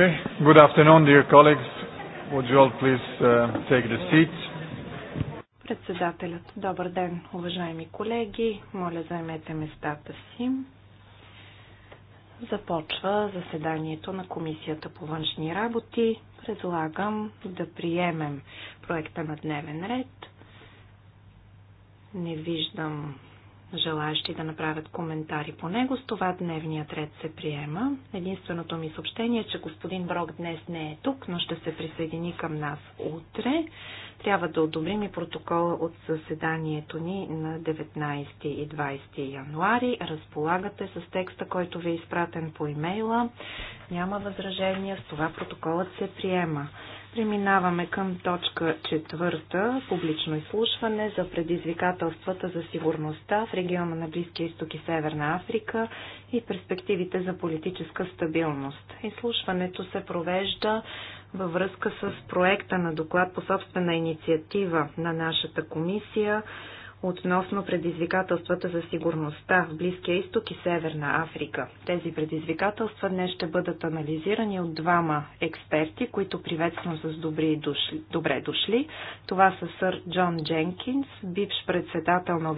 Okay. Good afternoon, dear colleagues. Would you all please uh, take the seat? Председателят. Добър ден, уважаеми колеги. Моля, заемете местата си. Започва заседанието на Комисията по външни работи. Предлагам да приемем проекта на дневен ред. Не виждам желаящи да направят коментари по него. С това дневният ред се приема. Единственото ми съобщение е, че господин Брок днес не е тук, но ще се присъедини към нас утре. Трябва да одобрим и протокола от съседанието ни на 19 и 20 януари. Разполагате с текста, който ви е изпратен по имейла. Няма възражения, с това протоколът се приема. Преминаваме към точка четвърта – публично изслушване за предизвикателствата за сигурността в региона на Близкия изток и Северна Африка и перспективите за политическа стабилност. Изслушването се провежда във връзка с проекта на доклад по собствена инициатива на нашата комисия – относно предизвикателствата за сигурността в Близкия изток и Северна Африка. Тези предизвикателства днес ще бъдат анализирани от двама експерти, които приветствам с добри дошли, добре дошли. Това са сър Джон Дженкинс, бивш председател на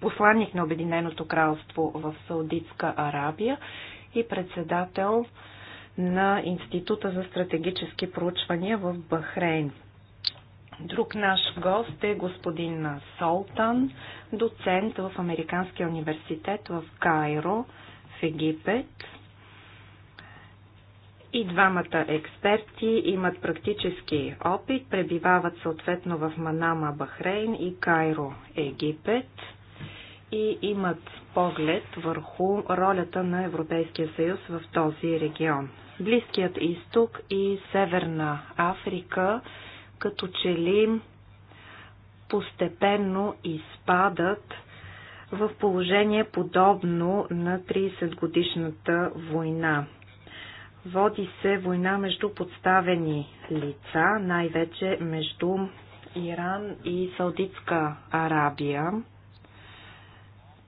посланник на Обединеното кралство в Саудитска Арабия и председател на Института за стратегически проучвания в Бахрейн. Друг наш гост е господин Солтан, доцент в Американския университет в Кайро, в Египет. И двамата експерти имат практически опит, пребивават съответно в Манама, Бахрейн и Кайро, Египет и имат поглед върху ролята на Европейския съюз в този регион. Близкият изток и Северна Африка – като че ли постепенно изпадат в положение подобно на 30-годишната война. Води се война между подставени лица, най-вече между Иран и Саудитска Арабия.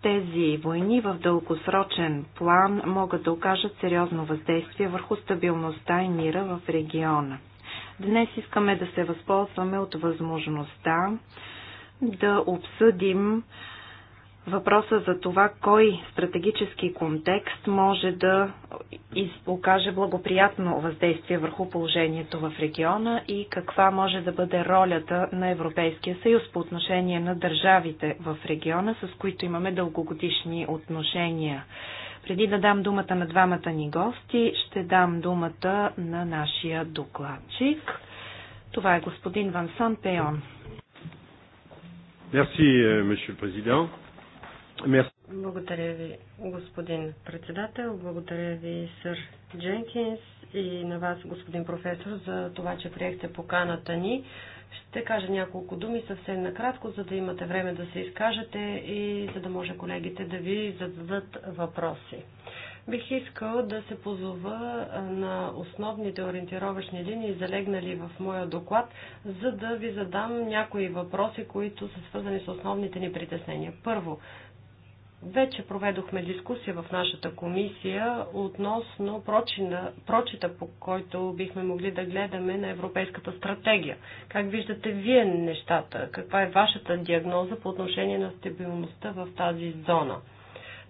Тези войни в дългосрочен план могат да окажат сериозно въздействие върху стабилността и мира в региона. Днес искаме да се възползваме от възможността да обсъдим въпроса за това кой стратегически контекст може да окаже благоприятно въздействие върху положението в региона и каква може да бъде ролята на Европейския съюз по отношение на държавите в региона, с които имаме дългогодишни отношения. Преди да дам думата на двамата ни гости, ще дам думата на нашия докладчик. Това е господин Вансан Пеон. Euh, Благодаря ви, господин председател. Благодаря ви, сър Дженкинс и на вас, господин професор, за това, че приехте поканата ни. Ще кажа няколко думи съвсем накратко, за да имате време да се изкажете и за да може колегите да ви зададат въпроси. Бих искал да се позова на основните ориентировъчни линии, залегнали в моя доклад, за да ви задам някои въпроси, които са свързани с основните ни притеснения. Първо, вече проведохме дискусия в нашата комисия относно прочина, прочита, по който бихме могли да гледаме на Европейската стратегия. Как виждате вие нещата? Каква е вашата диагноза по отношение на стабилността в тази зона?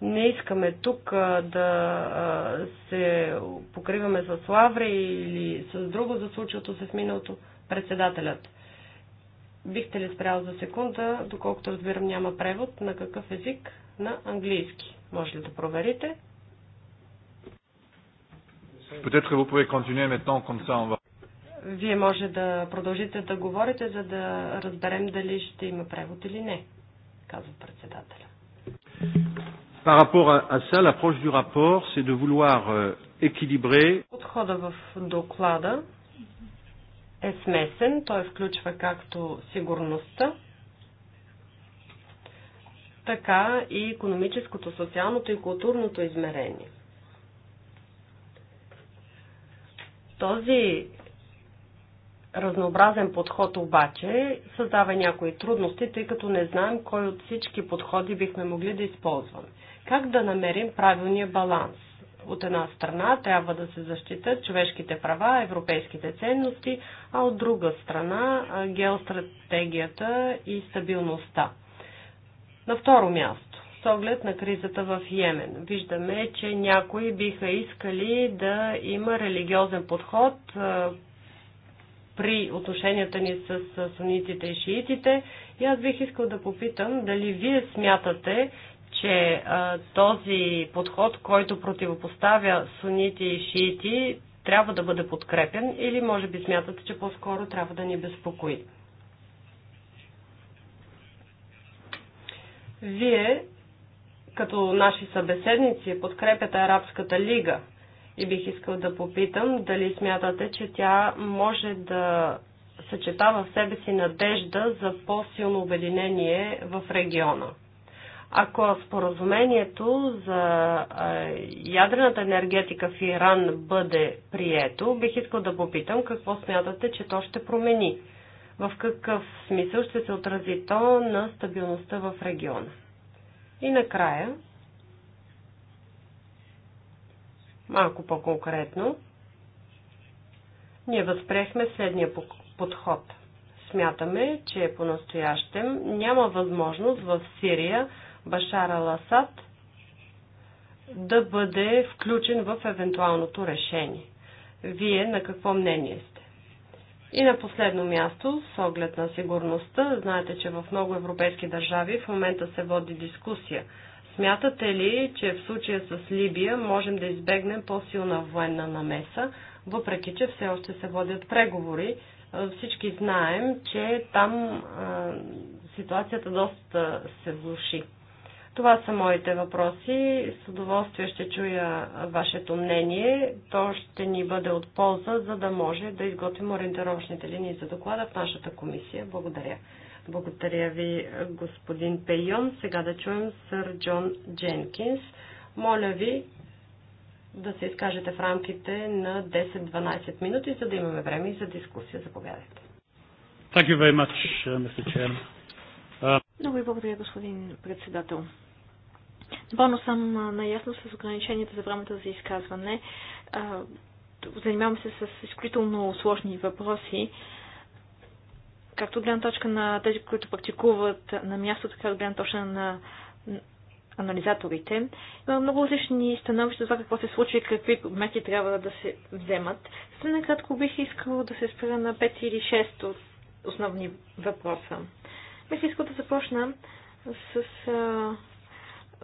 Не искаме тук да се покриваме с лаври или с друго за случилото се в миналото председателят. Бихте ли спрял за секунда, доколкото разбирам няма превод, на какъв език? на английски. Може ли да проверите? Вие може да продължите да говорите, за да разберем дали ще има превод или не, казва председателя. Par rapport à ça, l'approche du rapport, c'est de vouloir euh, équilibrer. Подхода в доклада е смесен. Той включва както сигурността, така и економическото, социалното и културното измерение. Този разнообразен подход обаче създава някои трудности, тъй като не знаем кой от всички подходи бихме могли да използваме. Как да намерим правилния баланс? От една страна трябва да се защитат човешките права, европейските ценности, а от друга страна геостратегията и стабилността. На второ място, с оглед на кризата в Йемен, виждаме, че някои биха искали да има религиозен подход при отношенията ни с сунитите и шиитите. И аз бих искал да попитам дали вие смятате, че а, този подход, който противопоставя сунити и шиити, трябва да бъде подкрепен или може би смятате, че по-скоро трябва да ни безпокои? Вие, като наши събеседници, подкрепяте Арабската лига и бих искал да попитам дали смятате, че тя може да съчетава в себе си надежда за по-силно обединение в региона. Ако споразумението за ядрената енергетика в Иран бъде прието, бих искал да попитам какво смятате, че то ще промени в какъв смисъл ще се отрази то на стабилността в региона. И накрая, малко по-конкретно, ние възпрехме следния подход. Смятаме, че по-настоящем няма възможност в Сирия Башара Ласад да бъде включен в евентуалното решение. Вие на какво мнение сте? И на последно място, с оглед на сигурността, знаете, че в много европейски държави в момента се води дискусия. Смятате ли, че в случая с Либия можем да избегнем по-силна военна намеса, въпреки че все още се водят преговори? Всички знаем, че там а, ситуацията доста се влуши. Това са моите въпроси. С удоволствие ще чуя вашето мнение. То ще ни бъде от полза, за да може да изготвим ориентировъчните линии за доклада в нашата комисия. Благодаря. Благодаря ви, господин Пейон. Сега да чуем сър Джон Дженкинс. Моля ви да се изкажете в рамките на 10-12 минути, за да имаме време и за дискусия. Заповядайте. Thank you very much, uh, Mr. Chairman. Много ви благодаря, господин председател. Напълно съм наясно с ограниченията за времето за изказване. Занимавам се с изключително сложни въпроси, както от гледна точка на тези, които практикуват на място, така от гледна точка на анализаторите. Има много различни становища за това какво се случва и какви мерки трябва да се вземат. Съвсем накратко бих искала да се спра на 5 или 6 от основни въпроса. Бих искал да започна с а,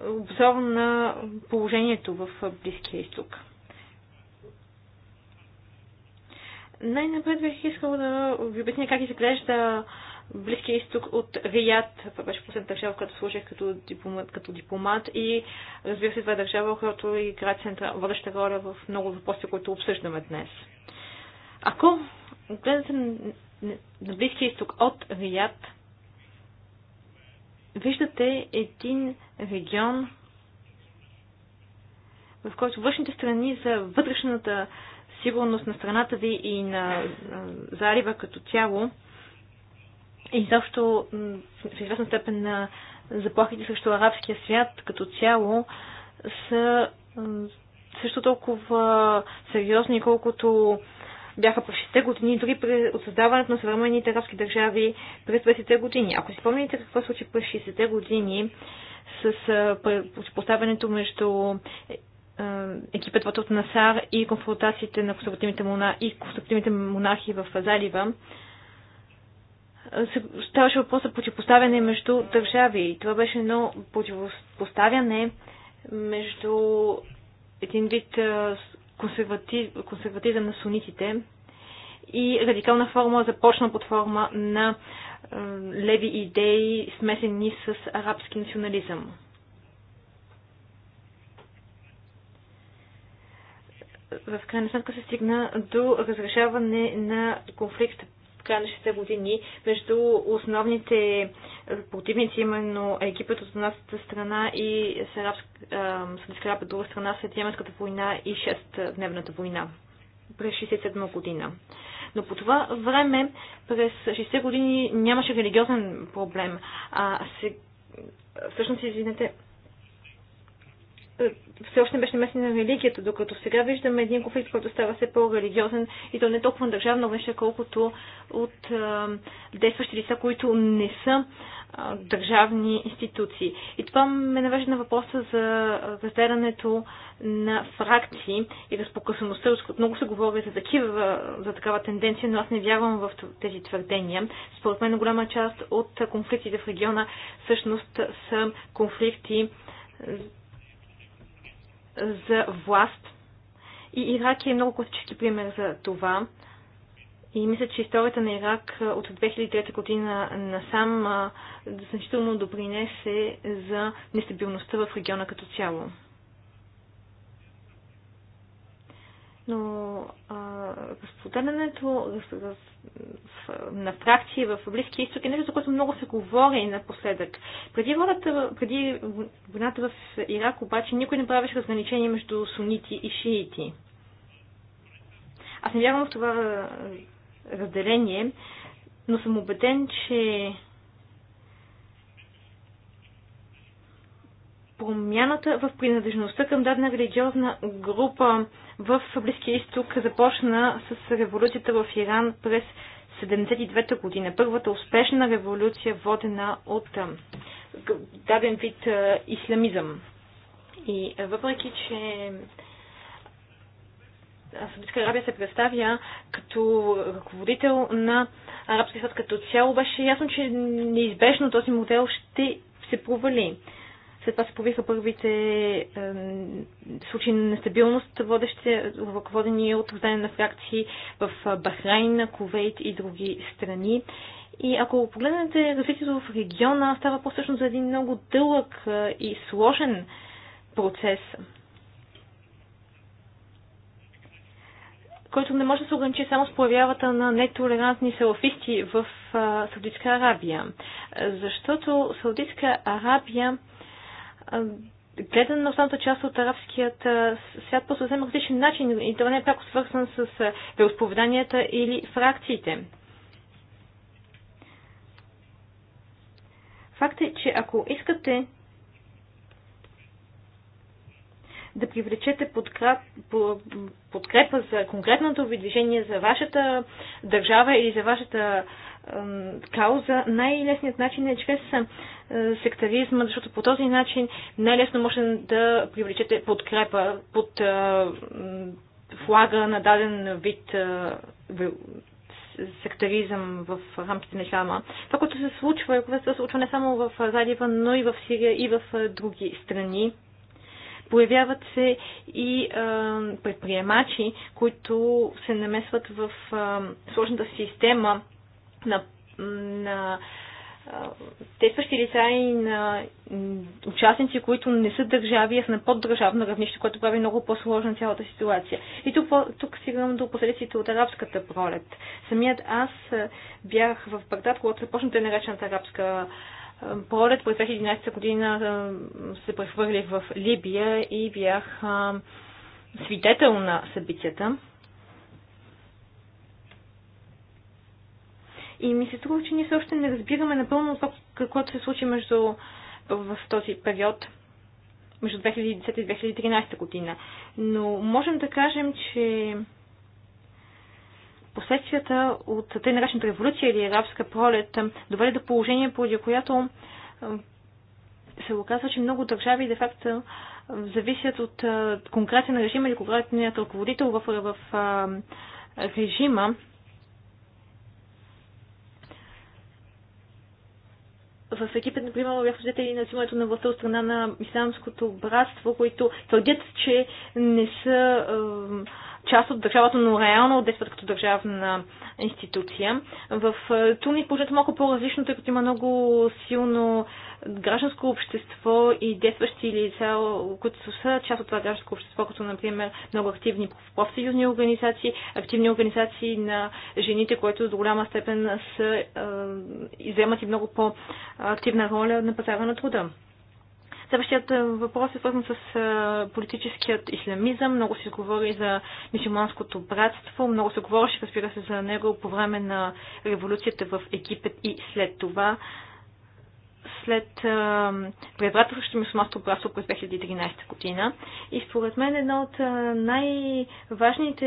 обзор на положението в Близкия изток. Най-напред бих искал да ви обясня как изглежда Близкия изток от Рият. Това беше последната държава, която служих като дипломат, като дипломат и разбира се, това е държава, която игра центра, водеща роля в много въпроси, които обсъждаме днес. Ако гледате на Близкия изток от Рият, виждате един регион, в който външните страни за вътрешната сигурност на страната ви и на залива като цяло и изобщо в известна степен на заплахите срещу арабския свят като цяло са също толкова сериозни, колкото бяха през 6-те години, дори при, от създаването на съвременните арабски държави през 20-те години. Ако си спомните какво случи през 60-те години с поставянето между екипът от Насар и конфронтациите на консервативните монахи, и консервативните монахи в залива, ставаше въпрос за противопоставяне между държави. И това беше едно противопоставяне между един вид консерватизъм на сунитите и радикална форма започна под форма на е, леви идеи, смесени с арабски национализъм. в крайна сметка се стигна до разрешаване на конфликта края на 60 години между основните противници, именно Египет от едната страна и Сърбска арабска от друга страна след Йеменската война и 6-дневната война през 67 година. Но по това време, през 60 години, нямаше религиозен проблем. А, се... Всъщност, извинете, все още беше намесена на религията, докато сега виждаме един конфликт, който става все по-религиозен и то не толкова на държавно веще, колкото от а, действащи лица, които не са а, държавни институции. И това ме навежда на въпроса за разделянето на фракции и разпокъсаността. Много се говори за, такива, за такава тенденция, но аз не вярвам в тези твърдения. Според мен голяма част от конфликтите в региона всъщност са конфликти за власт. И Ирак е много класически пример за това. И мисля, че историята на Ирак от 2003 година насам значително допринесе за нестабилността в региона като цяло. но разпространянето на фракции в Близки изток е нещо, за което много се говори напоследък. Преди, водата, преди войната в Ирак обаче никой не правеше разграничение между сунити и шиити. Аз не вярвам в това разделение, но съм убеден, че Промяната в принадлежността към дадена религиозна група в Близкия изток започна с революцията в Иран през 1972 година. Първата успешна революция, водена от даден вид исламизъм. И въпреки, че Саудитска Арабия се представя като ръководител на арабския свят като цяло, беше ясно, че неизбежно този модел ще се провали. След това се появиха първите е, случаи на нестабилност, водещи, ръководени от рождение на фракции в е, Бахрайн, Кувейт и други страни. И ако погледнете развитието в региона, става по същност за един много дълъг е, и сложен процес, който не може да се ограничи само с появявата на нетолерантни салафисти в е, Саудитска Арабия. Защото Саудитска Арабия гледан на основната част от арабският свят по съвсем различен начин и това не е пряко свързан с вероисповеданията или фракциите. Факт е, че ако искате да привлечете подкрепа за конкретното ви движение за вашата държава или за вашата кауза, най-лесният начин е чрез сектаризма, защото по този начин най-лесно може да привлечете подкрепа под флага на даден вид сектаризъм в рамките на ислама. Това, което се случва, е, което се случва не само в Залива, но и в Сирия и в други страни. Появяват се и предприемачи, които се намесват в сложната система на, на действащи лица и на участници, които не са държави, а са на поддържавно равнище, което прави много по-сложна цялата ситуация. И тук, тук стигам до последиците от арабската пролет. Самият аз бях в Багдад, когато започна те наречената арабска пролет. През 2011 година се прехвърлих в Либия и бях свидетел на събитията. И ми се струва, че ние все още не разбираме напълно това, каквото се случи между, в този период между 2010 и 2013 година. Но можем да кажем, че последствията от тъй наречената революция или арабска пролет доведе до положение, поради която се оказва, че много държави де факто зависят от конкретен режим или конкретният ръководител в, в, в режима в Египет, например, бяха свидетели на взимането на властта от страна на Исламското братство, които твърдят, че не са е, част от държавата, но реално действат като държавна институция. В Тунис положението е малко по-различно, тъй като има много силно гражданско общество и действащи лица, които са част от това гражданско общество, като например много активни профсъюзни организации, активни организации на жените, които до голяма степен са, иземат и много по-активна роля на пазара на труда. Следващият въпрос е свързан с политическият исламизъм. Много се говори за мисиманското братство. Много се говореше, разбира се, за него по време на революцията в Египет и след това след преврата срещу мусулманското братство през 2013 година. И според мен едно от най-важните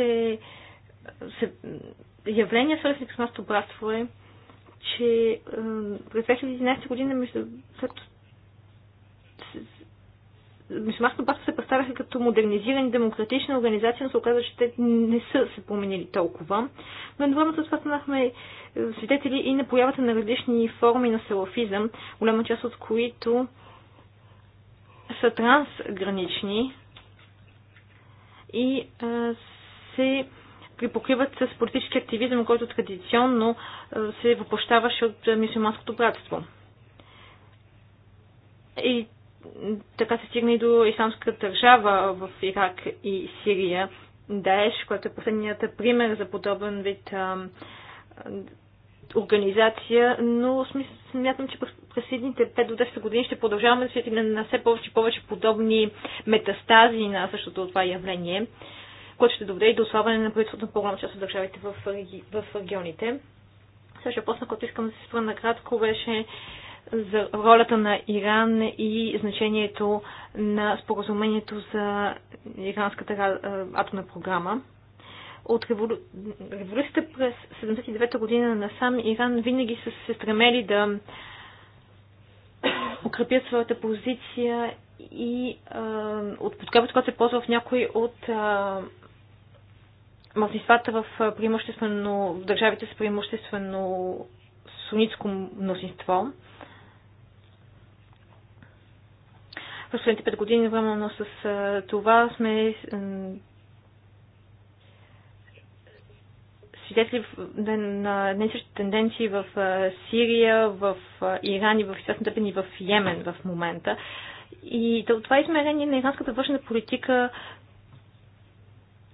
явления, свързани с мусулманското братство е, че през 2011 година, между, след мисумарското паство се представяха като модернизирани демократична организация, но се оказа, че те не са се променили толкова. Но едновременно с това станахме свидетели и на появата на различни форми на салафизъм, голяма част от които са трансгранични и а, се припокриват с политически активизъм, който традиционно а, се въплощаваше от мисюманското братство. И така се стигна и до исламска държава в Ирак и Сирия. Даеш, който е последният пример за подобен вид а, организация, но смятам, че през следните 5 до 10 години ще продължаваме да светим на все повече и повече подобни метастази на същото това явление, което ще доведе и до ослабване на правителството на по-голяма част от държавите в, в регионите. Също после, който искам да се спра накратко, беше за ролята на Иран и значението на споразумението за иранската атомна програма. От револю... революцията през 79-та година насам Иран винаги са се стремели да укрепят своята позиция и а, от подкрепата, която се ползва в някои от а, в преимуществено в държавите с преимуществено сунитско мнозинство. последните пет години, времено с това сме свидетели на едни същи тенденции в Сирия, в Иран и в известна степен и в Йемен в момента. И това измерение на иранската външна политика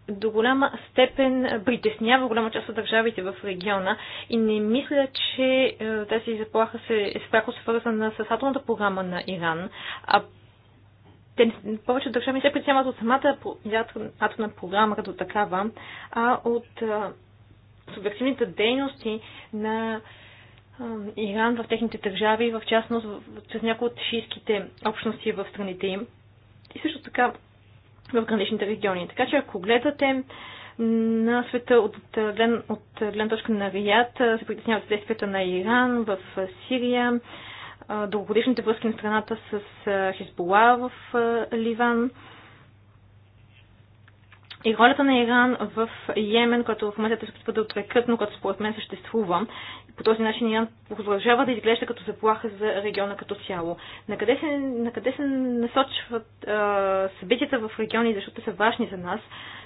до голяма степен притеснява голяма част от държавите в региона и не мисля, че тази заплаха се е спряко свързана с атомната програма на Иран, а те, повече държави не се притесняват от самата атомна програма като такава, а от а, субективните дейности на Иран в техните държави, в частност чрез някои от шийските общности в страните им и също така в граничните региони. Така че ако гледате на света от гледна от, от, гледна точка на Рият, се притесняват действията на Иран, в Сирия, дългогодишните връзки на страната с Хизбола в Ливан и ролята на Иран в Йемен, която в момента се опитва да отрекат, но като според мен съществува. По този начин Иран продължава да изглежда като заплаха за региона като цяло. Накъде се, накъде се насочват а, събитията в региони, защото са важни за нас?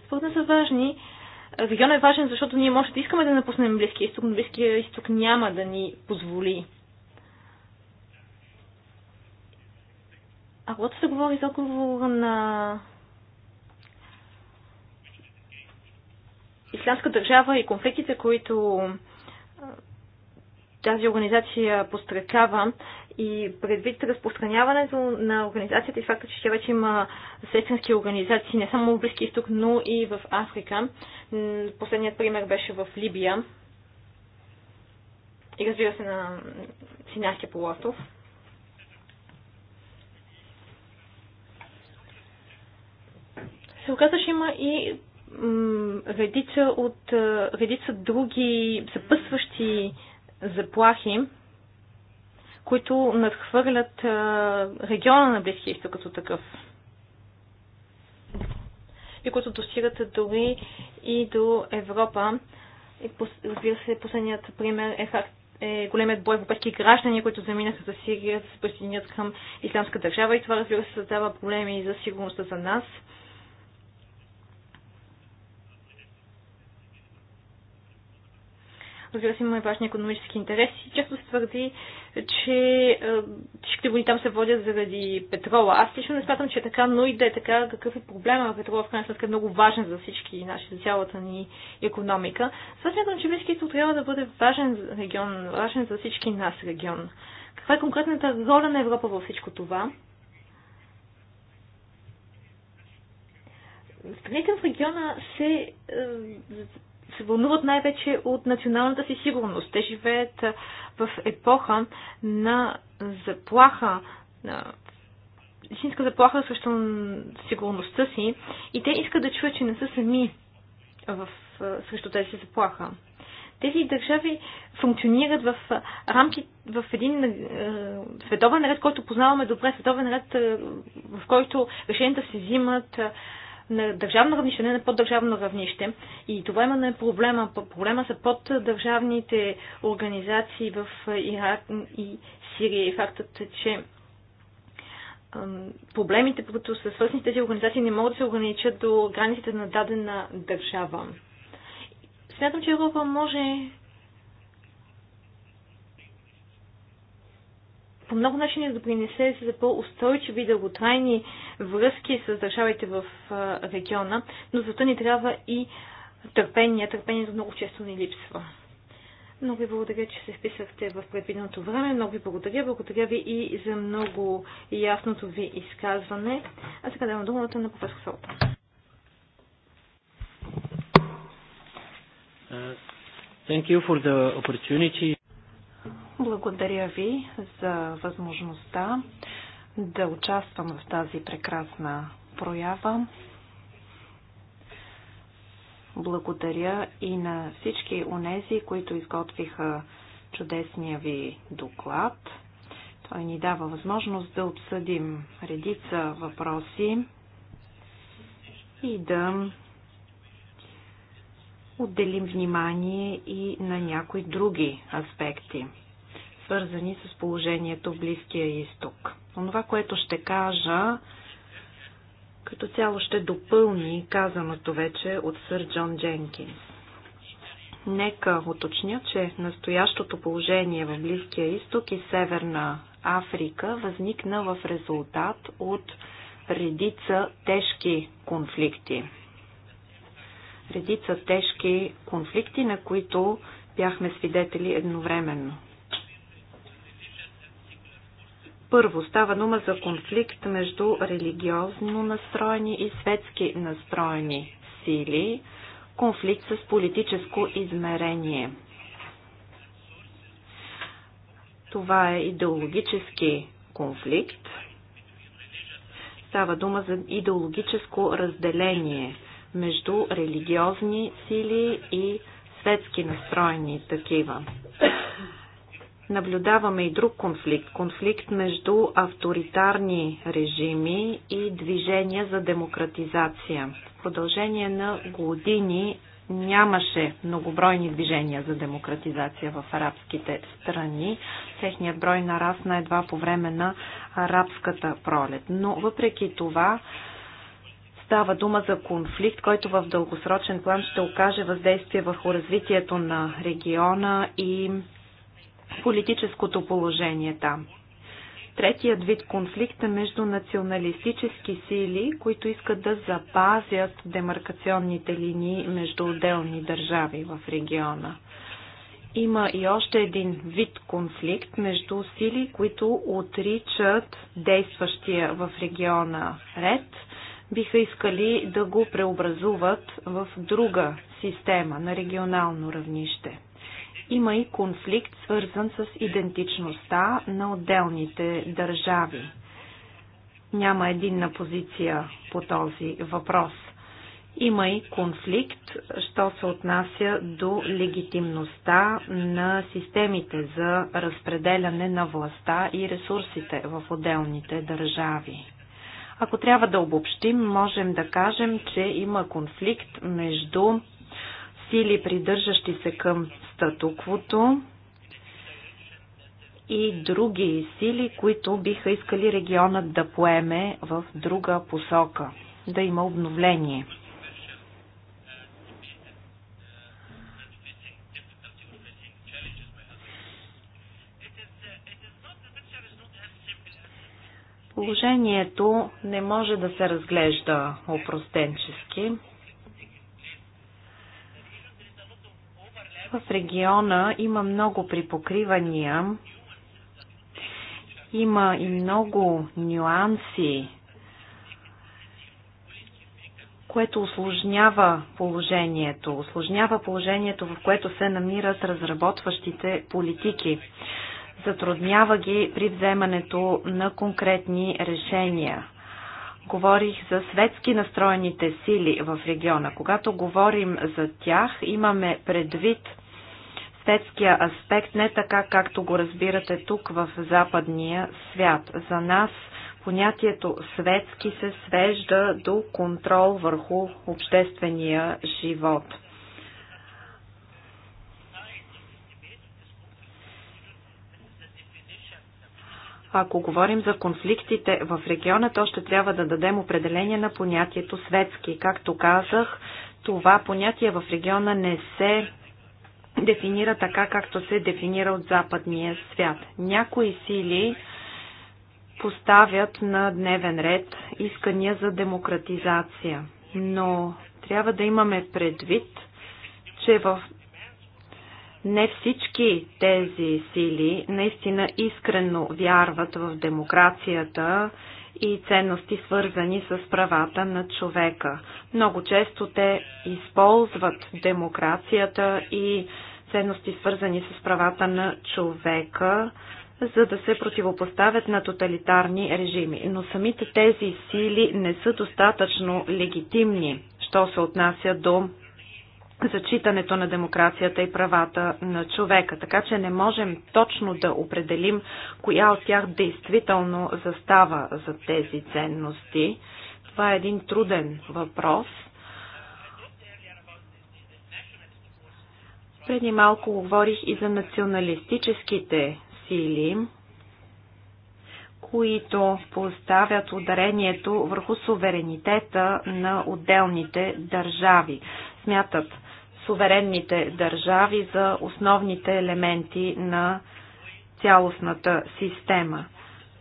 Според мен са важни. Регионът е важен, защото ние може да искаме да напуснем Близкия изток, но Близкия изток няма да ни позволи А когато се говори за отговор на Исламска държава и конфликтите, които тази организация пострекава и предвид разпространяването на организацията и факта, че тя вече има сестрински организации не само в Близки изток, но и в Африка. Последният пример беше в Либия и разбира се на Синарския полуостров. се оказа, че има и редица от редица други съпъсващи заплахи, които надхвърлят региона на Близкия изток като такъв. И които достигат дори и до Европа. И, разбира се, последният пример е факт е големият бой европейски граждани, които заминаха за Сирия да се присъединят към Исламска държава и това разбира се създава проблеми и за сигурността за нас. Разбира се, имаме важни економически интереси. Често се твърди, че е, всичките войни там се водят заради петрола. Аз лично не смятам, че е така, но и да е така, какъв е проблема? на Петрола в крайна сметка е много важен за всички наши, за цялата ни економика. Затова смятам, че Близкият изток трябва да бъде важен регион, важен за всички нас регион. Каква е конкретната роля на Европа във всичко това? страните в региона се е, се вълнуват най-вече от националната си сигурност. Те живеят в епоха на заплаха, на истинска заплаха срещу сигурността си и те искат да чуят, че не са сами в, срещу тези заплаха. Тези държави функционират в рамки, в един е, световен ред, който познаваме добре, световен ред, е, в който решенията се взимат на държавно равнище, не на поддържавно равнище. И това има на проблема. Проблема са поддържавните организации в Ирак и Сирия и фактът, е, че проблемите, които са свързани с тези организации, не могат да се ограничат до границите на дадена държава. Смятам, че Европа може по много начини допринесе за по-устойчиви и дълготрайни връзки с държавите в региона, но зато ни трябва и търпение. Търпението много често ни липсва. Много ви благодаря, че се вписахте в предвиденото време. Много ви благодаря. Благодаря ви и за много ясното ви изказване. А сега давам думата на професор Солта. Uh, thank you for the opportunity. Благодаря ви за възможността да участвам в тази прекрасна проява. Благодаря и на всички онези, които изготвиха чудесния ви доклад. Той ни дава възможност да обсъдим редица въпроси и да отделим внимание и на някои други аспекти свързани с положението в Близкия изток. Онова, което ще кажа, като цяло ще допълни казаното вече от сър Джон Дженкинс. Нека уточня, че настоящото положение в Близкия изток и Северна Африка възникна в резултат от редица тежки конфликти. Редица тежки конфликти, на които бяхме свидетели едновременно. Първо, става дума за конфликт между религиозно настроени и светски настроени сили, конфликт с политическо измерение. Това е идеологически конфликт. Става дума за идеологическо разделение между религиозни сили и светски настроени такива. Наблюдаваме и друг конфликт. Конфликт между авторитарни режими и движения за демократизация. В продължение на години нямаше многобройни движения за демократизация в арабските страни. Техният брой нарасна едва по време на арабската пролет. Но въпреки това става дума за конфликт, който в дългосрочен план ще окаже въздействие върху развитието на региона и политическото положение там. Третият вид конфликт е между националистически сили, които искат да запазят демаркационните линии между отделни държави в региона. Има и още един вид конфликт между сили, които отричат действащия в региона ред, биха искали да го преобразуват в друга система на регионално равнище. Има и конфликт, свързан с идентичността на отделните държави. Няма единна позиция по този въпрос. Има и конфликт, що се отнася до легитимността на системите за разпределяне на властта и ресурсите в отделните държави. Ако трябва да обобщим, можем да кажем, че има конфликт между сили, придържащи се към статуквото и други сили, които биха искали регионът да поеме в друга посока, да има обновление. Положението не може да се разглежда опростенчески. В региона има много припокривания, има и много нюанси, което осложнява положението, осложнява положението, в което се намират разработващите политики. Затруднява ги при вземането на конкретни решения говорих за светски настроените сили в региона. Когато говорим за тях, имаме предвид Светския аспект не така, както го разбирате тук в западния свят. За нас понятието светски се свежда до контрол върху обществения живот. Ако говорим за конфликтите в региона, то ще трябва да дадем определение на понятието светски. Както казах, това понятие в региона не се дефинира така, както се дефинира от западния свят. Някои сили поставят на дневен ред искания за демократизация, но трябва да имаме предвид, че в не всички тези сили наистина искрено вярват в демокрацията и ценности, свързани с правата на човека. Много често те използват демокрацията и ценности свързани с правата на човека, за да се противопоставят на тоталитарни режими. Но самите тези сили не са достатъчно легитимни, що се отнася до зачитането на демокрацията и правата на човека. Така че не можем точно да определим коя от тях действително застава за тези ценности. Това е един труден въпрос – Преди малко говорих и за националистическите сили, които поставят ударението върху суверенитета на отделните държави. Смятат суверенните държави за основните елементи на цялостната система.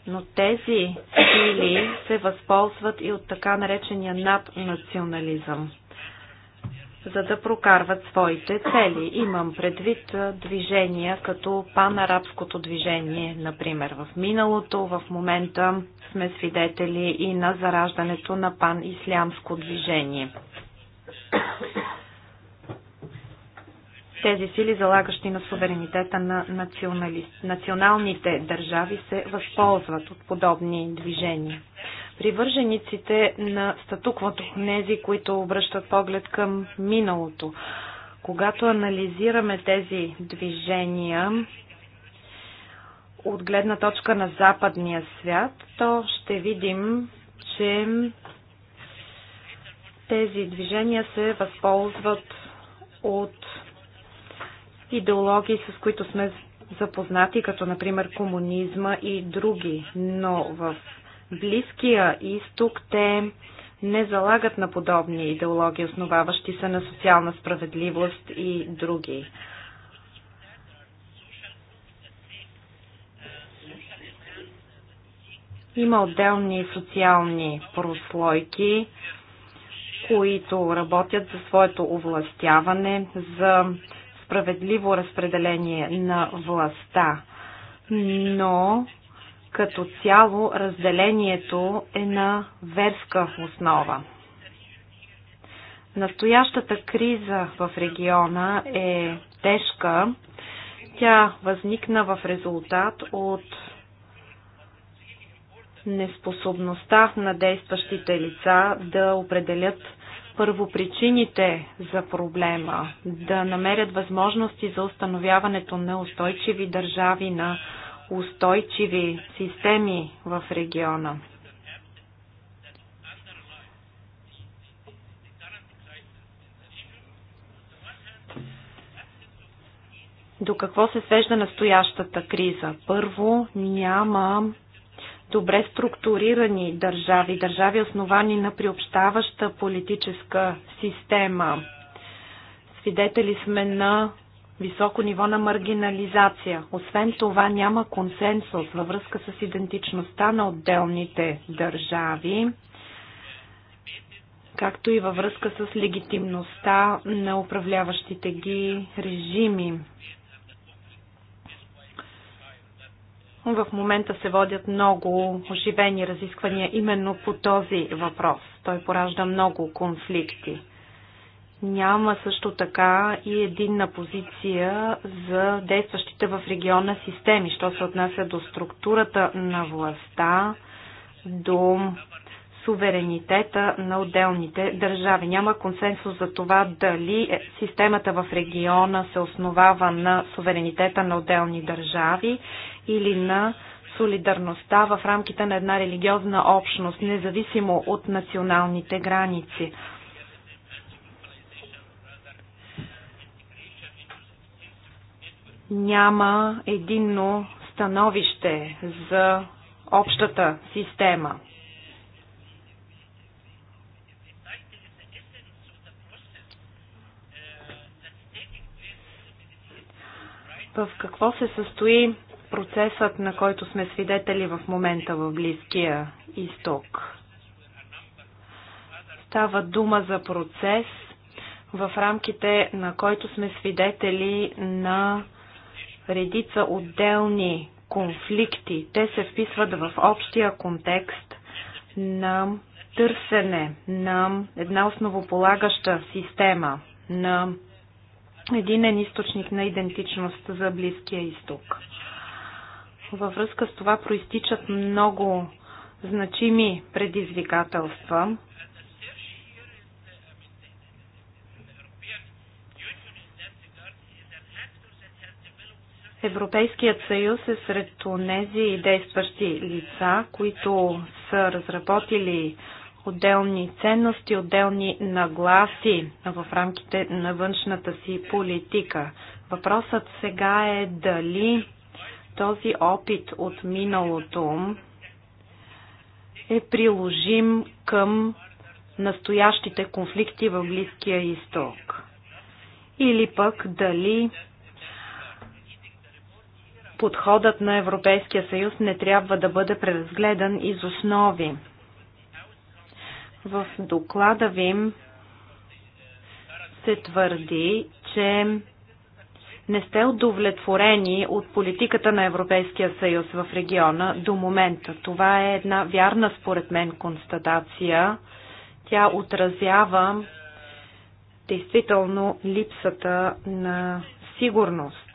Но тези сили се възползват и от така наречения наднационализъм за да прокарват своите цели. Имам предвид движения като панарабското движение, например. В миналото, в момента сме свидетели и на зараждането на пан-ислямско движение. Тези сили, залагащи на суверенитета на националист, националните държави, се възползват от подобни движения привържениците на статуквото, нези, които обръщат поглед към миналото. Когато анализираме тези движения от гледна точка на западния свят, то ще видим, че тези движения се възползват от идеологии, с които сме запознати, като например комунизма и други. Но в Близкия изток те не залагат на подобни идеологии, основаващи се на социална справедливост и други. Има отделни социални прослойки, които работят за своето овластяване, за справедливо разпределение на властта. Но като цяло разделението е на верска основа. Настоящата криза в региона е тежка. Тя възникна в резултат от неспособността на действащите лица да определят първо причините за проблема, да намерят възможности за установяването на устойчиви държави на устойчиви системи в региона. До какво се свежда настоящата криза? Първо, няма добре структурирани държави, държави основани на приобщаваща политическа система. Свидетели сме на високо ниво на маргинализация. Освен това няма консенсус във връзка с идентичността на отделните държави, както и във връзка с легитимността на управляващите ги режими. В момента се водят много оживени разисквания именно по този въпрос. Той поражда много конфликти. Няма също така и единна позиция за действащите в региона системи, що се отнася до структурата на властта, до суверенитета на отделните държави. Няма консенсус за това дали системата в региона се основава на суверенитета на отделни държави или на солидарността в рамките на една религиозна общност, независимо от националните граници. няма единно становище за общата система. В какво се състои процесът, на който сме свидетели в момента в Близкия изток? Става дума за процес, в рамките на който сме свидетели на редица отделни конфликти. Те се вписват в общия контекст на търсене на една основополагаща система на единен източник на идентичност за Близкия изток. Във връзка с това проистичат много значими предизвикателства. Европейският съюз е сред тези действащи лица, които са разработили отделни ценности, отделни нагласи в рамките на външната си политика. Въпросът сега е дали този опит от миналото е приложим към настоящите конфликти в Близкия изток. Или пък дали подходът на Европейския съюз не трябва да бъде преразгледан из основи. В доклада ви се твърди, че не сте удовлетворени от политиката на Европейския съюз в региона до момента. Това е една вярна според мен констатация. Тя отразява действително липсата на сигурност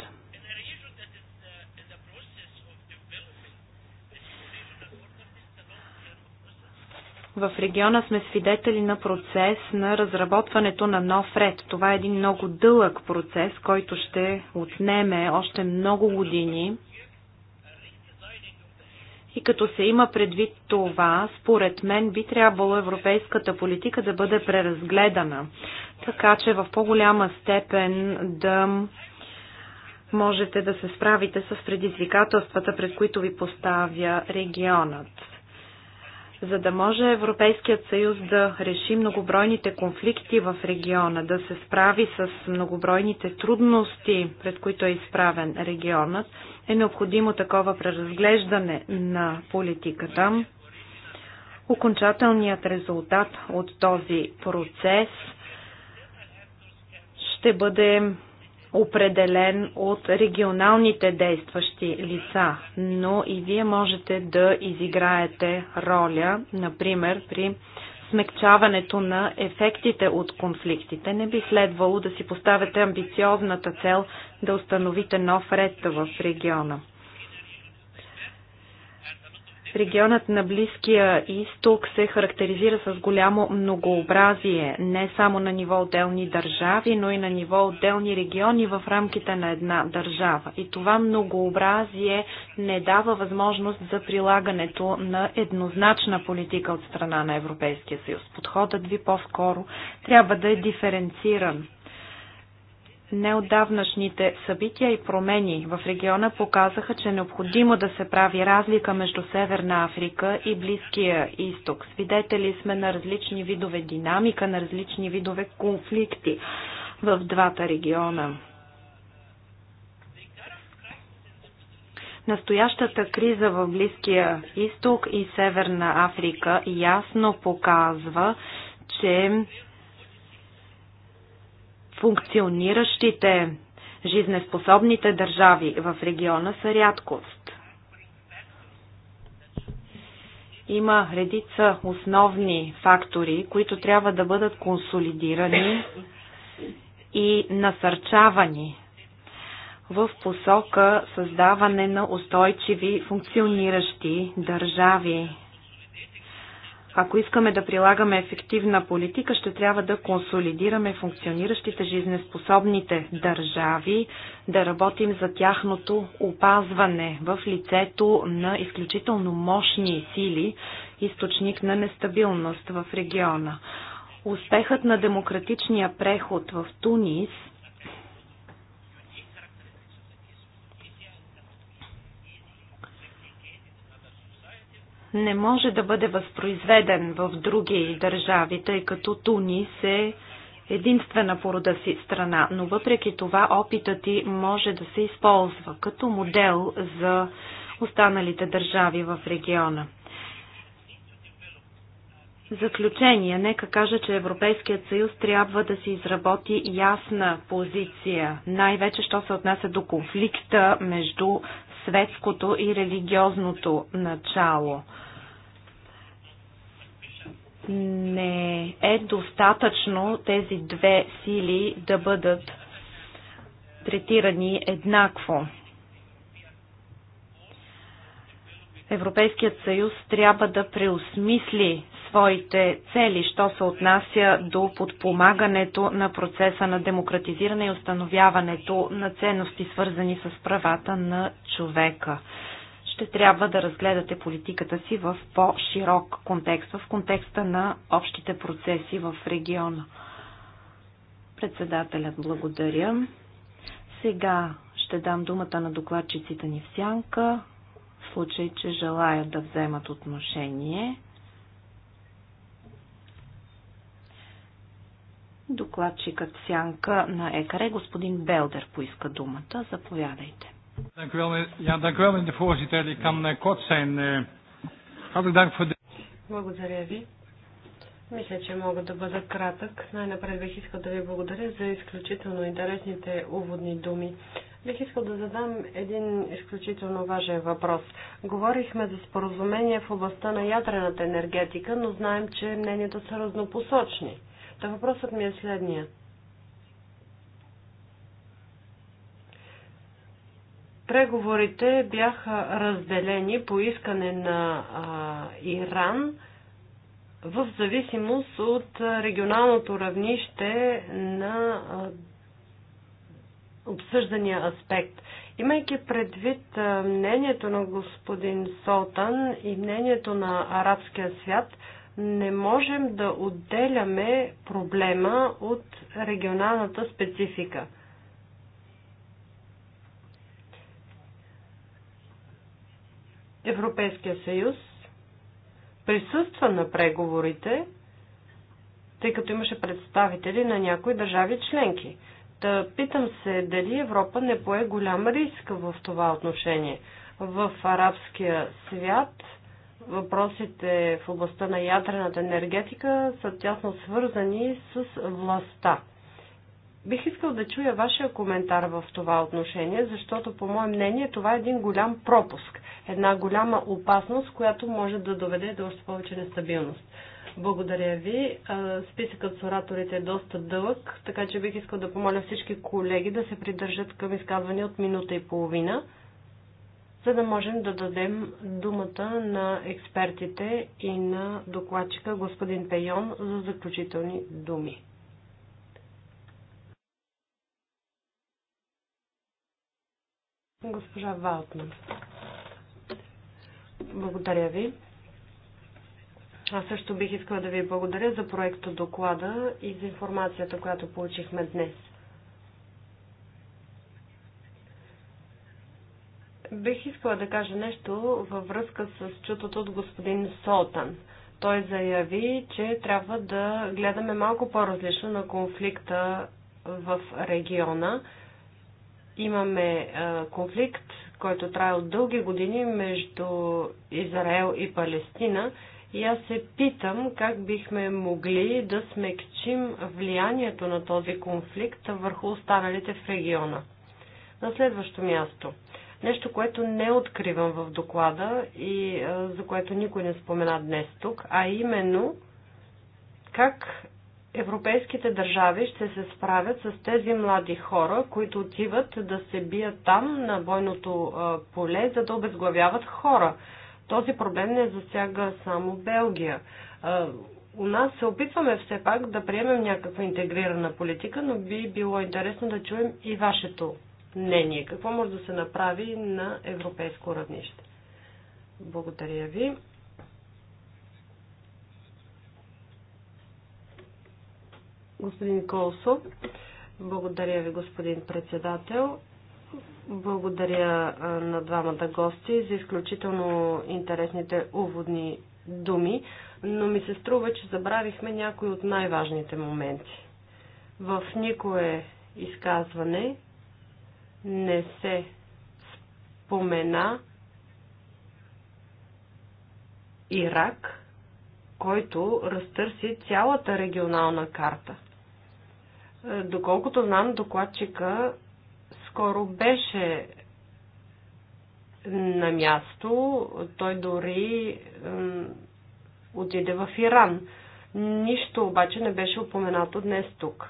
В региона сме свидетели на процес на разработването на нов ред. Това е един много дълъг процес, който ще отнеме още много години. И като се има предвид това, според мен би трябвало европейската политика да бъде преразгледана, така че в по-голяма степен да можете да се справите с предизвикателствата, пред които ви поставя регионът. За да може Европейският съюз да реши многобройните конфликти в региона, да се справи с многобройните трудности, пред които е изправен регионът, е необходимо такова преразглеждане на политиката. Окончателният резултат от този процес ще бъде определен от регионалните действащи лица, но и вие можете да изиграете роля, например, при смекчаването на ефектите от конфликтите. Не би следвало да си поставяте амбициозната цел да установите нов ред в региона. Регионът на Близкия изток се характеризира с голямо многообразие, не само на ниво отделни държави, но и на ниво отделни региони в рамките на една държава. И това многообразие не дава възможност за прилагането на еднозначна политика от страна на Европейския съюз. Подходът ви по-скоро трябва да е диференциран. Неотдавнашните събития и промени в региона показаха, че е необходимо да се прави разлика между Северна Африка и Близкия изток. Свидетели сме на различни видове динамика, на различни видове конфликти в двата региона. Настоящата криза в Близкия изток и Северна Африка ясно показва, че Функциониращите жизнеспособните държави в региона са рядкост. Има редица основни фактори, които трябва да бъдат консолидирани и насърчавани в посока създаване на устойчиви функциониращи държави. Ако искаме да прилагаме ефективна политика, ще трябва да консолидираме функциониращите жизнеспособните държави, да работим за тяхното опазване в лицето на изключително мощни сили, източник на нестабилност в региона. Успехът на демократичния преход в Тунис – не може да бъде възпроизведен в други държави, тъй като Тунис е единствена по рода си страна, но въпреки това опитът ти може да се използва като модел за останалите държави в региона. Заключение, нека кажа, че Европейският съюз трябва да си изработи ясна позиция, най-вече що се отнася до конфликта между светското и религиозното начало. Не е достатъчно тези две сили да бъдат третирани еднакво. Европейският съюз трябва да преосмисли своите цели, що се отнася до подпомагането на процеса на демократизиране и установяването на ценности, свързани с правата на човека. Ще трябва да разгледате политиката си в по-широк контекст, в контекста на общите процеси в региона. Председателят благодаря. Сега ще дам думата на докладчиците ни в сянка, в случай, че желаят да вземат отношение. Докладчикът сянка на ЕКАРЕ, господин Белдер, поиска думата. Заповядайте. Eh, eh. Благодаря ви. Мисля, че мога да бъда кратък. Най-напред бих искал да ви благодаря за изключително интересните уводни думи. Бих искал да задам един изключително важен въпрос. Говорихме за споразумение в областта на ядрената енергетика, но знаем, че мненията са разнопосочни. Та въпросът ми е следния. Преговорите бяха разделени по искане на а, Иран в зависимост от регионалното равнище на а, обсъждания аспект. Имайки предвид мнението на господин Солтан и мнението на арабския свят, не можем да отделяме проблема от регионалната специфика. Европейския съюз присъства на преговорите, тъй като имаше представители на някои държави членки. Та питам се дали Европа не пое голям риск в това отношение. В арабския свят въпросите в областта на ядрената енергетика са тясно свързани с властта. Бих искал да чуя вашия коментар в това отношение, защото по мое мнение това е един голям пропуск, една голяма опасност, която може да доведе до още повече нестабилност. Благодаря ви. Списъкът с ораторите е доста дълъг, така че бих искал да помоля всички колеги да се придържат към изказвания от минута и половина за да можем да дадем думата на експертите и на докладчика господин Пейон за заключителни думи. Госпожа Валтман. Благодаря ви. Аз също бих искала да ви благодаря за проекта доклада и за информацията, която получихме днес. Бих искала да кажа нещо във връзка с чутото от господин Солтан. Той заяви, че трябва да гледаме малко по-различно на конфликта в региона. Имаме конфликт, който трае от дълги години между Израел и Палестина. И аз се питам как бихме могли да смекчим влиянието на този конфликт върху останалите в региона. На следващо място – Нещо, което не откривам в доклада и за което никой не спомена днес тук, а именно как европейските държави ще се справят с тези млади хора, които отиват да се бият там на бойното поле, за да обезглавяват хора. Този проблем не засяга само Белгия. У нас се опитваме все пак да приемем някаква интегрирана политика, но би било интересно да чуем и вашето мнение. Какво може да се направи на европейско равнище? Благодаря ви. Господин Колсо, благодаря ви, господин председател. Благодаря на двамата гости за изключително интересните уводни думи, но ми се струва, че забравихме някои от най-важните моменти. В никое изказване не се спомена Ирак, който разтърси цялата регионална карта. Е, доколкото знам, докладчика скоро беше на място. Той дори отиде в Иран. Нищо обаче не беше упоменато днес тук.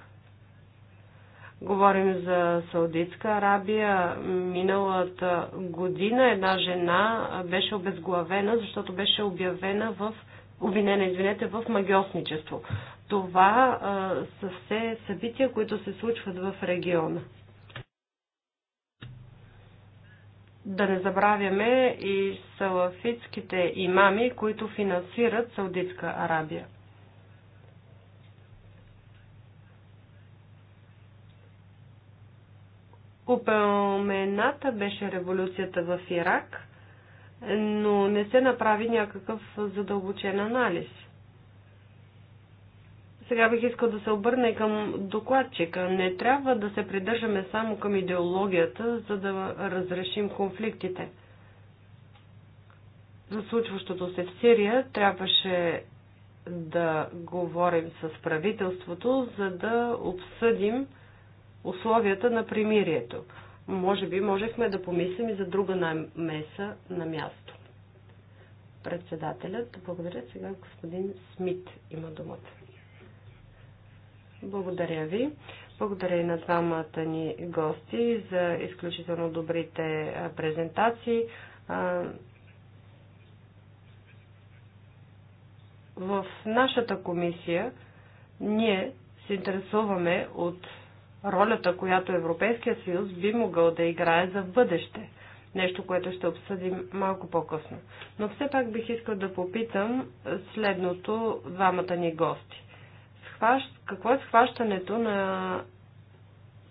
Говорим за Саудитска Арабия. Миналата година една жена беше обезглавена, защото беше обявена в обвинена, извинете, в магиосничество. Това а, са все събития, които се случват в региона. Да не забравяме и салафитските имами, които финансират Саудитска Арабия. Упомената беше революцията в Ирак, но не се направи някакъв задълбочен анализ. Сега бих искал да се обърна и към докладчика. Не трябва да се придържаме само към идеологията, за да разрешим конфликтите. За случващото се в Сирия трябваше да говорим с правителството, за да обсъдим условията на примирието. Може би можехме да помислим и за друга намеса на място. Председателят, благодаря сега господин Смит има думата. Благодаря ви. Благодаря и на двамата ни гости за изключително добрите презентации. В нашата комисия ние се интересуваме от ролята, която Европейския съюз би могъл да играе за бъдеще. Нещо, което ще обсъдим малко по-късно. Но все пак бих искал да попитам следното двамата ни гости. Схващ... Какво е схващането на...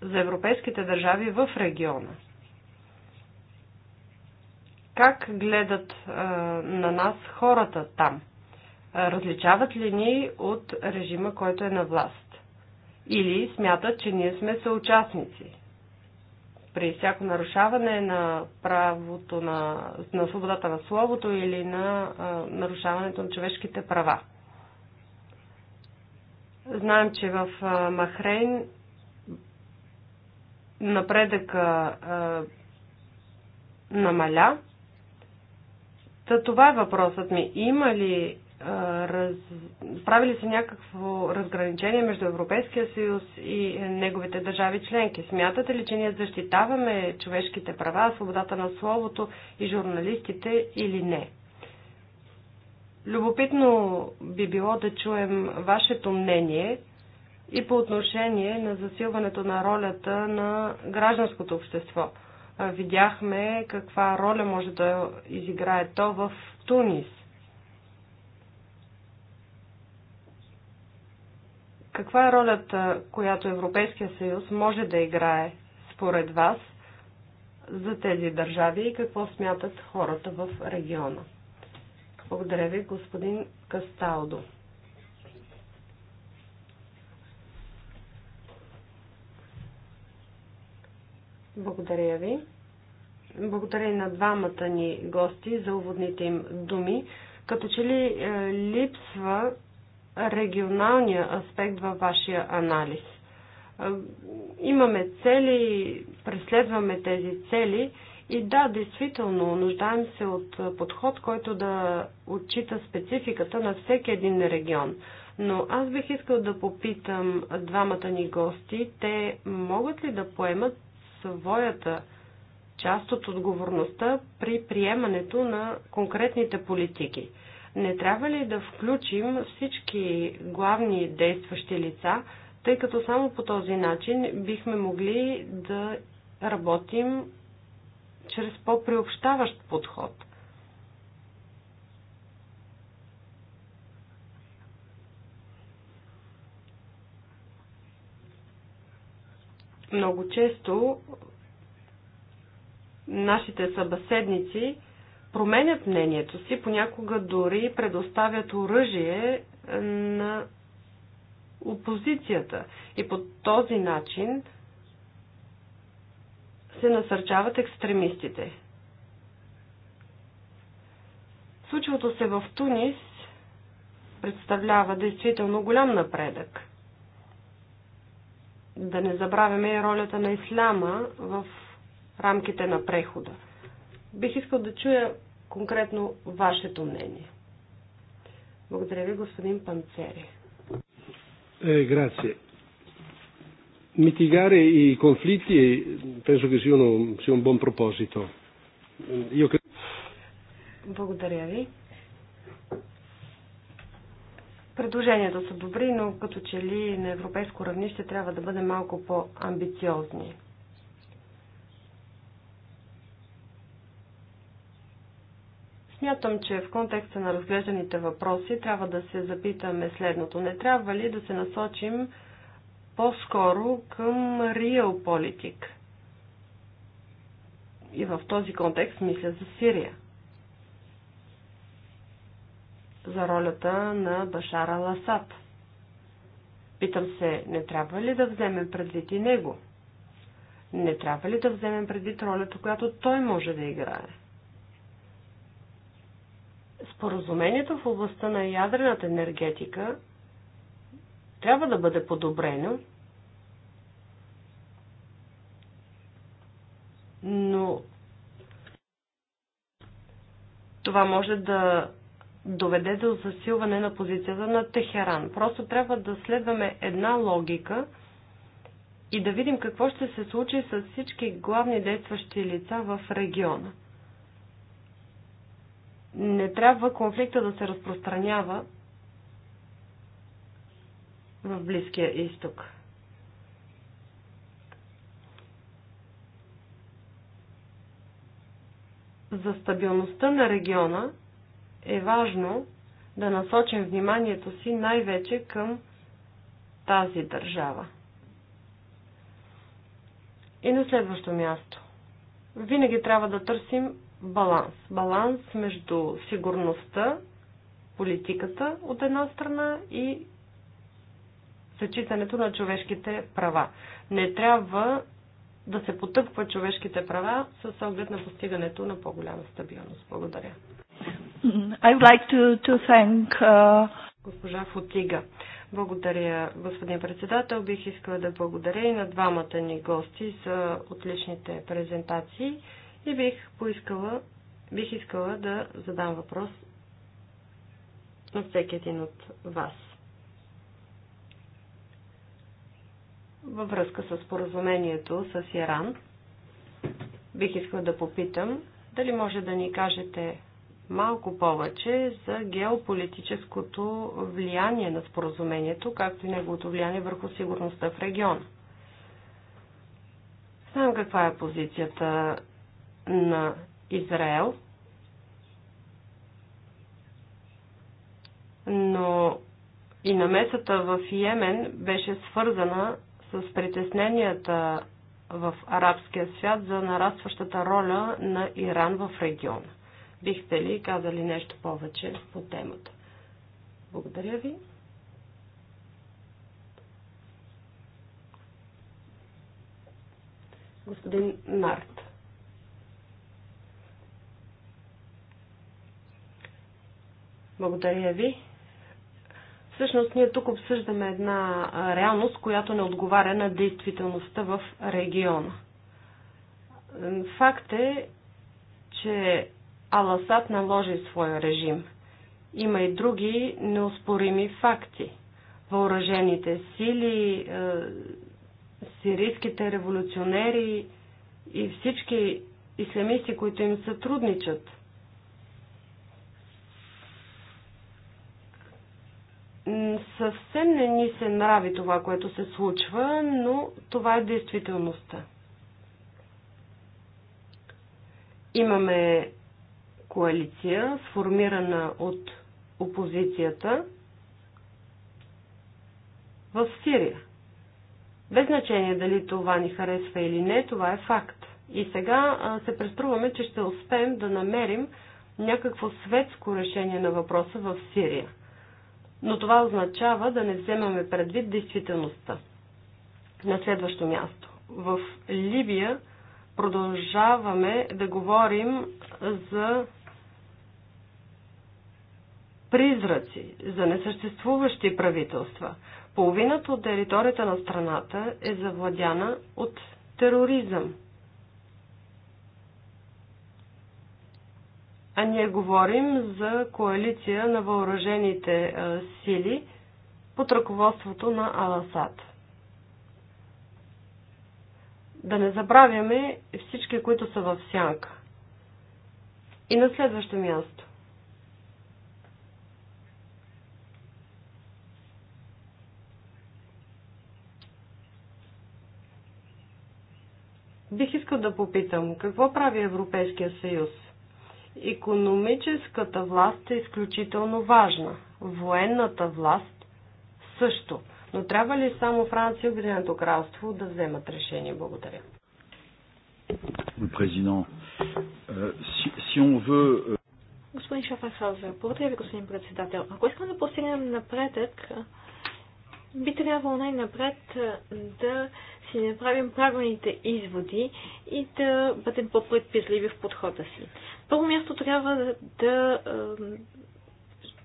за европейските държави в региона? Как гледат а, на нас хората там? Различават ли ни от режима, който е на власт? или смятат, че ние сме съучастници. При всяко нарушаване на правото на, на свободата на словото или на а, нарушаването на човешките права. Знаем, че в а, Махрейн напредъка а, намаля. Та това е въпросът ми. Има ли раз... правили се някакво разграничение между Европейския съюз и неговите държави членки? Смятате ли, че ние защитаваме човешките права, свободата на словото и журналистите или не? Любопитно би било да чуем вашето мнение и по отношение на засилването на ролята на гражданското общество. Видяхме каква роля може да изиграе то в Тунис Каква е ролята, която Европейския съюз може да играе според вас за тези държави и какво смятат хората в региона? Благодаря ви, господин Касталдо. Благодаря ви. Благодаря и на двамата ни гости за уводните им думи. Като че ли е, липсва регионалния аспект във вашия анализ? Имаме цели, преследваме тези цели и да, действително, нуждаем се от подход, който да отчита спецификата на всеки един регион. Но аз бих искал да попитам двамата ни гости, те могат ли да поемат своята част от отговорността при приемането на конкретните политики? Не трябва ли да включим всички главни действащи лица, тъй като само по този начин бихме могли да работим чрез по-приобщаващ подход – много често нашите събеседници променят мнението си, понякога дори предоставят оръжие е, на опозицията. И по този начин се насърчават екстремистите. Случилото се в Тунис представлява действително голям напредък. Да не забравяме и ролята на исляма в рамките на прехода. Бих искал да чуя конкретно вашето мнение. Благодаря ви, господин Панцери. Е, грация. Mitigare i conflitti penso che sia, uno, sia un buon proposito. Io credo... Благодаря ви. Предложенията са добри, но като че ли на европейско равнище трябва да бъдем малко по-амбициозни. Смятам, че в контекста на разглежданите въпроси трябва да се запитаме следното. Не трябва ли да се насочим по-скоро към реал политик? И в този контекст мисля за Сирия. За ролята на Башара Ласад. Питам се, не трябва ли да вземем предвид и него? Не трябва ли да вземем предвид ролята, която той може да играе? Споразумението в областта на ядрената енергетика трябва да бъде подобрено, но това може да доведе до засилване на позицията на Техеран. Просто трябва да следваме една логика и да видим какво ще се случи с всички главни действащи лица в региона. Не трябва конфликта да се разпространява в Близкия изток. За стабилността на региона е важно да насочим вниманието си най-вече към тази държава. И на следващо място. Винаги трябва да търсим баланс. Баланс между сигурността, политиката от една страна и зачитането на човешките права. Не трябва да се потъпква човешките права с оглед на постигането на по-голяма стабилност. Благодаря. I would like to, to thank, uh... Госпожа Фотига. Благодаря, господин председател. Бих искала да благодаря и на двамата ни гости за отличните презентации. И бих поискала, бих искала да задам въпрос на всеки един от вас. Във връзка с поразумението с Иран, бих искала да попитам дали може да ни кажете малко повече за геополитическото влияние на споразумението, както и неговото влияние върху сигурността в региона. Знам каква е позицията на Израел, но и намесата в Йемен беше свързана с притесненията в арабския свят за нарастващата роля на Иран в региона. Бихте ли казали нещо повече по темата? Благодаря ви. Господин Март. Благодаря ви. Всъщност ние тук обсъждаме една реалност, която не отговаря на действителността в региона. Факт е, че Аласат наложи своя режим. Има и други неоспорими факти. Въоръжените сили, сирийските революционери и всички ислямисти, които им сътрудничат – Съвсем не ни се нрави това, което се случва, но това е действителността. Имаме коалиция, сформирана от опозицията в Сирия. Без значение дали това ни харесва или не, това е факт. И сега се преструваме, че ще успеем да намерим някакво светско решение на въпроса в Сирия – но това означава да не вземаме предвид действителността. На следващо място. В Либия продължаваме да говорим за призраци, за несъществуващи правителства. Половината от територията на страната е завладяна от тероризъм – А ние говорим за коалиция на въоръжените сили под ръководството на Аласад. Да не забравяме всички, които са в сянка. И на следващо място. Бих искал да попитам, какво прави Европейския съюз? Економическата власт е изключително важна. Военната власт също. Но трябва ли само Франция и Обединеното кралство да вземат решение? Благодаря. Президент, euh, Господин Шафасалзе, благодаря ви, господин председател. Ако искам да постигнем напредък, би трябвало най-напред да си направим правилните изводи и да бъдем по-предпизливи в подхода си. Първо място трябва да, да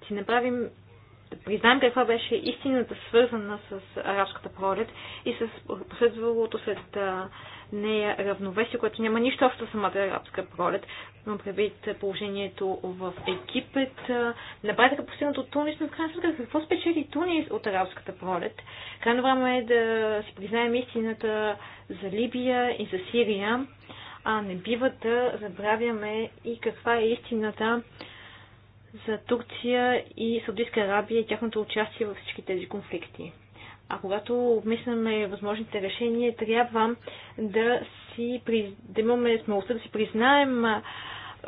си направим да признаем каква беше истината свързана с арабската пролет и с последвалото след нея равновесие, което няма нищо общо с самата арабска пролет, но предвид положението в Египет, напредъка постигнато от Тунис, но в крайна сметка какво спечели Тунис от арабската пролет? Крайно време е да си признаем истината за Либия и за Сирия, а не бива да забравяме и каква е истината за Турция и Саудитска Арабия и тяхното участие във всички тези конфликти. А когато обмисляме възможните решения, трябва да, си, да имаме смелостта да си признаем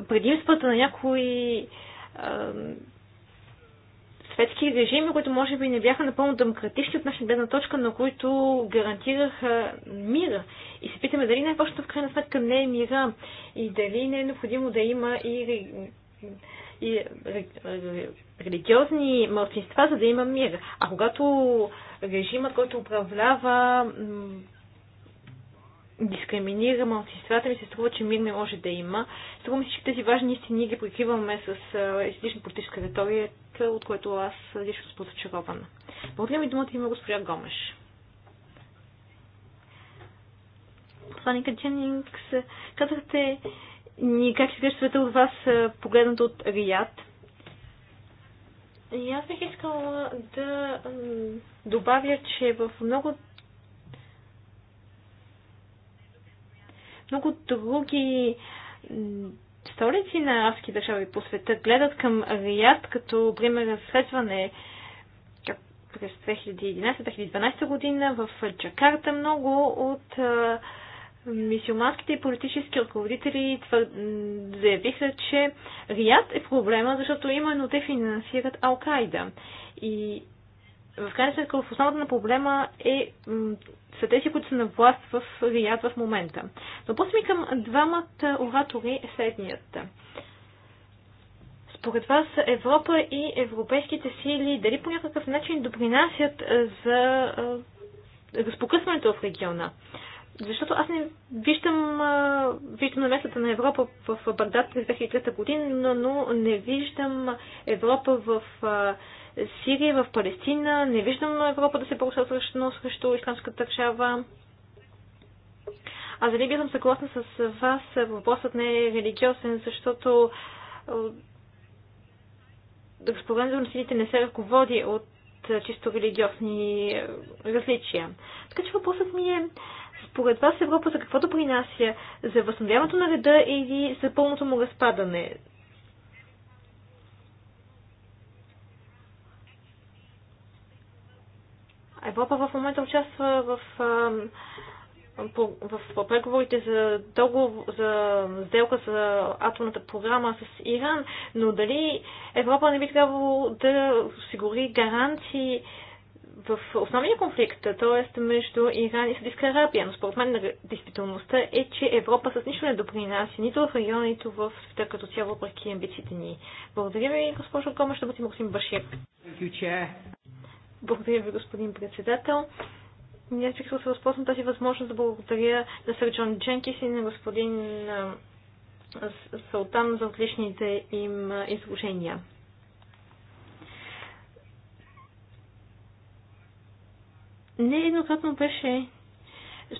предимствата на някои светски режими, които може би не бяха напълно демократични от наша гледна точка, но които гарантираха мира. И се питаме дали най-важното в крайна сметка не е мира и дали не е необходимо да има и и религиозни мълчинства, за да има мир. А когато режимът, който управлява, дискриминира мълчинствата, ми се струва, че мир не може да има. Струва ми че тези важни истини ги прикриваме с излишна политическа риторика, от което аз лично съм разочарована. Благодаря ми думата има госпожа Гомеш. Посланика Дженингс, казахте, ни как изглежда света от вас, погледнат от Рият. И аз бих искала да добавя, че в много много други столици на арабски държави по света гледат към Рият като пример разследване през 2011-2012 година в Джакарта много от мисиоманските политически ръководители заявиха, че Рият е проблема, защото именно те финансират Алкайда. И в крайна сметка в основата на проблема е, са тези, които са на власт в Рият в момента. после ми към двамата оратори е следният. Според вас Европа и европейските сили дали по някакъв начин допринасят за разпокъсването в региона? Защото аз не виждам, виждам намесата на Европа в Багдад през 2003 година, но не виждам Европа в Сирия, в Палестина, не виждам Европа да се борса срещу, срещу исламската държава. А за Либия съм съгласна с вас, въпросът не е религиозен, защото разпореждането на силите не се ръководи от чисто религиозни различия. Така че въпросът ми е, според вас Европа за какво допринася? За възстановяването на реда или за пълното му разпадане? Европа в момента участва в, в, в преговорите за, договор, за сделка за атомната програма с Иран, но дали Европа не би трябвало да осигури гаранции в основния конфликт, т.е. между Иран и Саудитска Арабия. Но според мен действителността е, че Европа с нищо не допринася нито в региона, нито в света като цяло, въпреки амбициите ни. Благодаря ви, госпожо Кома, ще бъдем Максим Башир. Благодаря ви, господин председател. Ние ще се възползвам тази възможност да благодаря на сър Джон Дженкис и на господин Салтан за отличните им изложения. нееднократно беше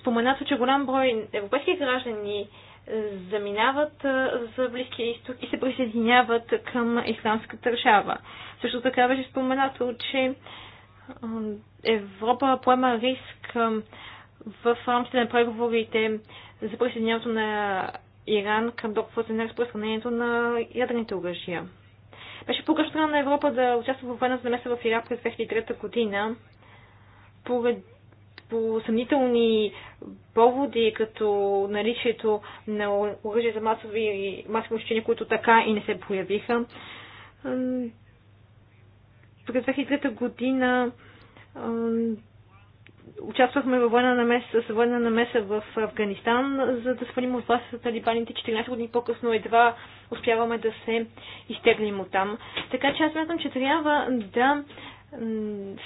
споменато, че голям брой европейски граждани заминават за Близкия изток и се присъединяват към исламска държава. Също така беше споменато, че Европа поема риск в рамките на преговорите за присъединяването на Иран към договорите на разпространението на ядрените оръжия. Беше по на Европа да участва в военна замеса в Ирак през 2003 година, поред, по съмнителни поводи, като наличието на оръжие за масови, масови учения, които така и не се появиха. През 2003 година участвахме във военна намеса, с военна намеса в Афганистан, за да свалим от вас талибаните 14 години по-късно. Едва успяваме да се изтеглим от там. Така че аз смятам, че трябва да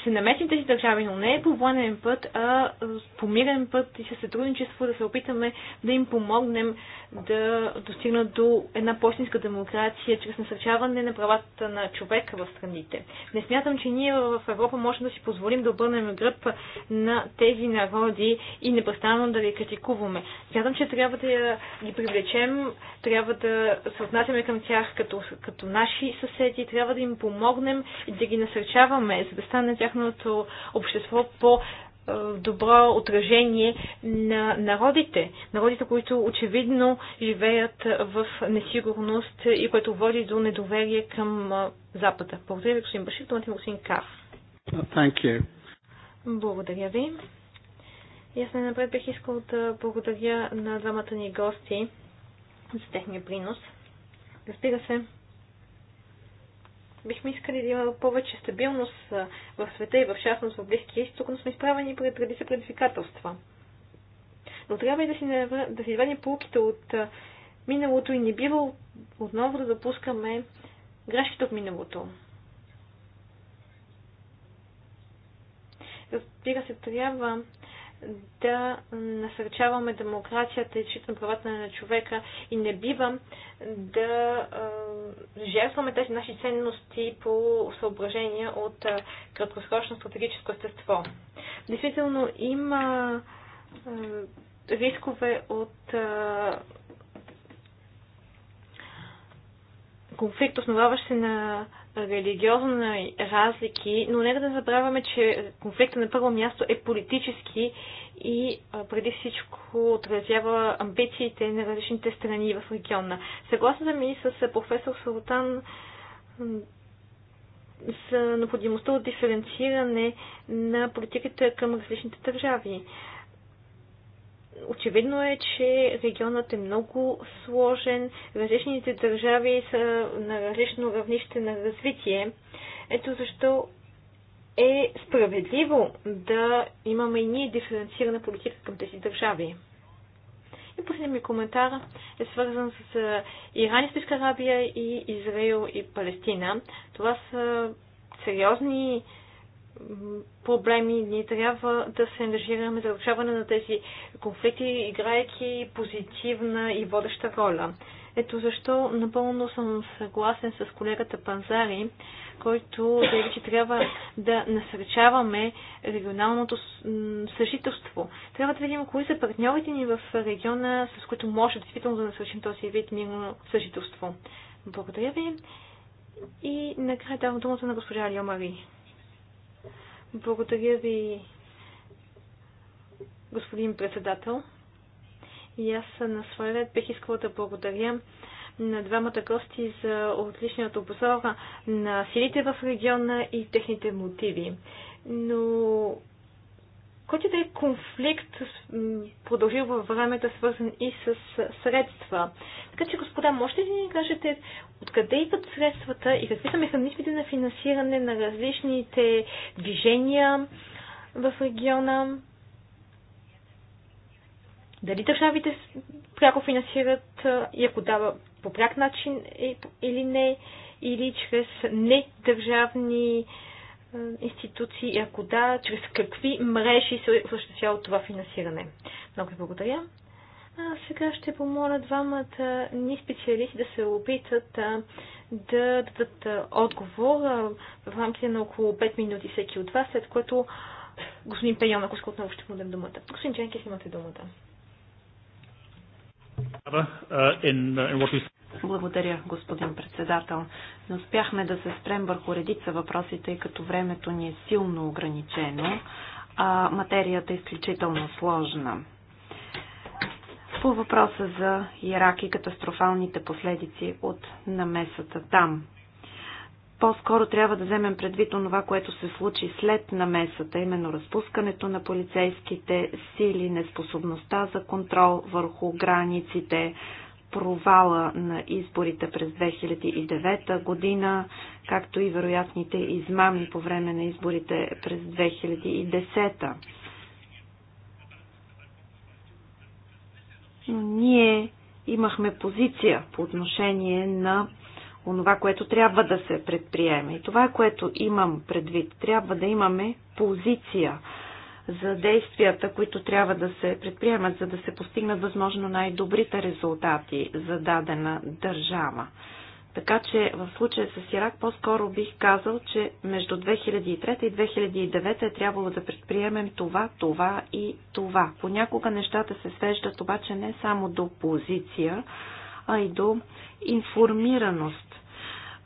се намесим тези държави, но не е по военен път, а по мирен път и със сътрудничество да се опитаме да им помогнем да достигнат до една почтинска демокрация чрез насърчаване на правата на човека в страните. Не смятам, че ние в Европа можем да си позволим да обърнем гръб на тези народи и непрестанно да ги критикуваме. Смятам, че трябва да ги привлечем, трябва да се отнасяме към тях като, като наши съседи, трябва да им помогнем и да ги насърчаваме време, за да стане тяхното общество по е, добро отражение на народите. Народите, които очевидно живеят в несигурност и което води до недоверие към е, Запада. Благодаря ви, господин Башир, думата господин Кар. Благодаря ви. И аз най-напред бих искал да благодаря на двамата ни гости за техния принос. Разбира се, бихме искали да има повече стабилност в света и в частност в Близкия изток, но сме изправени пред редица предизвикателства. Но трябва и да си, да си извадим полуките от миналото и не бива отново да допускаме грешките от миналото. Разбира се, трябва да насърчаваме демокрацията и защита на правата на човека и не бива да жертваме тези наши ценности по съображения от краткосрочно стратегическо естество. Действително има рискове от конфликт, основаващ се на религиозни разлики, но нека да забравяме, че конфликта на първо място е политически и преди всичко отразява амбициите на различните страни в региона. Съгласна ми с професор Султан за необходимостта от диференциране на политиката към различните държави. Очевидно е, че регионът е много сложен, различните държави са на различно равнище на развитие. Ето защо е справедливо да имаме и ние диференцирана политика към тези държави. И последният ми коментар е свързан с Иран, Списка Арабия и Израил и Палестина. Това са сериозни проблеми. Ние трябва да се ангажираме за решаване на тези конфликти, играйки позитивна и водеща роля. Ето защо напълно съм съгласен с колегата Панзари, който заяви, че трябва да насърчаваме регионалното съжителство. Трябва да видим кои са партньорите ни в региона, с които може действително да насърчим този вид мирно съжителство. Благодаря ви. И накрая давам думата на госпожа Алио Мари. Благодаря ви, господин председател. И аз на своя ред бих искала да благодаря на двамата гости за отличният обзор на силите в региона и техните мотиви. Но който да е конфликт продължил във времето, свързан и с средства. Така че, господа, можете ли да ни кажете откъде идват средствата и какви са механизмите на финансиране на различните движения в региона? Дали държавите пряко финансират и ако дава по пряк начин е, или не, или чрез недържавни държавни е, институции и ако да, чрез какви мрежи се осъществява това финансиране. Много ви благодаря. А сега ще помоля двамата ни специалисти да се опитат да, да дадат отговор в рамките на около 5 минути всеки от вас, след което господин Пейон, ако иска отново ще му дадем думата. Господин Дженкис, имате думата. Uh, uh, благодаря, господин председател. Не успяхме да се спрем върху редица въпроси, тъй като времето ни е силно ограничено, а материята е изключително сложна. По въпроса за Ирак и катастрофалните последици от намесата там. По-скоро трябва да вземем предвид онова, което се случи след намесата, именно разпускането на полицейските сили, неспособността за контрол върху границите, провала на изборите през 2009 година, както и вероятните измами по време на изборите през 2010. Но ние имахме позиция по отношение на онова, което трябва да се предприеме. И това е което имам предвид. Трябва да имаме позиция за действията, които трябва да се предприемат, за да се постигнат възможно най-добрите резултати за дадена държава. Така че в случая с Ирак по-скоро бих казал, че между 2003 и 2009 е трябвало да предприемем това, това и това. Понякога нещата се свеждат обаче не само до позиция, а и до информираност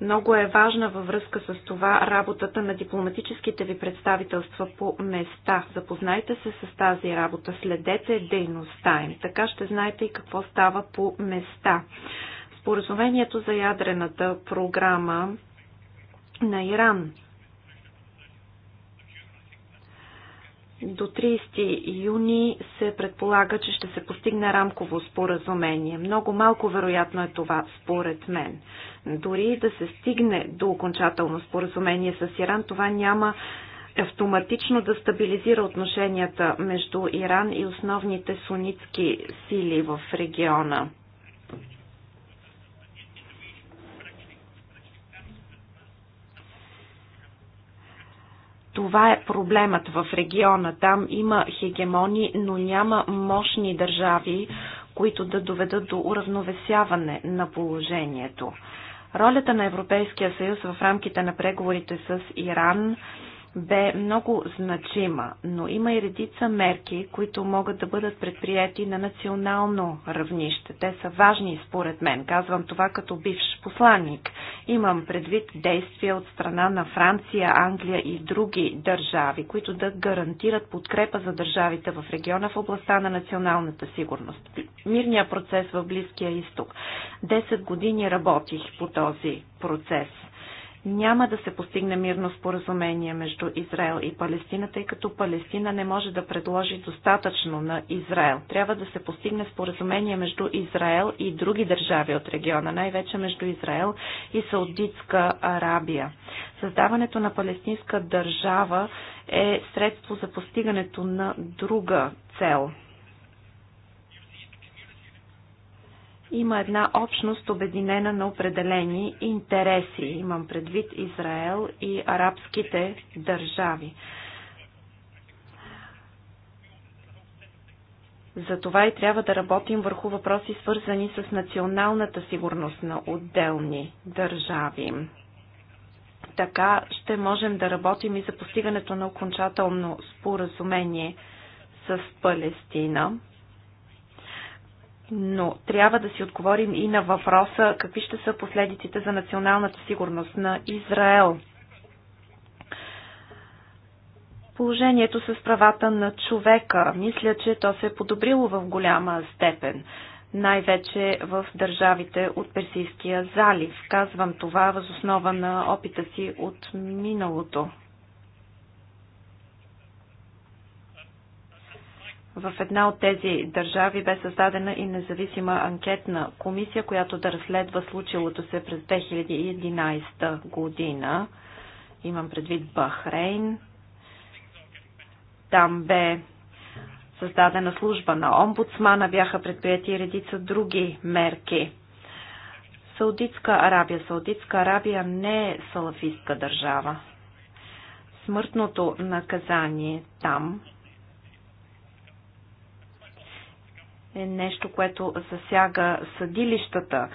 много е важна във връзка с това работата на дипломатическите ви представителства по места. Запознайте се с тази работа, следете дейността им. Така ще знаете и какво става по места. Споразумението за ядрената програма на Иран До 30 юни се предполага, че ще се постигне рамково споразумение. Много малко вероятно е това, според мен. Дори да се стигне до окончателно споразумение с Иран, това няма автоматично да стабилизира отношенията между Иран и основните сунитски сили в региона. Това е проблемът в региона. Там има хегемони, но няма мощни държави, които да доведат до уравновесяване на положението. Ролята на Европейския съюз в рамките на преговорите с Иран бе много значима, но има и редица мерки, които могат да бъдат предприяти на национално равнище. Те са важни според мен. Казвам това като бивш посланник. Имам предвид действия от страна на Франция, Англия и други държави, които да гарантират подкрепа за държавите в региона в областта на националната сигурност. Мирният процес в Близкия изток. Десет години работих по този процес – няма да се постигне мирно споразумение между Израел и Палестина, тъй като Палестина не може да предложи достатъчно на Израел. Трябва да се постигне споразумение между Израел и други държави от региона, най-вече между Израел и Саудитска Арабия. Създаването на палестинска държава е средство за постигането на друга цел – има една общност обединена на определени интереси. Имам предвид Израел и арабските държави. Затова и трябва да работим върху въпроси, свързани с националната сигурност на отделни държави. Така ще можем да работим и за постигането на окончателно споразумение с Палестина но трябва да си отговорим и на въпроса какви ще са последиците за националната сигурност на Израел. Положението с правата на човека. Мисля, че то се е подобрило в голяма степен най-вече в държавите от Персийския залив. Казвам това възоснова на опита си от миналото. В една от тези държави бе създадена и независима анкетна комисия, която да разследва случилото се през 2011 година. Имам предвид Бахрейн. Там бе създадена служба на омбудсмана, бяха предприяти редица други мерки. Саудитска Арабия. Саудитска Арабия не е салафистка държава. Смъртното наказание там е нещо, което засяга съдилищата.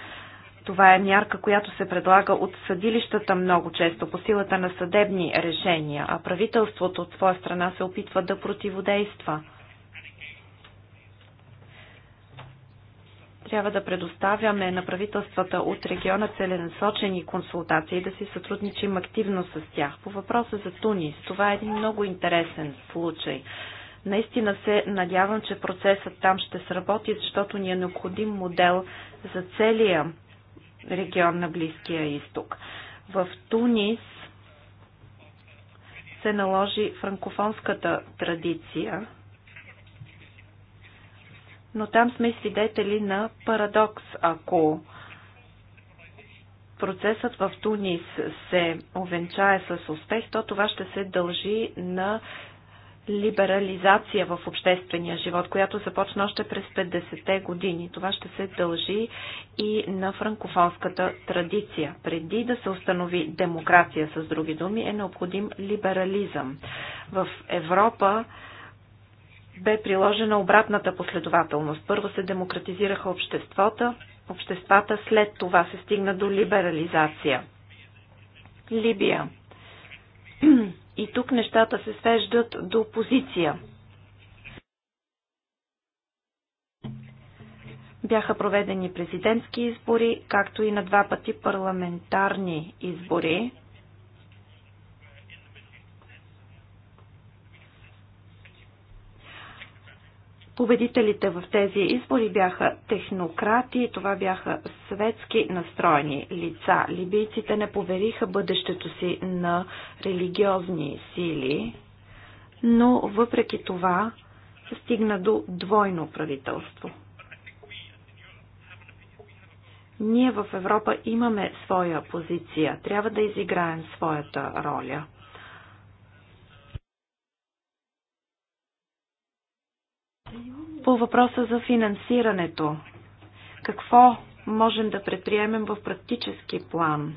Това е мярка, която се предлага от съдилищата много често по силата на съдебни решения, а правителството от своя страна се опитва да противодейства. Трябва да предоставяме на правителствата от региона целенасочени консултации и да си сътрудничим активно с тях. По въпроса за Тунис, това е един много интересен случай. Наистина се надявам, че процесът там ще сработи, защото ни е необходим модел за целия регион на Близкия изток. В Тунис се наложи франкофонската традиция, но там сме свидетели на парадокс. Ако процесът в Тунис се овенчае с успех, то това ще се дължи на либерализация в обществения живот, която започна още през 50-те години. Това ще се дължи и на франкофонската традиция. Преди да се установи демокрация, с други думи, е необходим либерализъм. В Европа бе приложена обратната последователност. Първо се демократизираха обществата, обществата след това се стигна до либерализация. Либия И тук нещата се свеждат до позиция. Бяха проведени президентски избори, както и на два пъти парламентарни избори. Победителите в тези избори бяха технократи, това бяха светски настроени лица. Либийците не повериха бъдещето си на религиозни сили, но въпреки това се стигна до двойно правителство. Ние в Европа имаме своя позиция, трябва да изиграем своята роля. по въпроса за финансирането. Какво можем да предприемем в практически план?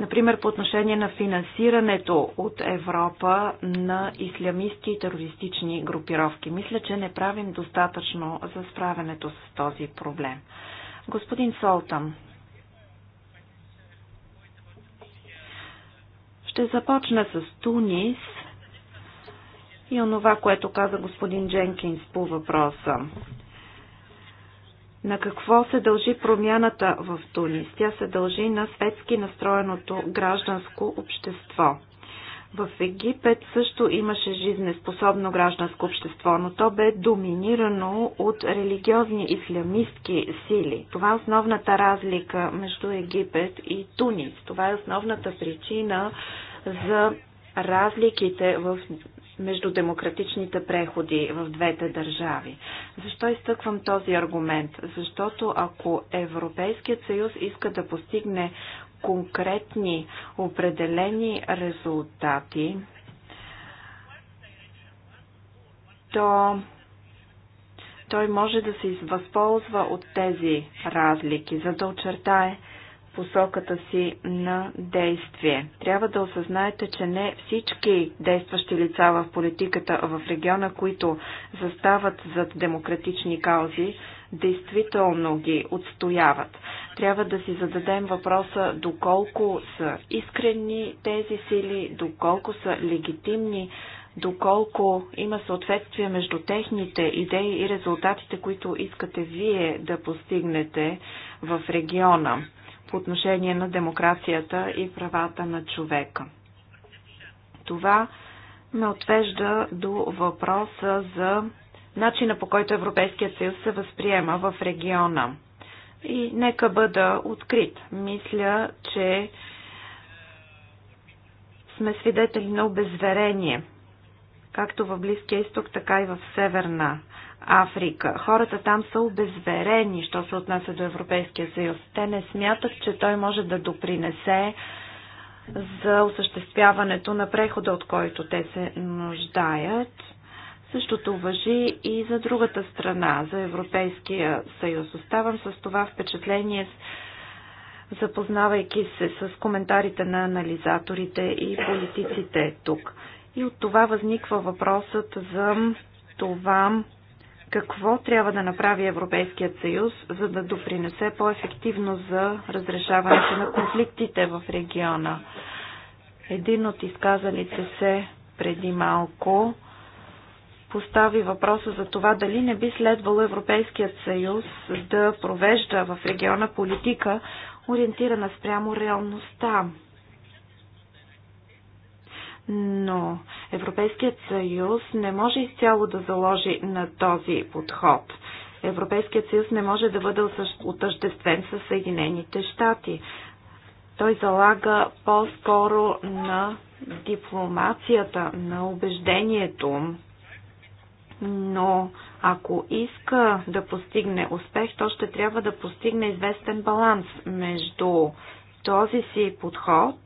Например, по отношение на финансирането от Европа на ислямистки и терористични групировки. Мисля, че не правим достатъчно за справянето с този проблем. Господин Солтан, ще започна с Тунис – и онова, което каза господин Дженкинс по въпроса. На какво се дължи промяната в Тунис? Тя се дължи на светски настроеното гражданско общество. В Египет също имаше жизнеспособно гражданско общество, но то бе доминирано от религиозни ислямистки сили. Това е основната разлика между Египет и Тунис. Това е основната причина за разликите в между демократичните преходи в двете държави. Защо изтъквам този аргумент? Защото ако Европейският съюз иска да постигне конкретни определени резултати, то той може да се възползва от тези разлики, за да очертае посоката си на действие. Трябва да осъзнаете, че не всички действащи лица в политиката в региона, които застават зад демократични каузи, действително ги отстояват. Трябва да си зададем въпроса доколко са искрени тези сили, доколко са легитимни, доколко има съответствие между техните идеи и резултатите, които искате вие да постигнете в региона по отношение на демокрацията и правата на човека. Това ме отвежда до въпроса за начина по който Европейският съюз се възприема в региона. И нека бъда открит. Мисля, че сме свидетели на обезверение, както в Близкия изток, така и в Северна Африка. Хората там са обезверени, що се отнася до Европейския съюз. Те не смятат, че той може да допринесе за осъществяването на прехода, от който те се нуждаят. Същото въжи и за другата страна, за Европейския съюз. Оставам с това впечатление, запознавайки се с коментарите на анализаторите и политиците тук. И от това възниква въпросът за това какво трябва да направи Европейският съюз, за да допринесе по-ефективно за разрешаването на конфликтите в региона? Един от изказалите се преди малко постави въпроса за това дали не би следвало Европейският съюз да провежда в региона политика, ориентирана спрямо реалността но Европейският съюз не може изцяло да заложи на този подход. Европейският съюз не може да бъде отъждествен с Съединените щати. Той залага по-скоро на дипломацията, на убеждението, но ако иска да постигне успех, то ще трябва да постигне известен баланс между този си подход –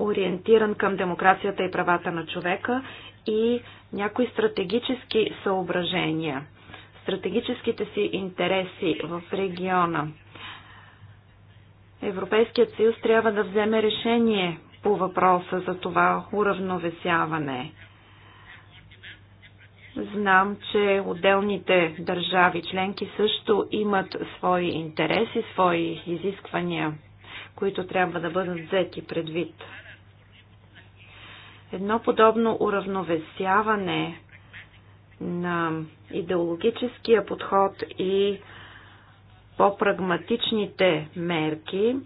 ориентиран към демокрацията и правата на човека и някои стратегически съображения, стратегическите си интереси в региона. Европейският съюз трябва да вземе решение по въпроса за това уравновесяване. Знам, че отделните държави членки също имат свои интереси, свои изисквания, които трябва да бъдат взети предвид. Едно подобно уравновесяване на идеологическия подход и по-прагматичните мерки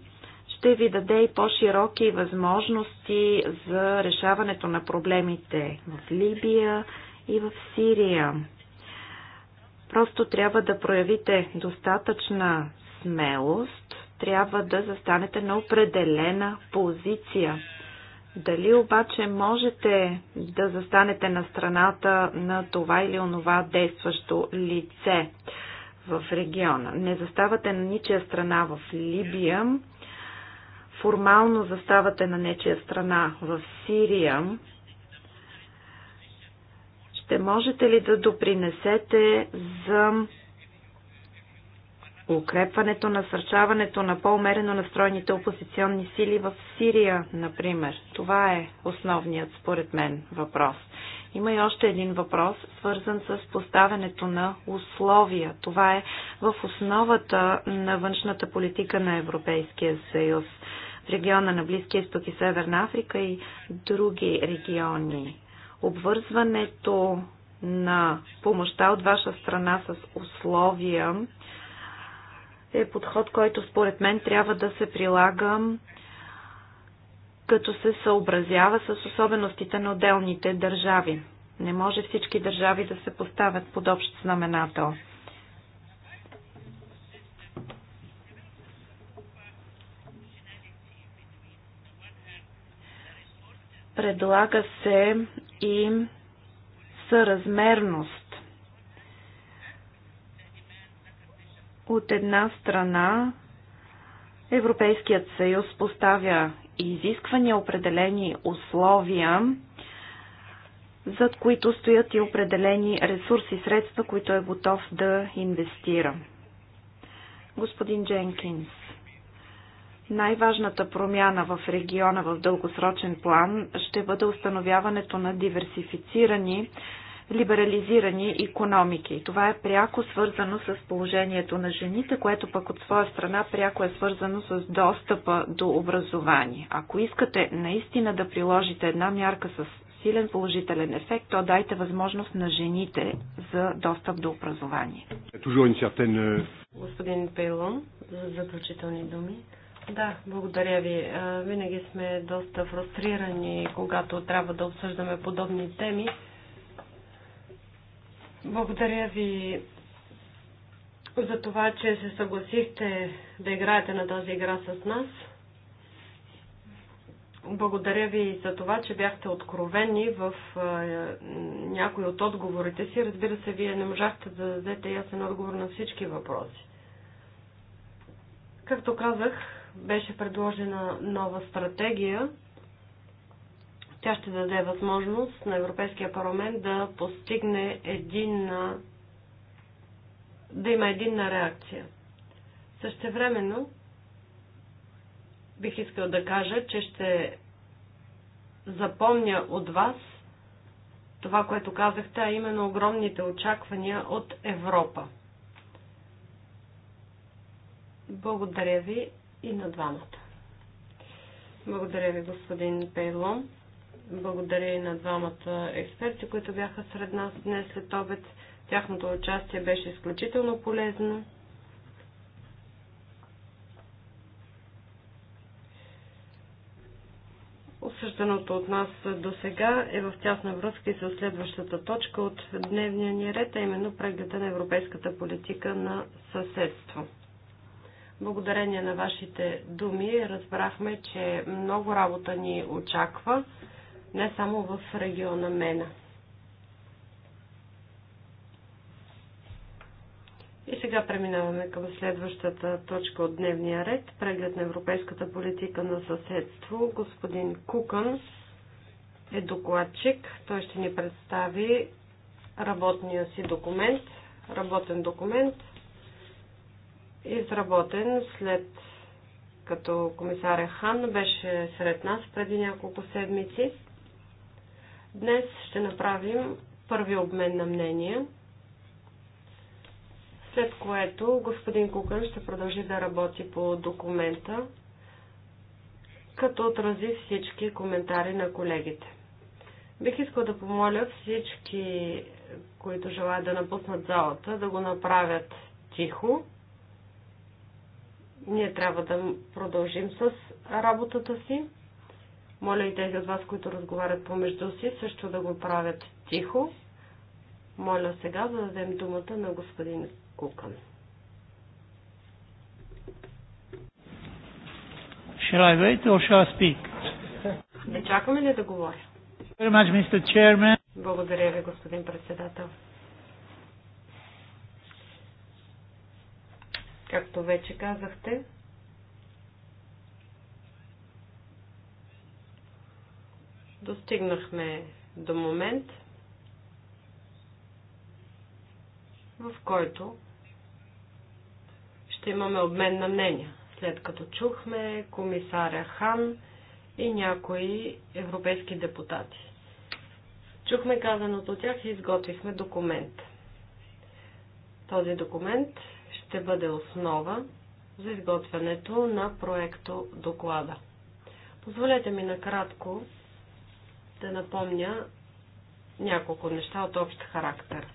ще ви даде и по-широки възможности за решаването на проблемите в Либия и в Сирия. Просто трябва да проявите достатъчна смелост, трябва да застанете на определена позиция. Дали обаче можете да застанете на страната на това или онова действащо лице в региона? Не заставате на ничия страна в Либия, формално заставате на нечия страна в Сирия. Ще можете ли да допринесете за укрепването, насърчаването на по-умерено настроените опозиционни сили в Сирия, например. Това е основният, според мен, въпрос. Има и още един въпрос, свързан с поставянето на условия. Това е в основата на външната политика на Европейския съюз в региона на Близкия изток и Северна Африка и други региони. Обвързването на помощта от ваша страна с условия е подход, който според мен трябва да се прилага като се съобразява с особеностите на отделните държави. Не може всички държави да се поставят под общ знаменател. Предлага се и съразмерност От една страна, Европейският съюз поставя изисквания, определени условия, зад които стоят и определени ресурси, средства, които е готов да инвестира. Господин Дженкинс, най-важната промяна в региона в дългосрочен план ще бъде установяването на диверсифицирани либерализирани економики. Това е пряко свързано с положението на жените, което пък от своя страна пряко е свързано с достъпа до образование. Ако искате наистина да приложите една мярка с силен положителен ефект, то дайте възможност на жените за достъп до образование. Е, е, Господин Пейлон, за заключителни думи. Да, благодаря ви. Винаги сме доста фрустрирани, когато трябва да обсъждаме подобни теми, благодаря ви за това, че се съгласихте да играете на тази игра с нас. Благодаря ви за това, че бяхте откровени в някои от отговорите си. Разбира се, вие не можахте да дадете ясен отговор на всички въпроси. Както казах, беше предложена нова стратегия тя ще даде възможност на Европейския парламент да постигне един да има единна реакция. Същевременно бих искал да кажа, че ще запомня от вас това, което казахте, а именно огромните очаквания от Европа. Благодаря ви и на двамата. Благодаря ви, господин Пейлон. Благодаря и на двамата експерти, които бяха сред нас днес след обед. Тяхното участие беше изключително полезно. Осъжданото от нас до сега е в тясна връзка и с следващата точка от дневния ни ред, а именно прегледа на европейската политика на съседство. Благодарение на вашите думи разбрахме, че много работа ни очаква не само в региона Мена. И сега преминаваме към следващата точка от дневния ред. Преглед на европейската политика на съседство. Господин Кукън е докладчик. Той ще ни представи работния си документ, работен документ, изработен след като комисаря Хан беше сред нас преди няколко седмици. Днес ще направим първи обмен на мнения, след което господин Кукън ще продължи да работи по документа, като отрази всички коментари на колегите. Бих искал да помоля всички, които желаят да напуснат залата, да го направят тихо. Ние трябва да продължим с работата си. Моля и тези от вас, които разговарят помежду си, също да го правят тихо. Моля сега да дадем думата на господин Кукан. Shall I wait or shall I speak? Не чакаме ли да говоря? Much, Благодаря ви, господин председател. Както вече казахте, Достигнахме до момент, в който ще имаме обмен на мнения, след като чухме комисаря Хан и някои европейски депутати. Чухме казаното от тях и изготвихме документ. Този документ ще бъде основа за изготвянето на проекто доклада. Позволете ми накратко ще напомня няколко неща от общ характер.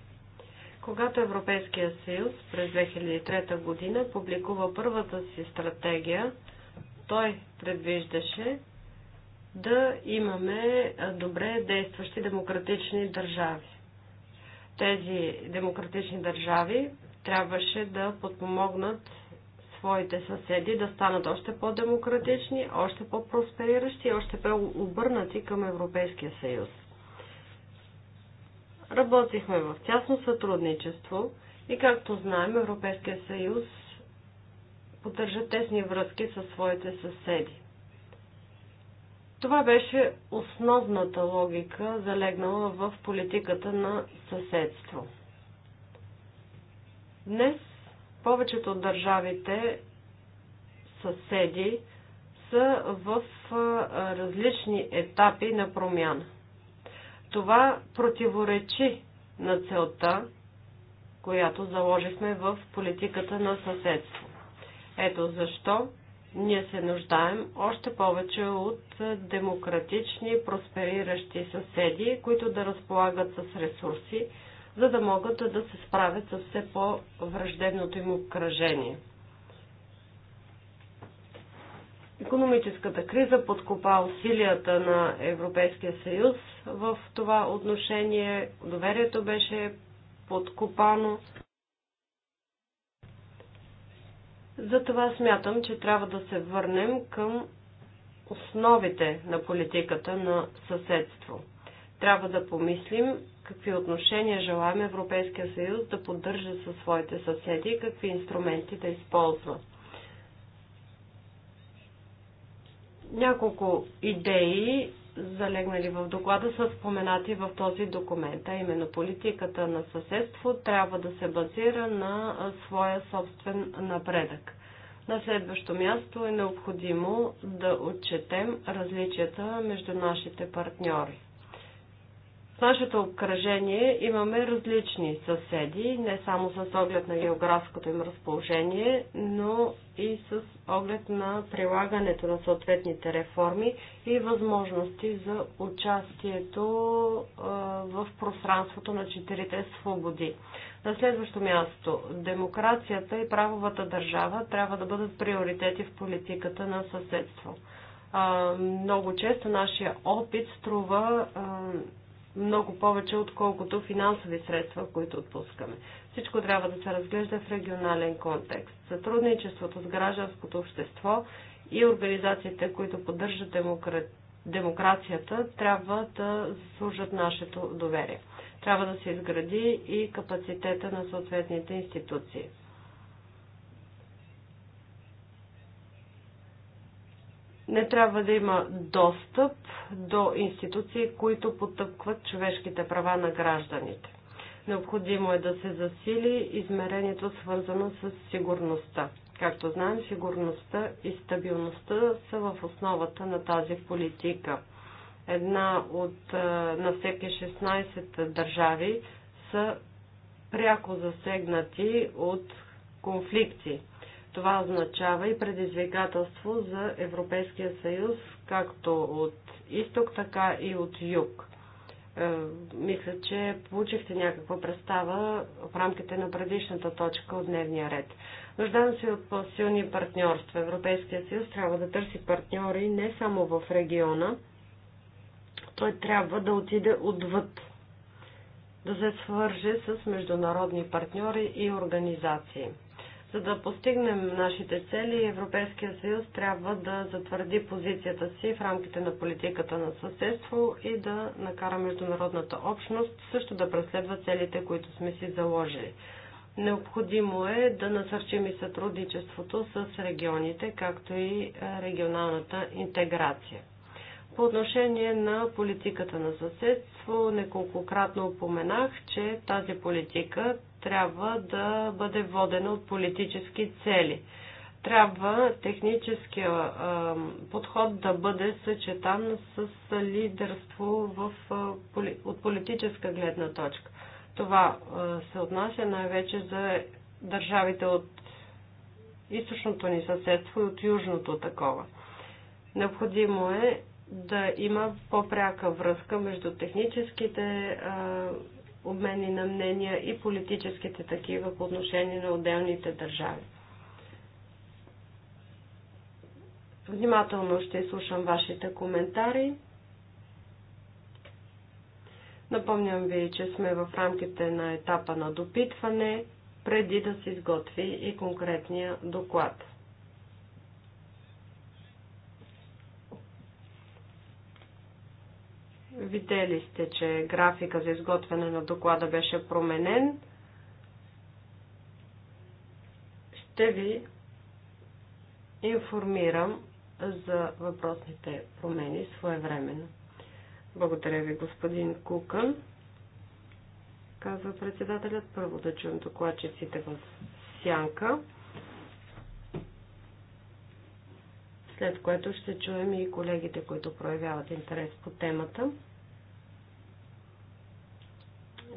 Когато Европейския съюз през 2003 година публикува първата си стратегия, той предвиждаше да имаме добре действащи демократични държави. Тези демократични държави трябваше да подпомогнат своите съседи да станат още по-демократични, още по-проспериращи и още по-обърнати към Европейския съюз. Работихме в тясно сътрудничество и както знаем Европейския съюз поддържа тесни връзки със своите съседи. Това беше основната логика, залегнала в политиката на съседство. Днес повечето от държавите съседи са в различни етапи на промяна. Това противоречи на целта, която заложихме в политиката на съседство. Ето защо ние се нуждаем още повече от демократични, проспериращи съседи, които да разполагат с ресурси, за да могат да се справят с все по-враждебното им обкръжение. Економическата криза подкопа усилията на Европейския съюз в това отношение. Доверието беше подкопано. Затова смятам, че трябва да се върнем към основите на политиката на съседство. Трябва да помислим какви отношения желаем Европейския съюз да поддържа със своите съседи и какви инструменти да използва. Няколко идеи, залегнали в доклада, са споменати в този документ, а именно политиката на съседство трябва да се базира на своя собствен напредък. На следващо място е необходимо да отчетем различията между нашите партньори нашето обкръжение имаме различни съседи, не само с оглед на географското им разположение, но и с оглед на прилагането на съответните реформи и възможности за участието в пространството на четирите свободи. На следващо място, демокрацията и правовата държава трябва да бъдат приоритети в политиката на съседство. Много често нашия опит струва много повече, отколкото финансови средства, които отпускаме. Всичко трябва да се разглежда в регионален контекст. Сътрудничеството с гражданското общество и организациите, които поддържат демокра... демокрацията, трябва да заслужат нашето доверие. Трябва да се изгради и капацитета на съответните институции. Не трябва да има достъп до институции, които потъпкват човешките права на гражданите. Необходимо е да се засили измерението свързано с сигурността. Както знаем, сигурността и стабилността са в основата на тази политика. Една от е, на всеки 16 държави са пряко засегнати от конфликти. Това означава и предизвикателство за Европейския съюз, както от изток, така и от юг. Е, мисля, че получихте някаква представа в рамките на предишната точка от дневния ред. Нуждам се от по-силни партньорства. Европейския съюз трябва да търси партньори не само в региона, той трябва да отиде отвъд, да се свърже с международни партньори и организации. За да постигнем нашите цели, Европейския съюз трябва да затвърди позицията си в рамките на политиката на съседство и да накара международната общност също да преследва целите, които сме си заложили. Необходимо е да насърчим и сътрудничеството с регионите, както и регионалната интеграция. По отношение на политиката на съседство, неколкократно упоменах, че тази политика трябва да бъде водена от политически цели. Трябва техническия подход да бъде съчетан с лидерство в, от политическа гледна точка. Това се отнася най-вече за държавите от източното ни съседство и от южното такова. Необходимо е да има по-пряка връзка между техническите обмени на мнения и политическите такива по отношение на отделните държави. Внимателно ще слушам вашите коментари. Напомням ви, че сме в рамките на етапа на допитване, преди да се изготви и конкретния доклад. Видели сте, че графика за изготвяне на доклада беше променен. Ще ви информирам за въпросните промени своевременно. Благодаря ви, господин Кукън. Казва председателят. Първо да чуем докладчиците в сянка. след което ще чуем и колегите, които проявяват интерес по темата.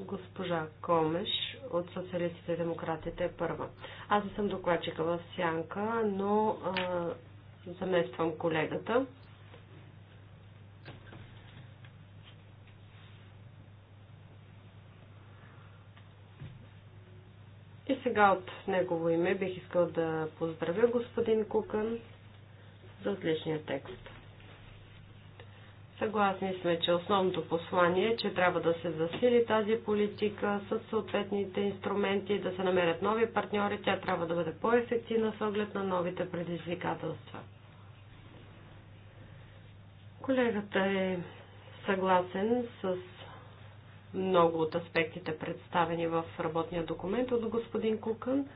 Госпожа Комеш от Социалистите и демократите е първа. Аз не съм докладчика в Сянка, но а, замествам колегата. И сега от негово име бих искал да поздравя господин Кукън за отличния текст. Съгласни сме, че основното послание е, че трябва да се засили тази политика с съответните инструменти, да се намерят нови партньори, тя трябва да бъде по-ефективна с оглед на новите предизвикателства. Колегата е съгласен с много от аспектите представени в работния документ от господин Кукън,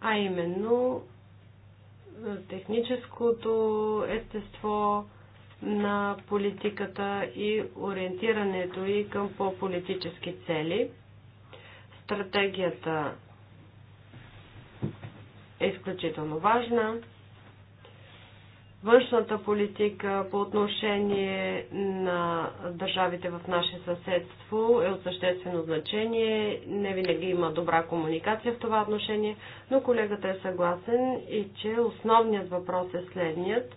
а именно техническото естество на политиката и ориентирането и към по-политически цели. Стратегията е изключително важна външната политика по отношение на държавите в наше съседство е от съществено значение. Не винаги има добра комуникация в това отношение, но колегата е съгласен и че основният въпрос е следният.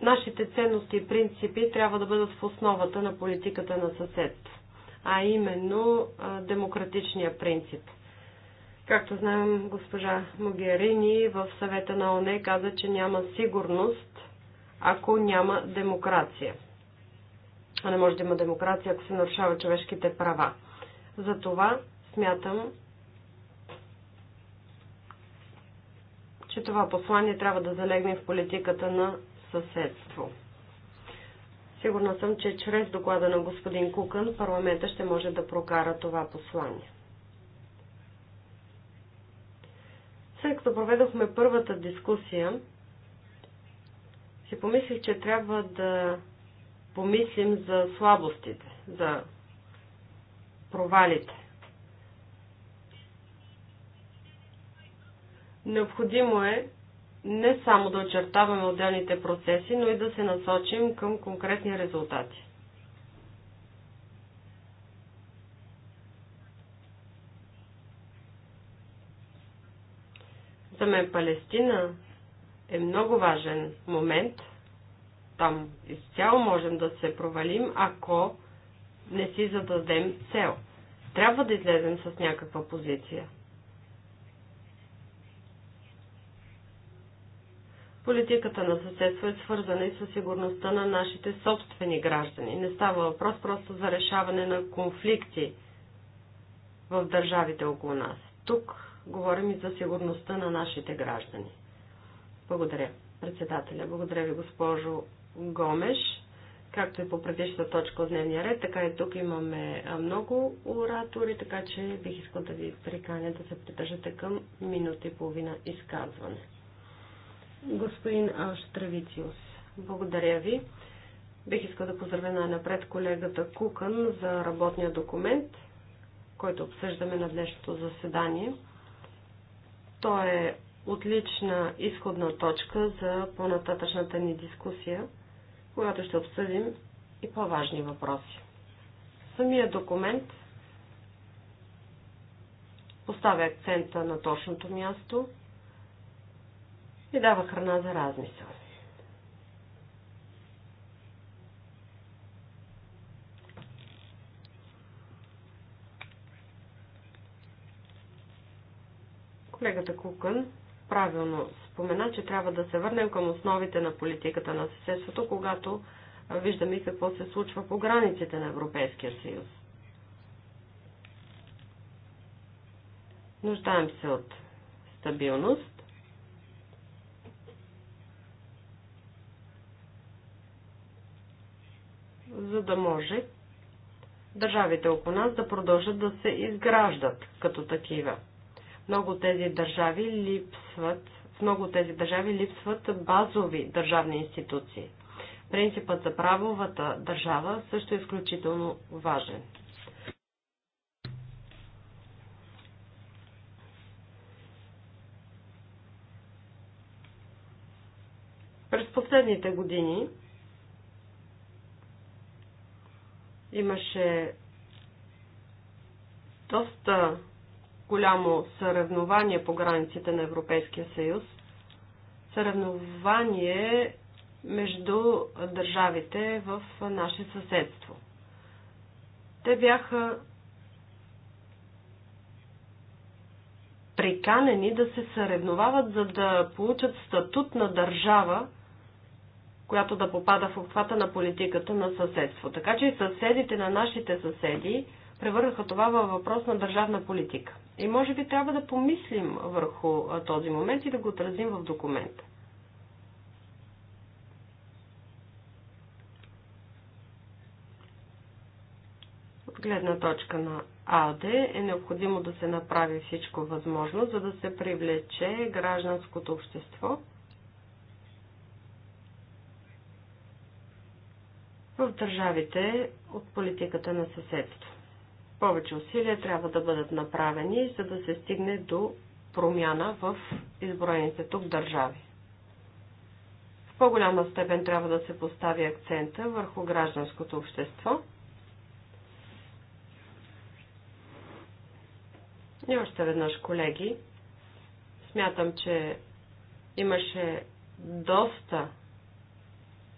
Нашите ценности и принципи трябва да бъдат в основата на политиката на съседство, а именно демократичния принцип – Както знаем, госпожа Могерини в съвета на ОНЕ каза, че няма сигурност, ако няма демокрация. А не може да има демокрация, ако се нарушава човешките права. Затова смятам, че това послание трябва да залегне в политиката на съседство. Сигурна съм, че чрез доклада на господин Кукън парламента ще може да прокара това послание. След като проведохме първата дискусия, си помислих, че трябва да помислим за слабостите, за провалите. Необходимо е не само да очертаваме отделните процеси, но и да се насочим към конкретни резултати. За мен Палестина е много важен момент. Там изцяло можем да се провалим, ако не си зададем цел. Трябва да излезем с някаква позиция. Политиката на съседство е свързана и със сигурността на нашите собствени граждани. Не става въпрос просто за решаване на конфликти в държавите около нас. Тук говорим и за сигурността на нашите граждани. Благодаря, председателя. Благодаря ви, госпожо Гомеш. Както и по предишната точка от дневния ред, така и тук имаме много оратори, така че бих искал да ви приканя да се придържате към минута и половина изказване. Господин Штравициус, благодаря ви. Бих искал да поздравя най-напред колегата Кукън за работния документ, който обсъждаме на днешното заседание – то е отлична изходна точка за по-нататъчната ни дискусия, която ще обсъдим и по-важни въпроси. Самия документ поставя акцента на точното място и дава храна за размисъл. Колегата Кукън правилно спомена, че трябва да се върнем към основите на политиката на съседството, когато виждаме какво се случва по границите на Европейския съюз. Нуждаем се от стабилност. за да може държавите около нас да продължат да се изграждат като такива. Много от тези държави липсват, в много тези държави липсват базови държавни институции. Принципът за правовата държава също е изключително важен. През последните години имаше доста голямо съревнование по границите на Европейския съюз. Съревнование между държавите в наше съседство. Те бяха приканени да се съревновават, за да получат статут на държава, която да попада в обхвата на политиката на съседство. Така че и съседите на нашите съседи превърнаха това във въпрос на държавна политика. И може би трябва да помислим върху този момент и да го отразим в документа. От гледна точка на АЛДЕ е необходимо да се направи всичко възможно, за да се привлече гражданското общество в държавите от политиката на съседство. Повече усилия трябва да бъдат направени, за да се стигне до промяна в изброените тук държави. В по-голяма степен трябва да се постави акцента върху гражданското общество. И още веднъж, колеги, смятам, че имаше доста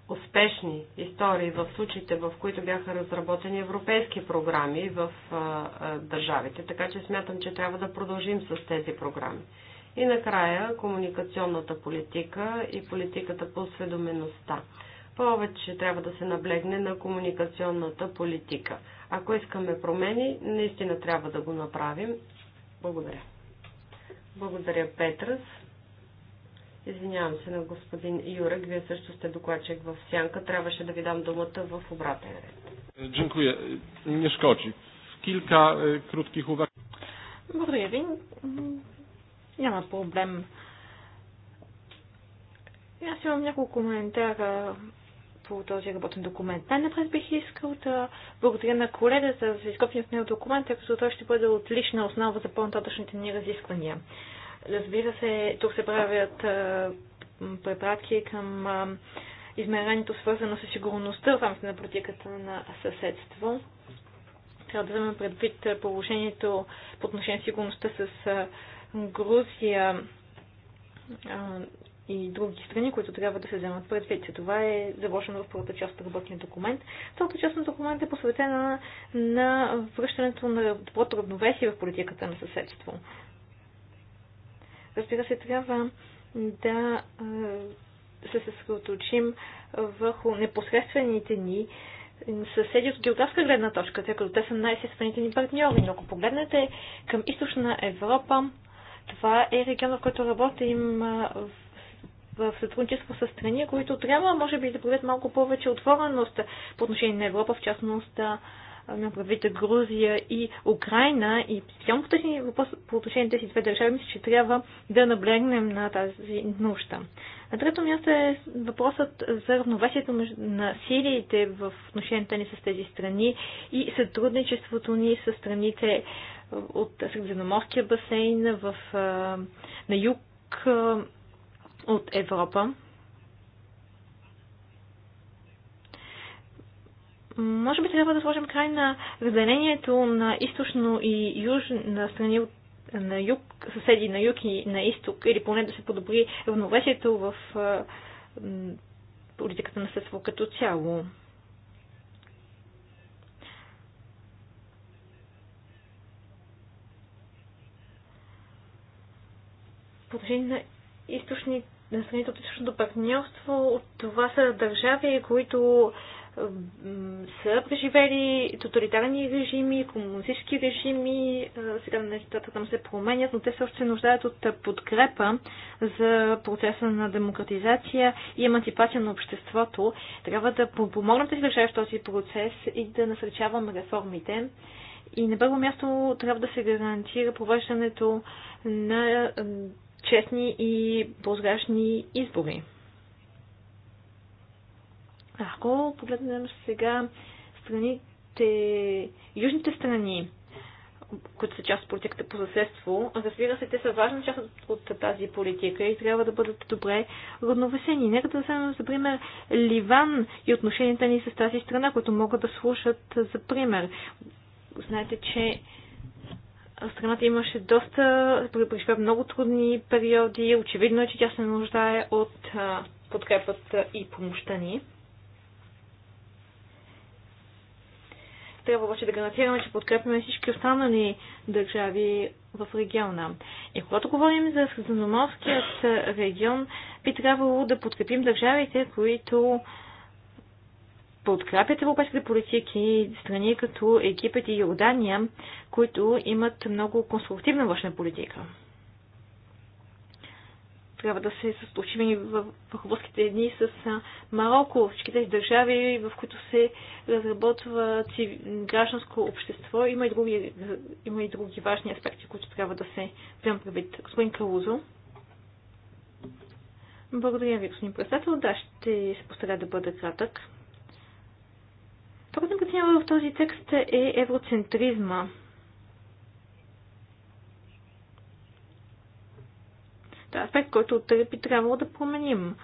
успешни истории в случаите, в които бяха разработени европейски програми в а, а, държавите, така че смятам, че трябва да продължим с тези програми. И накрая комуникационната политика и политиката по осведомеността. Повече трябва да се наблегне на комуникационната политика. Ако искаме промени, наистина трябва да го направим. Благодаря. Благодаря, Петрас. Извинявам се на господин Юрек, вие също сте докладчик в Сянка. Трябваше да ви дам думата в обратен ред. Не Nie szkodzi. Kilka e, krótkich uwag. Благодаря ви. Няма проблем. Аз имам няколко коментара по този работен документ. Най-напред бих искал да благодаря на колегата за изкопния от него документ, тъй като той ще бъде отлична основа за по-нататъчните ни разисквания. Разбира се, тук се правят препратки към измерението, свързано с сигурността в рамките на политиката на съседство. Трябва да вземем предвид положението по отношение на сигурността с Грузия и други страни, които трябва да се вземат предвид. Това е заложено в първата част от работния документ. Втората част на документ е посветена на връщането на доброто равновесие в политиката на съседство. Разбира се, трябва да се съсредоточим върху непосредствените ни съседи от географска гледна точка, тъй като те са най съсредствените ни партньори. Но ако погледнете към източна Европа, това е регион, в който работим в в сътрудничество с страни, които трябва, може би, да проявят малко повече отвореност по отношение на Европа, в частност на правите Грузия и Украина и специално по този въпрос по отношение на тези две държави, мисля, че трябва да наблегнем на тази нужда. На трето място е въпросът за равновесието на силиите в отношенията ни с тези страни и сътрудничеството ни с страните от Средиземноморския басейн в, на юг от Европа. може би трябва да сложим край на разделението на източно и южна страни от на юг, съседи на юг и на изток, или поне да се подобри равновесието в политиката на съсво като цяло. По отношение на източни на страните от източното партньорство, това са държави, които са преживели тоталитарни режими, комунистически режими, сега нещата там се променят, но те също се нуждаят от подкрепа за процеса на демократизация и емансипация на обществото. Трябва да помогнат тези държави в този процес и да насречаваме реформите. И на първо място трябва да се гарантира провеждането на честни и прозрачни избори. Ако погледнем сега страните, южните страни, които са част от политиката по съседство, разбира се, те са важна част от, от тази политика и трябва да бъдат добре равновесени. Нека да вземем за пример Ливан и отношенията ни с тази страна, които могат да слушат за пример. Знаете, че страната имаше доста, преживя много трудни периоди. Очевидно е, че тя се нуждае от подкрепата и помощта ни. трябва обаче да гарантираме, че подкрепяме всички останали държави в региона. И когато говорим за Средиземноморският регион, би трябвало да подкрепим държавите, които подкрепят европейските политики страни като Египет и Йордания, които имат много конструктивна външна политика трябва да се състочим в върховските дни с Марокко, всички тези държави, в които се разработва гражданско общество. Има и други, има и други важни аспекти, които трябва да се вземат предвид. Господин Калузо. Благодаря ви, господин председател. Да, ще се постаря да бъда кратък. Това, което в този текст е евроцентризма. аспект, който би трябвало да променим.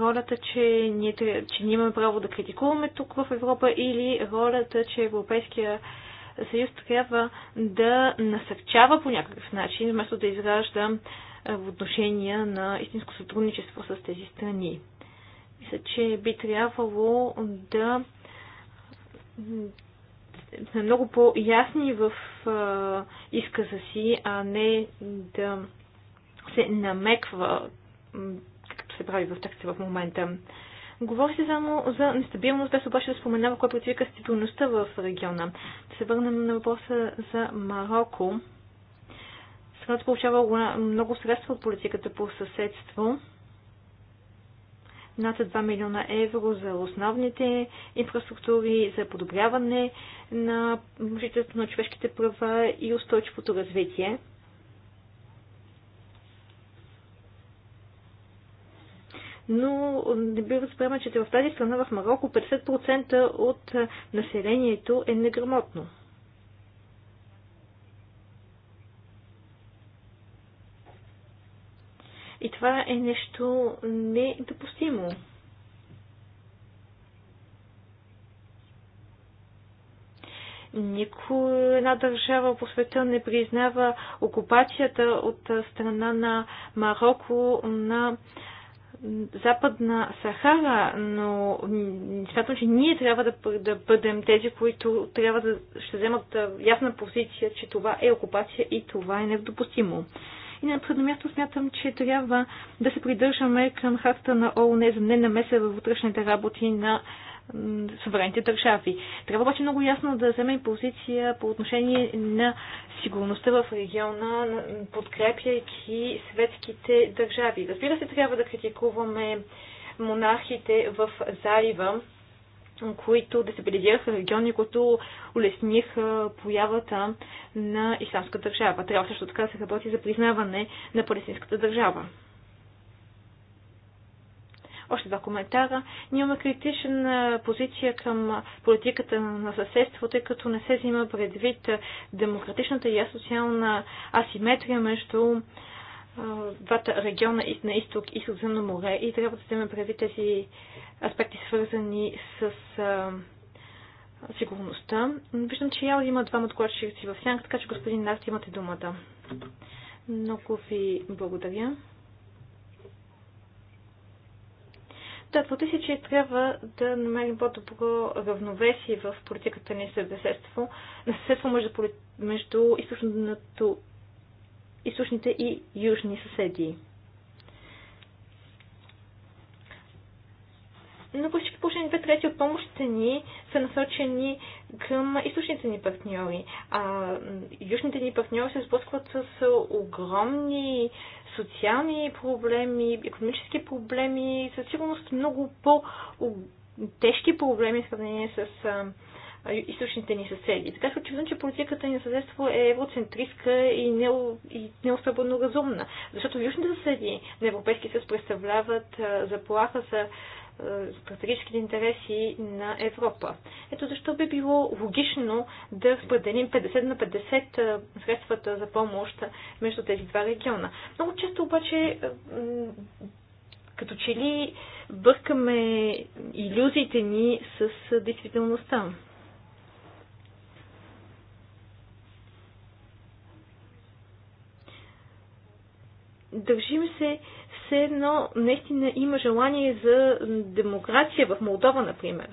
Ролята, че ние, че ние имаме право да критикуваме тук в Европа или ролята, че Европейския съюз трябва да насърчава по някакъв начин, вместо да изгражда отношения на истинско сътрудничество с тези страни. Мисля, че би трябвало да са много по-ясни в изказа си, а не да се намеква, както се прави в текста в момента. Говори се само за нестабилност, без обаче да споменава кой противика стабилността в региона. Да се върнем на въпроса за Марокко. Страната получава много средства от политиката по съседство над 2 милиона евро за основните инфраструктури, за подобряване на жителството на човешките права и устойчивото развитие. но не бива да спрема, че в тази страна, в Марокко, 50% от населението е неграмотно. И това е нещо недопустимо. Никой една държава по света не признава окупацията от страна на Марокко на Западна Сахара, но смятам, че ние трябва да, да бъдем тези, които трябва да ще вземат ясна позиция, че това е окупация и това е недопустимо. И на предно място смятам, че трябва да се придържаме към харта на ООН за ненамеса във вътрешните работи на съвременните държави. Трябва обаче много ясно да вземе позиция по отношение на сигурността в региона, подкрепяйки светските държави. Разбира се, трябва да критикуваме монархите в залива, които дестабилизираха региони, които улесниха появата на исламска държава. Трябва също така да се работи за признаване на палестинската държава. Още два коментара. Ние имаме критична позиция към политиката на съседство, тъй като не се взима предвид демократичната и асоциална асиметрия между двата региона на изток и Средиземно море и трябва да вземем преди тези аспекти, свързани с а, сигурността. Виждам, че Ял има двама докладчици в сянка, така че господин Нарт имате думата. Много ви благодаря. Да, твърди се, че трябва да намерим по-добро равновесие в политиката ни със съседство, на съседство между, между източното източните и южни съседи. Но всички положени две трети от помощите ни са насочени към източните ни партньори. А южните ни партньори се сблъскват с огромни социални проблеми, економически проблеми, със сигурност много по-тежки проблеми в сравнение с източните ни съседи. Така че очевидно, че политиката ни на съседство е евроцентристка и, не, и не е особено разумна. Защото южните съседи на Европейския съюз представляват заплаха за стратегическите интереси на Европа. Ето защо би било логично да разпределим 50 на 50 средствата за помощ между тези два региона. Много често обаче като че ли бъркаме иллюзиите ни с действителността. държим се все едно наистина има желание за демокрация в Молдова, например.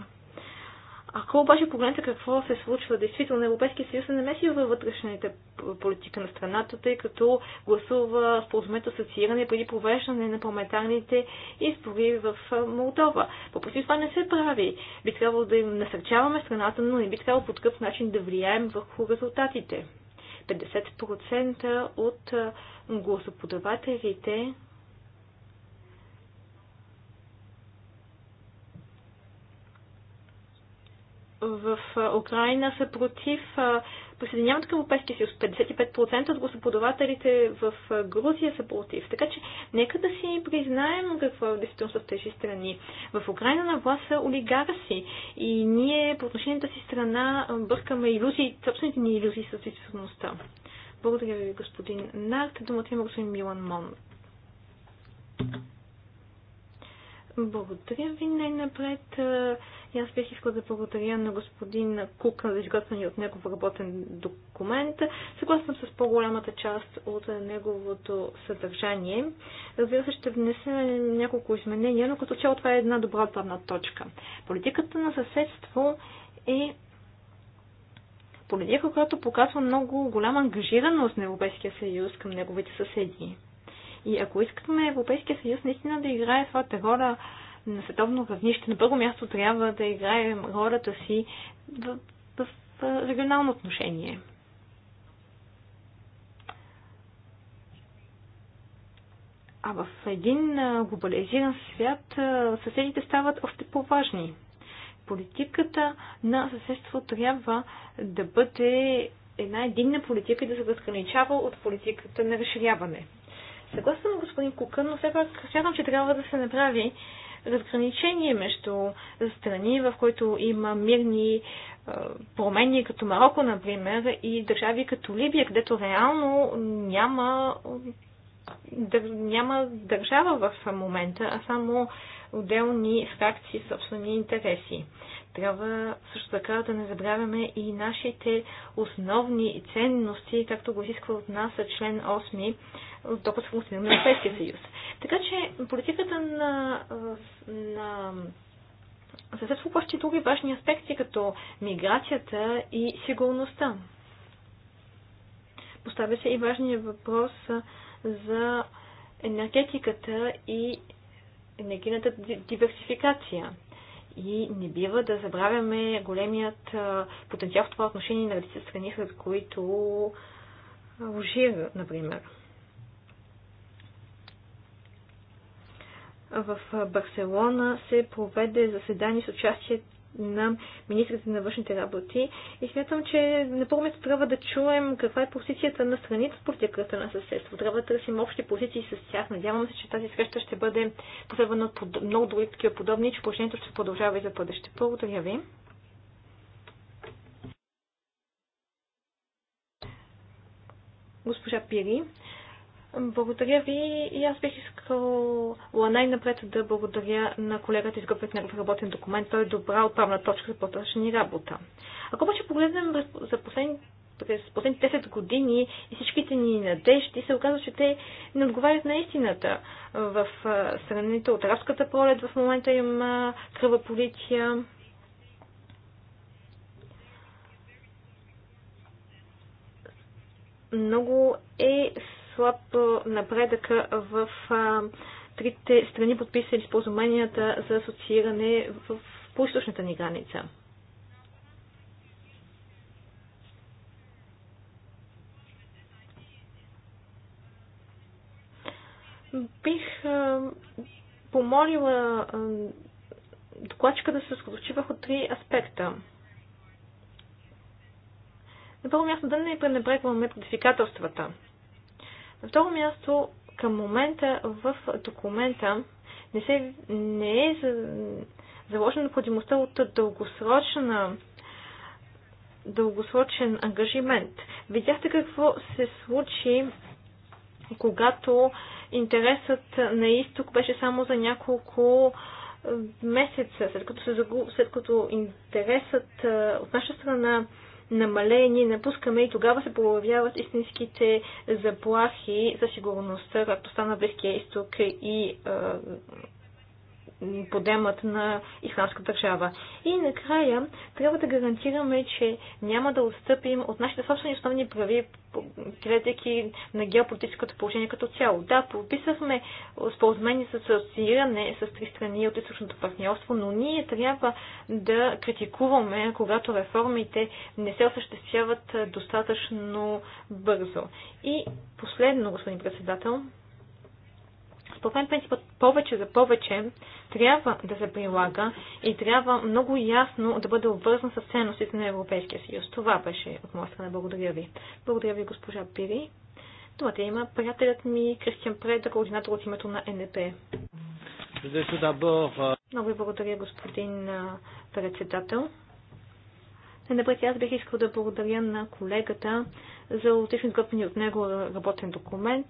Ако обаче погледнете какво се случва, действително Европейския съюз се намеси във вътрешната политика на страната, тъй като гласува споразумението асоцииране преди провеждане на парламентарните избори в Молдова. По против това не се прави. Би трябвало да им насърчаваме страната, но не би трябвало по такъв начин да влияем върху резултатите. 50% от гласоподавателите в Украина са против присъединяват към Европейския съюз. 55% от гласоподавателите в Грузия са против. Така че нека да си признаем какво е действителността в тези страни. В Украина на власт са олигарси и ние по отношението си страна бъркаме иллюзии, собствените ни иллюзии с действителността. Благодаря ви, господин Нарт. Думата има господин Милан Мон. Благодаря ви най-напред. И аз бих искал да благодаря на господин Кук за изготвяне от него работен документ. Съгласна с по-голямата част от неговото съдържание. Разбира се, ще внеса няколко изменения, но като цяло това е една добра отправна точка. Политиката на съседство е политика, която показва много голяма ангажираност на Европейския съюз към неговите съседи. И ако искаме Европейския съюз наистина да играе своята роля на световно равнище, на първо място трябва да играем ролята си в, в, в регионално отношение. А в един глобализиран свят съседите стават още по-важни. Политиката на съседство трябва да бъде една единна политика и да се разграничава от политиката на разширяване. Съгласен съм господин Кукън, но все пак смятам, че трябва да се направи разграничение между страни, в които има мирни е, промени, като Марокко, например, и държави като Либия, където реално няма, дър, няма държава в момента, а само отделни фракции, собствени интереси. Трябва също така да не забравяме и нашите основни ценности, както го изисква от нас член 8 докато на Европейския съюз. Така че политиката на, на съседство обаче други важни аспекти, като миграцията и сигурността. Поставя се и важния въпрос за енергетиката и енергийната диверсификация. И не бива да забравяме големият потенциал в това отношение на редица страни, с които Алжир, например. в Барселона се проведе заседание с участие на министрите на външните работи и смятам, че на първо място трябва да чуем каква е позицията на страните в политиката на съседство. Трябва да търсим общи позиции с тях. Надявам се, че тази среща ще бъде последвана от много други такива подобни, че положението ще продължава и за бъдеще. Благодаря ви. Госпожа Пири, благодаря ви и аз бих искала най-напред да благодаря на колегата, изготвят негов работен документ. Той е добра отправна точка за по работа. Ако обаче погледнем за последните през последните 10 години и всичките ни надежди се оказва, че те не отговарят на истината. В страните от арабската пролет в момента има кръвополития. Много е слаб напредък в трите страни подписали споразуменията за асоцииране в по ни граница. Бих а, помолила а, докладчика да се съсредоточи върху три аспекта. На първо място да не пренебрегваме предизвикателствата. На второ място, към момента в документа не, се, не е заложена необходимостта от дългосрочна дългосрочен ангажимент. Видяхте какво се случи, когато интересът на изток беше само за няколко месеца, след като, се загуб... след като интересът от наша страна намалени, напускаме и тогава се появяват истинските заплахи за сигурността, както стана Близкия изток и подемат на исламска държава. И накрая трябва да гарантираме, че няма да отстъпим от нашите собствени основни прави, гледайки на геополитическото положение като цяло. Да, подписахме споразумение с асоцииране с три страни от източното партньорство, но ние трябва да критикуваме, когато реформите не се осъществяват достатъчно бързо. И последно, господин председател, според мен принципът повече за повече трябва да се прилага и трябва много ясно да бъде обвързан с ценностите на Европейския съюз. Това беше от моя страна. Благодаря ви. Благодаря ви, госпожа Пири. Думата има приятелят ми Кристиан Преда, координатор от името на НДП. Много ви благодаря, господин председател. Не аз бих искал да благодаря на колегата за отлично изготвени от него работен документ.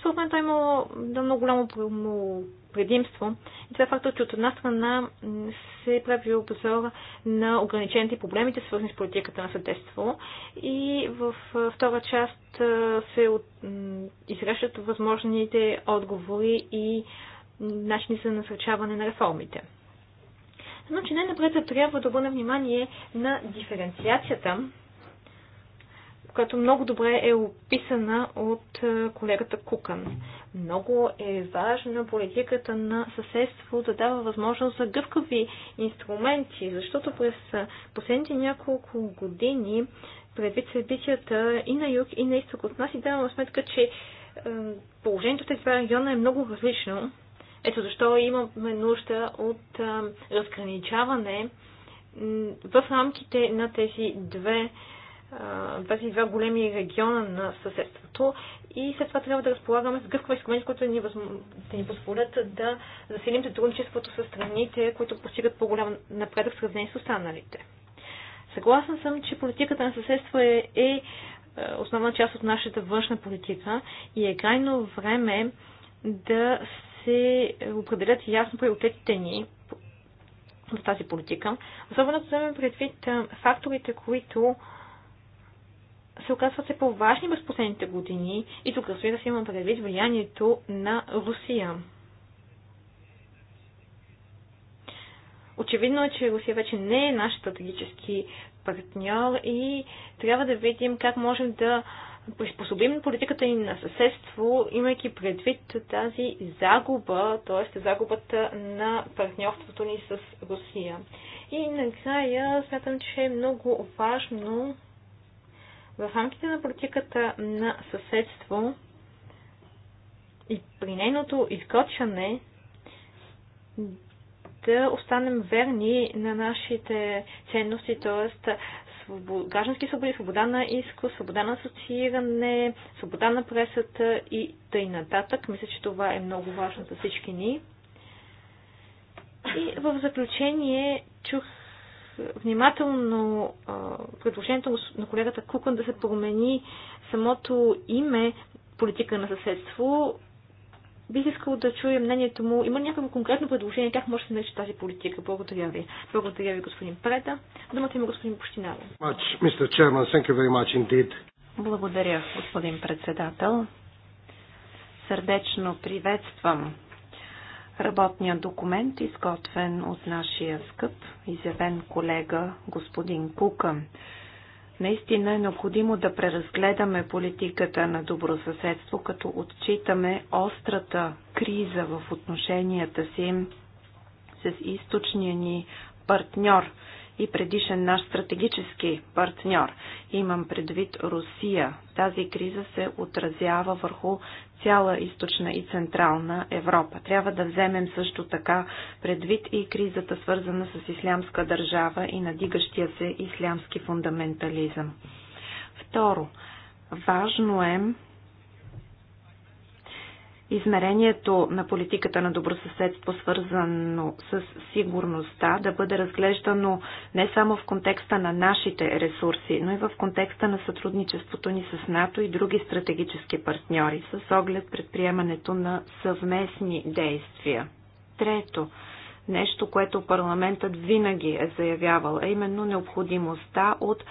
Според мен той има да много голямо предимство. И това е факта, че от една страна се прави обзор на ограничените проблемите, свързани с политиката на съдейство. И в втора част се от... изрещат възможните отговори и начини за насърчаване на реформите. Значи че най-напред трябва да обърна внимание на диференциацията която много добре е описана от е, колегата Кукан. Много е важна политиката на съседство да дава възможност за гъвкави инструменти, защото през е, последните няколко години предвид събитията и на юг, и на изток от нас и даваме сметка, че е, положението в тези два региона е много различно. Ето защо имаме нужда от разграничаване в рамките на тези две два големи региона на съседството и след това трябва да разполагаме с гъвкави инструменти, които ни възм... да ни позволят да засилим сътрудничеството с страните, които постигат по-голям напредък в сравнение с останалите. Съгласна съм, че политиката на съседство е, е, е основна част от нашата външна политика и е крайно време да се определят ясно приоритетите ни в тази политика. Особено да вземем предвид факторите, които се оказват все по-важни през последните години и тук разбира да се има предвид влиянието на Русия. Очевидно е, че Русия вече не е наш стратегически партньор и трябва да видим как можем да приспособим политиката ни на съседство, имайки предвид тази загуба, т.е. загубата на партньорството ни с Русия. И накрая смятам, че е много важно в рамките на политиката на съседство и при нейното изкочване да останем верни на нашите ценности, т.е. граждански свободи, свобода на иско, свобода на асоцииране, свобода на пресата и тъй нататък. Мисля, че това е много важно за всички ни. И в заключение чух внимателно предложението на колегата Кукън да се промени самото име политика на съседство. Бих искал да чуя мнението му. Има някакво конкретно предложение как може да се нарича тази политика? Благодаря ви. Благодаря ви, господин Преда. Думата има господин Пощинаро. Благодаря, господин председател. Сърдечно приветствам Работният документ, изготвен от нашия скъп, изявен колега господин Кукън. Наистина е необходимо да преразгледаме политиката на добросъседство, като отчитаме острата криза в отношенията си с източния ни партньор – и предишен наш стратегически партньор. Имам предвид Русия. Тази криза се отразява върху цяла източна и централна Европа. Трябва да вземем също така предвид и кризата свързана с ислямска държава и надигащия се ислямски фундаментализъм. Второ, важно е измерението на политиката на добросъседство, свързано с сигурността, да бъде разглеждано не само в контекста на нашите ресурси, но и в контекста на сътрудничеството ни с НАТО и други стратегически партньори, с оглед предприемането на съвместни действия. Трето, нещо, което парламентът винаги е заявявал, е именно необходимостта от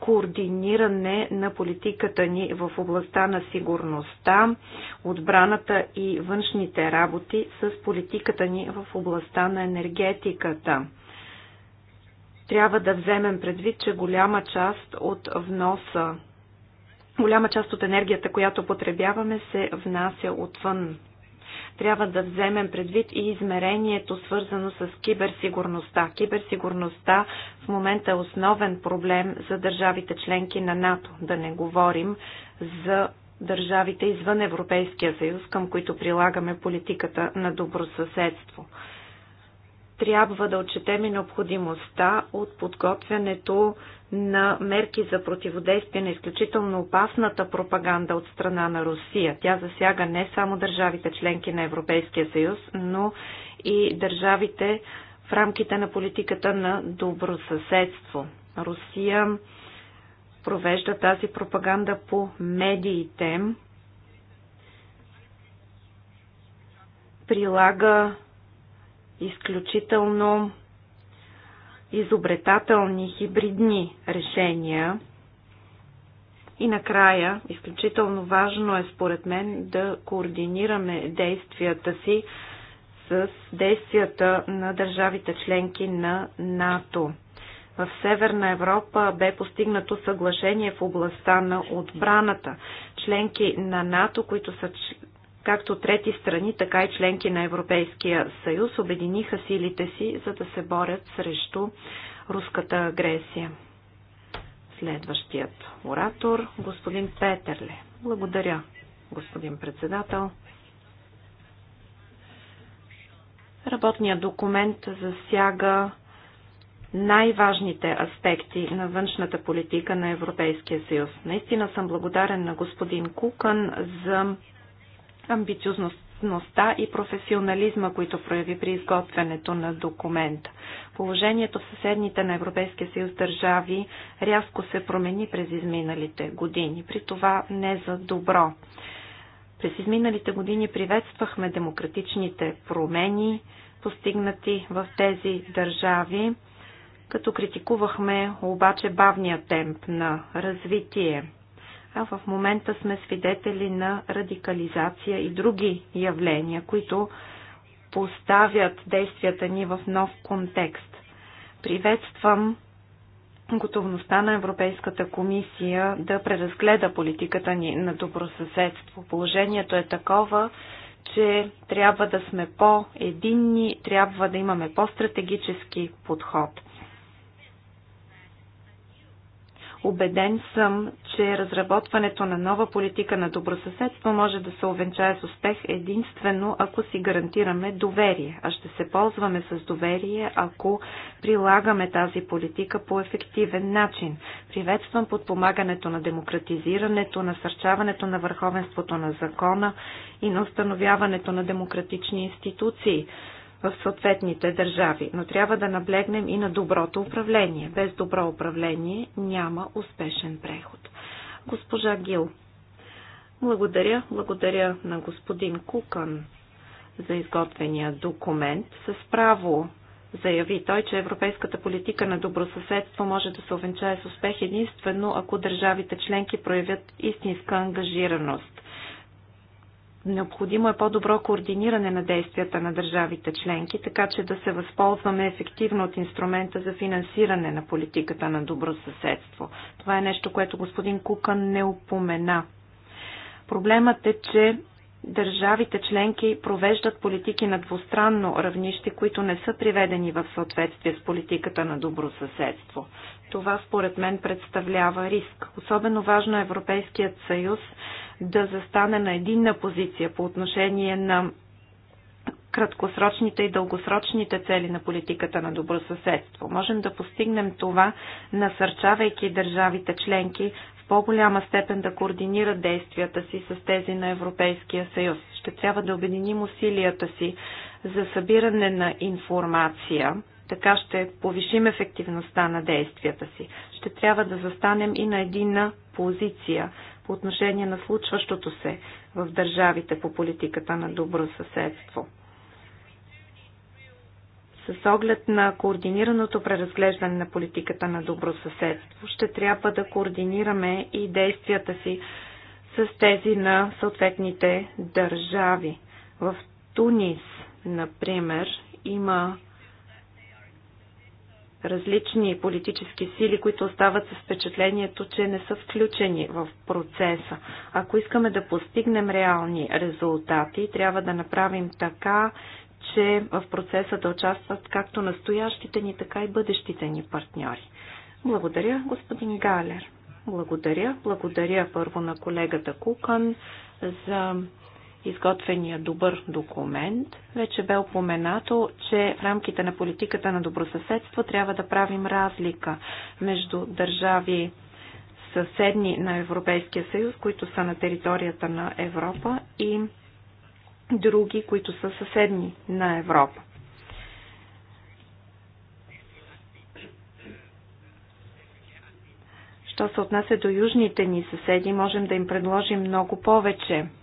координиране на политиката ни в областта на сигурността, отбраната и външните работи с политиката ни в областта на енергетиката. Трябва да вземем предвид, че голяма част от вноса, голяма част от енергията, която потребяваме, се внася отвън трябва да вземем предвид и измерението, свързано с киберсигурността. Киберсигурността в момента е основен проблем за държавите членки на НАТО, да не говорим за държавите извън Европейския съюз, към които прилагаме политиката на добросъседство. съседство трябва да отчетем и необходимостта от подготвянето на мерки за противодействие на изключително опасната пропаганда от страна на Русия. Тя засяга не само държавите членки на Европейския съюз, но и държавите в рамките на политиката на добросъседство. Русия провежда тази пропаганда по медиите, прилага изключително изобретателни хибридни решения. И накрая, изключително важно е според мен да координираме действията си с действията на държавите членки на НАТО. В Северна Европа бе постигнато съглашение в областта на отбраната. Членки на НАТО, които са Както трети страни, така и членки на Европейския съюз обединиха силите си, за да се борят срещу руската агресия. Следващият оратор, господин Петерле, Благодаря, господин председател. Работният документ засяга най-важните аспекти на външната политика на Европейския съюз. Наистина съм благодарен на господин Кукън за амбициозността и професионализма, които прояви при изготвянето на документа. Положението в съседните на Европейския съюз държави рязко се промени през изминалите години, при това не за добро. През изминалите години приветствахме демократичните промени, постигнати в тези държави, като критикувахме обаче бавния темп на развитие а в момента сме свидетели на радикализация и други явления, които поставят действията ни в нов контекст. Приветствам готовността на Европейската комисия да преразгледа политиката ни на добросъседство. Положението е такова, че трябва да сме по-единни, трябва да имаме по-стратегически подход. Обеден съм, че разработването на нова политика на добросъседство може да се увенчае с успех единствено, ако си гарантираме доверие, а ще се ползваме с доверие, ако прилагаме тази политика по ефективен начин. Приветствам подпомагането на демократизирането, насърчаването на върховенството на закона и на установяването на демократични институции в съответните държави, но трябва да наблегнем и на доброто управление. Без добро управление няма успешен преход. Госпожа Гил. Благодаря, благодаря на господин Кукан за изготвения документ. С право заяви той, че европейската политика на добросъседство може да се увенчае с успех единствено, ако държавите членки проявят истинска ангажираност. Необходимо е по-добро координиране на действията на държавите членки, така че да се възползваме ефективно от инструмента за финансиране на политиката на добро съседство. Това е нещо, което господин Кука не упомена. Проблемът е, че държавите членки провеждат политики на двустранно равнище, които не са приведени в съответствие с политиката на добро съседство. Това според мен представлява риск. Особено важно е Европейският съюз да застане на единна позиция по отношение на краткосрочните и дългосрочните цели на политиката на добросъседство. Можем да постигнем това, насърчавайки държавите членки в по-голяма степен да координират действията си с тези на Европейския съюз. Ще трябва да обединим усилията си за събиране на информация, така ще повишим ефективността на действията си. Ще трябва да застанем и на единна позиция по отношение на случващото се в държавите по политиката на добро съседство. С оглед на координираното преразглеждане на политиката на добро съседство, ще трябва да координираме и действията си с тези на съответните държави. В Тунис, например, има различни политически сили, които остават с впечатлението, че не са включени в процеса. Ако искаме да постигнем реални резултати, трябва да направим така, че в процеса да участват както настоящите ни, така и бъдещите ни партньори. Благодаря, господин Галер. Благодаря. Благодаря първо на колегата Кукан за изготвения добър документ. Вече бе упоменато, че в рамките на политиката на добросъседство трябва да правим разлика между държави съседни на Европейския съюз, които са на територията на Европа и други, които са съседни на Европа. Що се отнася до южните ни съседи, можем да им предложим много повече –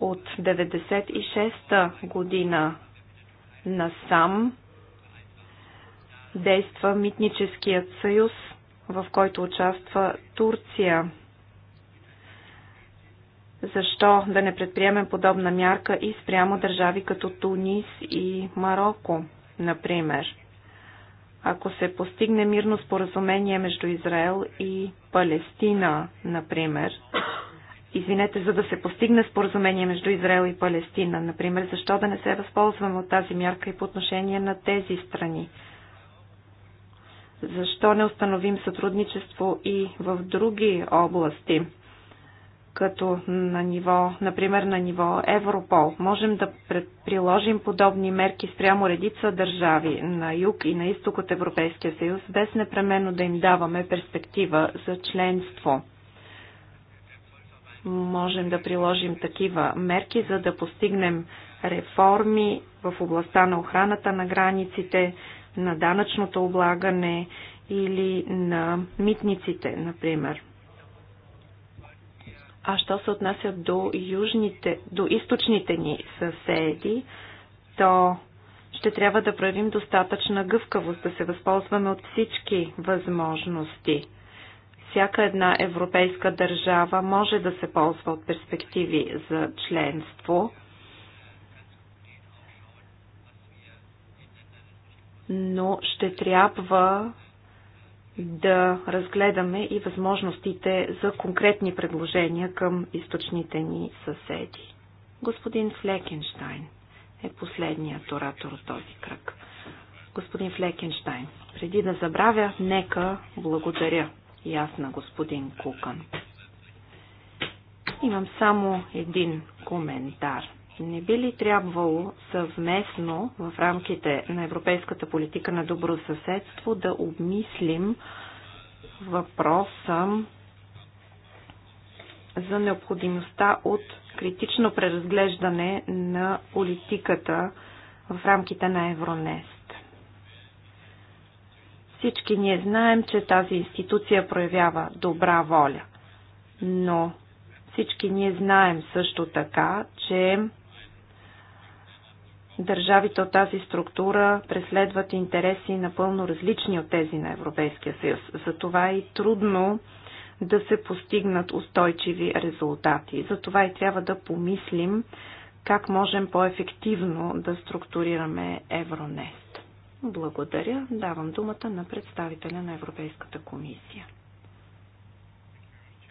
от 96-та година насам действа Митническият съюз, в който участва Турция. Защо да не предприемем подобна мярка и спрямо държави като Тунис и Марокко, например? Ако се постигне мирно споразумение между Израел и Палестина, например, извинете, за да се постигне споразумение между Израел и Палестина, например, защо да не се възползваме от тази мярка и по отношение на тези страни? Защо не установим сътрудничество и в други области, като на ниво, например на ниво Европол? Можем да приложим подобни мерки спрямо редица държави на юг и на изток от Европейския съюз, без непременно да им даваме перспектива за членство можем да приложим такива мерки, за да постигнем реформи в областта на охраната на границите, на данъчното облагане или на митниците, например. А що се отнася до южните, до източните ни съседи, то ще трябва да правим достатъчна гъвкавост, да се възползваме от всички възможности – всяка една европейска държава може да се ползва от перспективи за членство, но ще трябва да разгледаме и възможностите за конкретни предложения към източните ни съседи. Господин Флекенштайн е последният оратор от този кръг. Господин Флекенштайн, преди да забравя, нека благодаря и аз на господин Кукан. Имам само един коментар. Не би ли трябвало съвместно в рамките на европейската политика на добро съседство да обмислим въпроса за необходимостта от критично преразглеждане на политиката в рамките на Евронест? Всички ние знаем, че тази институция проявява добра воля, но всички ние знаем също така, че държавите от тази структура преследват интереси напълно различни от тези на Европейския съюз. Затова е и трудно да се постигнат устойчиви резултати. Затова и трябва да помислим как можем по-ефективно да структурираме Евронест. Благодаря. Давам думата на представителя на Европейската комисия.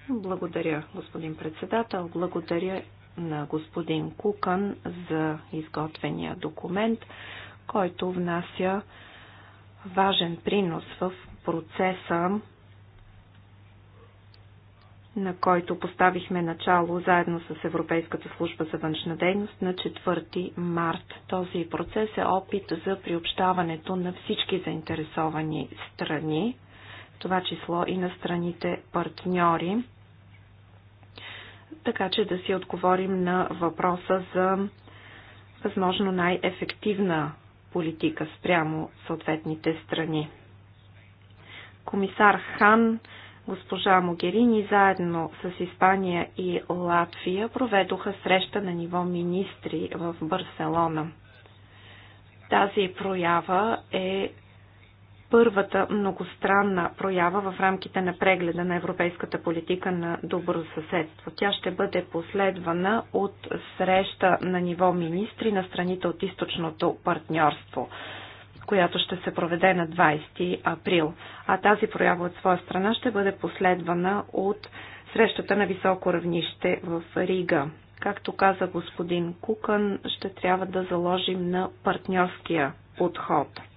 Благодаря, господин председател. Благодаря на господин Кукан за изготвения документ, който внася важен принос в процеса на който поставихме начало заедно с Европейската служба за външна дейност на 4 март. Този процес е опит за приобщаването на всички заинтересовани страни, в това число и на страните партньори, така че да си отговорим на въпроса за възможно най-ефективна политика спрямо съответните страни. Комисар Хан Госпожа Могерини заедно с Испания и Латвия проведоха среща на ниво министри в Барселона. Тази проява е първата многостранна проява в рамките на прегледа на европейската политика на добро съседство. Тя ще бъде последвана от среща на ниво министри на страните от източното партньорство която ще се проведе на 20 април. А тази проява от своя страна ще бъде последвана от срещата на високо равнище в Рига. Както каза господин Кукън, ще трябва да заложим на партньорския подход –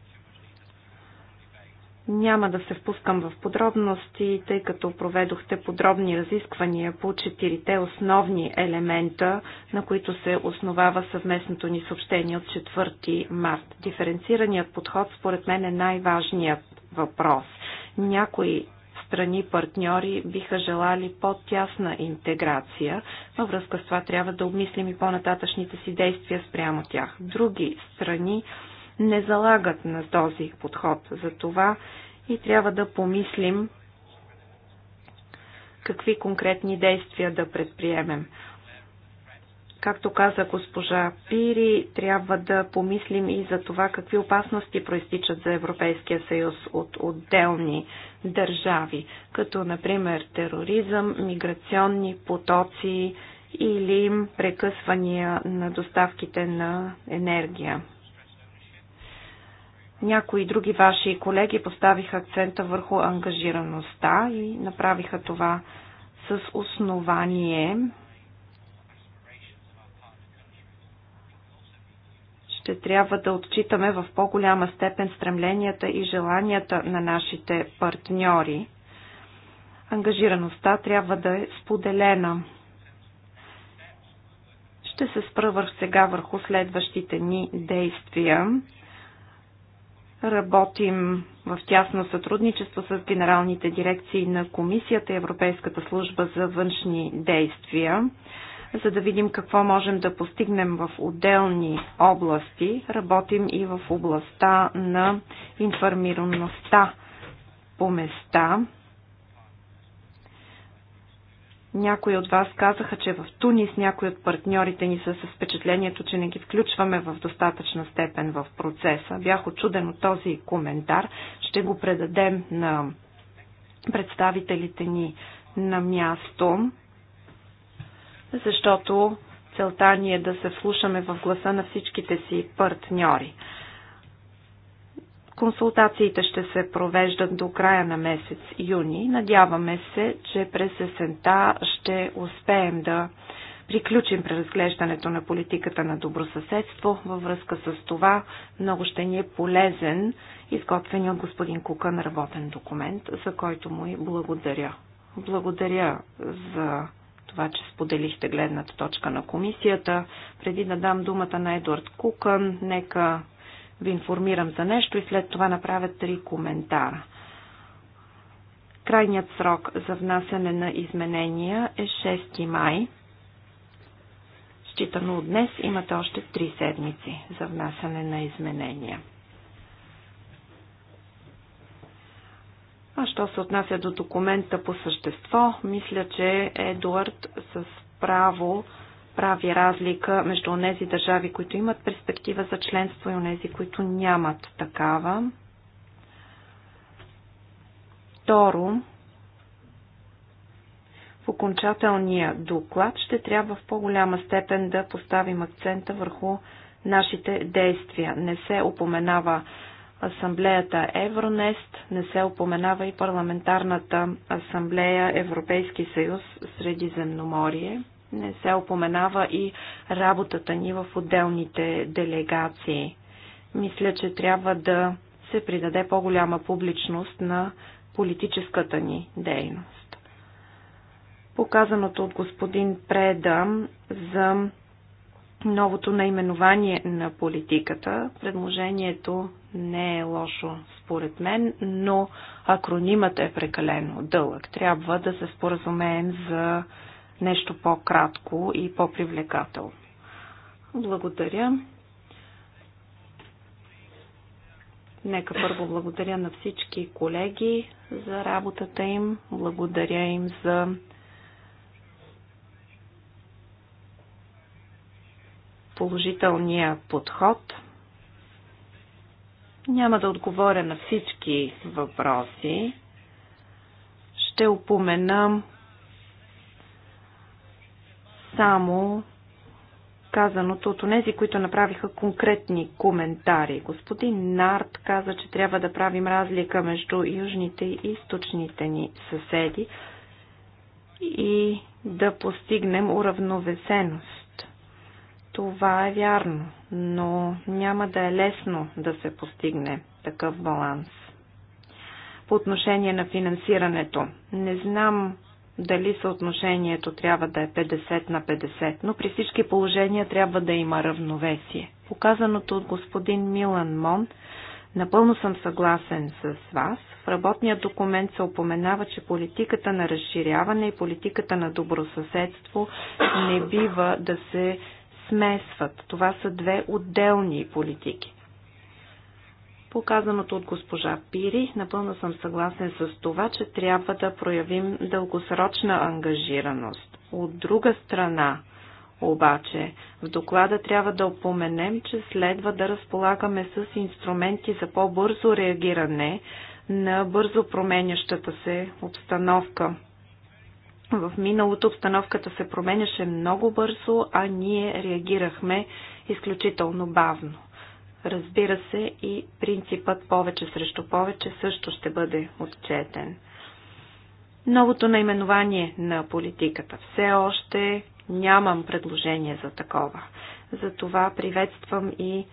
няма да се впускам в подробности, тъй като проведохте подробни разисквания по четирите основни елемента, на които се основава съвместното ни съобщение от 4 март. Диференцираният подход според мен е най-важният въпрос. Някои страни партньори биха желали по-тясна интеграция. Във връзка с това трябва да обмислим и по-нататъчните си действия спрямо тях. Други страни не залагат на този подход. За това и трябва да помислим какви конкретни действия да предприемем. Както каза госпожа Пири, трябва да помислим и за това какви опасности проистичат за Европейския съюз от отделни държави, като например тероризъм, миграционни потоци или прекъсвания на доставките на енергия. Някои други ваши колеги поставиха акцента върху ангажираността и направиха това с основание. ще трябва да отчитаме в по-голяма степен стремленията и желанията на нашите партньори. Ангажираността трябва да е споделена. Ще се спра върх сега върху следващите ни действия. Работим в тясно сътрудничество с генералните дирекции на Комисията и Европейската служба за външни действия, за да видим какво можем да постигнем в отделни области. Работим и в областта на информираността по места. Някои от вас казаха, че в Тунис някои от партньорите ни са с впечатлението, че не ги включваме в достатъчна степен в процеса. Бях очуден от този коментар. Ще го предадем на представителите ни на място, защото целта ни е да се вслушаме в гласа на всичките си партньори. Консултациите ще се провеждат до края на месец юни. Надяваме се, че през есента ще успеем да приключим преразглеждането на политиката на добросъседство. Във връзка с това много ще ни е полезен изготвени от господин Кукън работен документ, за който му и благодаря. Благодаря за това, че споделихте гледната точка на комисията. Преди да дам думата на Едуард Кукън, нека ви информирам за нещо и след това направя три коментара. Крайният срок за внасяне на изменения е 6 май. Считано от днес имате още 3 седмици за внасяне на изменения. А що се отнася до документа по същество, мисля, че Едуард с право прави разлика между онези държави, които имат перспектива за членство и онези, които нямат такава. Второ, в окончателния доклад ще трябва в по-голяма степен да поставим акцента върху нашите действия. Не се упоменава асамблеята Евронест, не се упоменава и парламентарната асамблея Европейски съюз Средиземноморие не се опоменава и работата ни в отделните делегации. Мисля, че трябва да се придаде по-голяма публичност на политическата ни дейност. Показаното от господин Преда за новото наименование на политиката. Предложението не е лошо според мен, но акронимът е прекалено дълъг. Трябва да се споразумеем за нещо по-кратко и по-привлекателно. Благодаря. Нека първо благодаря на всички колеги за работата им. Благодаря им за положителния подход. Няма да отговоря на всички въпроси. Ще упомена само казаното от онези, които направиха конкретни коментари. Господин Нарт каза, че трябва да правим разлика между южните и източните ни съседи и да постигнем уравновесеност. Това е вярно, но няма да е лесно да се постигне такъв баланс. По отношение на финансирането, не знам дали съотношението трябва да е 50 на 50, но при всички положения трябва да има равновесие. Показаното от господин Милан Мон, напълно съм съгласен с вас. В работния документ се упоменава, че политиката на разширяване и политиката на добросъседство не бива да се смесват. Това са две отделни политики. Показаното от госпожа Пири, напълно съм съгласен с това, че трябва да проявим дългосрочна ангажираност. От друга страна, обаче, в доклада трябва да опоменем, че следва да разполагаме с инструменти за по-бързо реагиране на бързо променящата се обстановка. В миналото обстановката се променяше много бързо, а ние реагирахме изключително бавно. Разбира се, и принципът повече срещу повече също ще бъде отчетен. Новото наименование на политиката все още нямам предложение за такова. Затова приветствам и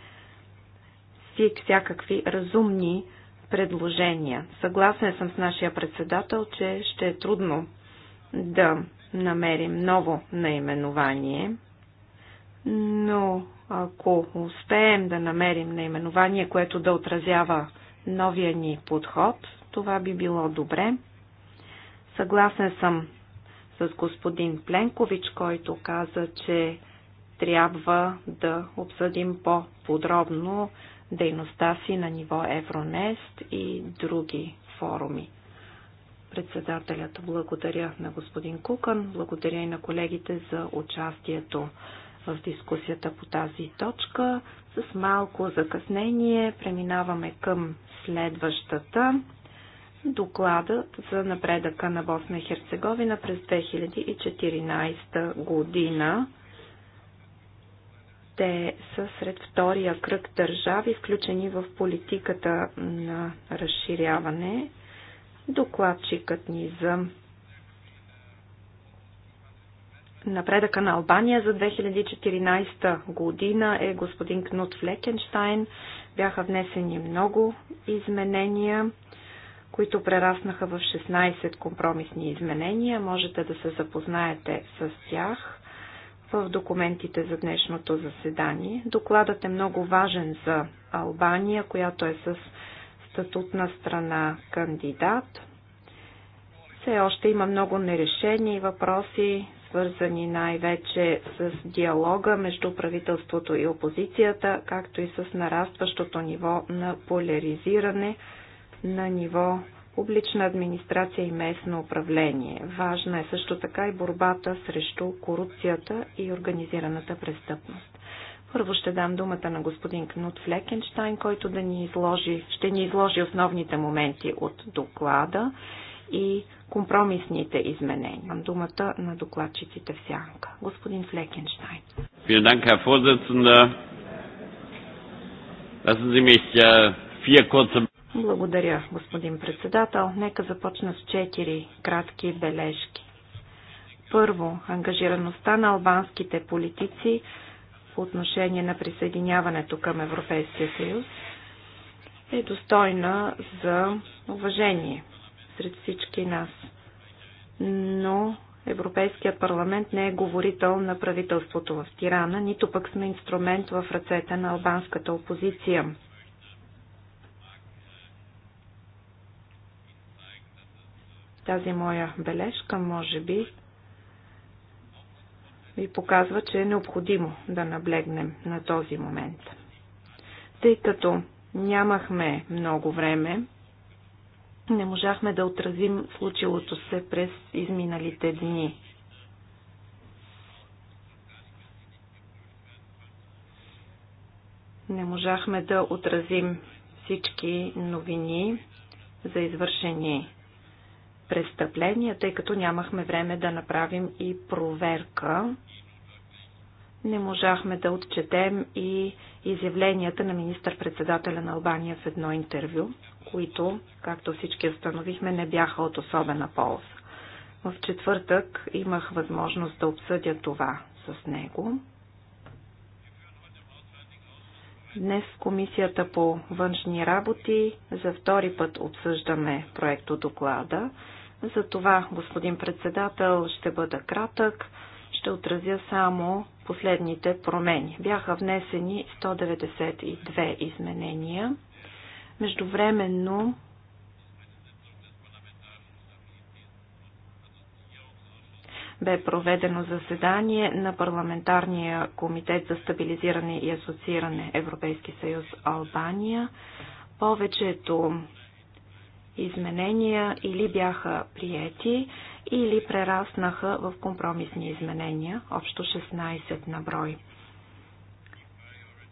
всякакви разумни предложения. Съгласен съм с нашия председател, че ще е трудно да намерим ново наименование но ако успеем да намерим наименование, което да отразява новия ни подход, това би било добре. Съгласен съм с господин Пленкович, който каза, че трябва да обсъдим по-подробно дейността си на ниво Евронест и други форуми. Председателят благодаря на господин Кукан, благодаря и на колегите за участието в дискусията по тази точка. С малко закъснение преминаваме към следващата докладът за напредъка на Босна и Херцеговина през 2014 година. Те са сред втория кръг държави, включени в политиката на разширяване. Докладчикът ни за напредъка на Албания за 2014 година е господин Кнут Флекенштайн. Бяха внесени много изменения, които прераснаха в 16 компромисни изменения. Можете да се запознаете с тях в документите за днешното заседание. Докладът е много важен за Албания, която е с статутна страна кандидат. Все още има много нерешени въпроси, свързани най-вече с диалога между правителството и опозицията, както и с нарастващото ниво на поляризиране на ниво публична администрация и местно управление. Важна е също така и борбата срещу корупцията и организираната престъпност. Първо ще дам думата на господин Кнут Флекенштайн, който да ни изложи, ще ни изложи основните моменти от доклада и компромисните изменения. Дам думата на докладчиците в сянка. Господин Флекенштайн. Äh, Благодаря, господин председател. Нека започна с четири кратки бележки. Първо, ангажираността на албанските политици по отношение на присъединяването към Европейския съюз е достойна за уважение сред всички нас. Но Европейският парламент не е говорител на правителството в Тирана, нито пък сме инструмент в ръцете на албанската опозиция. Тази моя бележка, може би, ви показва, че е необходимо да наблегнем на този момент. Тъй като нямахме много време, не можахме да отразим случилото се през изминалите дни. Не можахме да отразим всички новини за извършени престъпления, тъй като нямахме време да направим и проверка не можахме да отчетем и изявленията на министър-председателя на Албания в едно интервю, които, както всички установихме, не бяха от особена полза. В четвъртък имах възможност да обсъдя това с него. Днес Комисията по външни работи за втори път обсъждаме проекто доклада. За това, господин председател, ще бъда кратък ще отразя само последните промени. Бяха внесени 192 изменения. Междувременно бе проведено заседание на Парламентарния комитет за стабилизиране и асоцииране Европейски съюз Албания. Повечето изменения или бяха приети, или прераснаха в компромисни изменения, общо 16 на брой.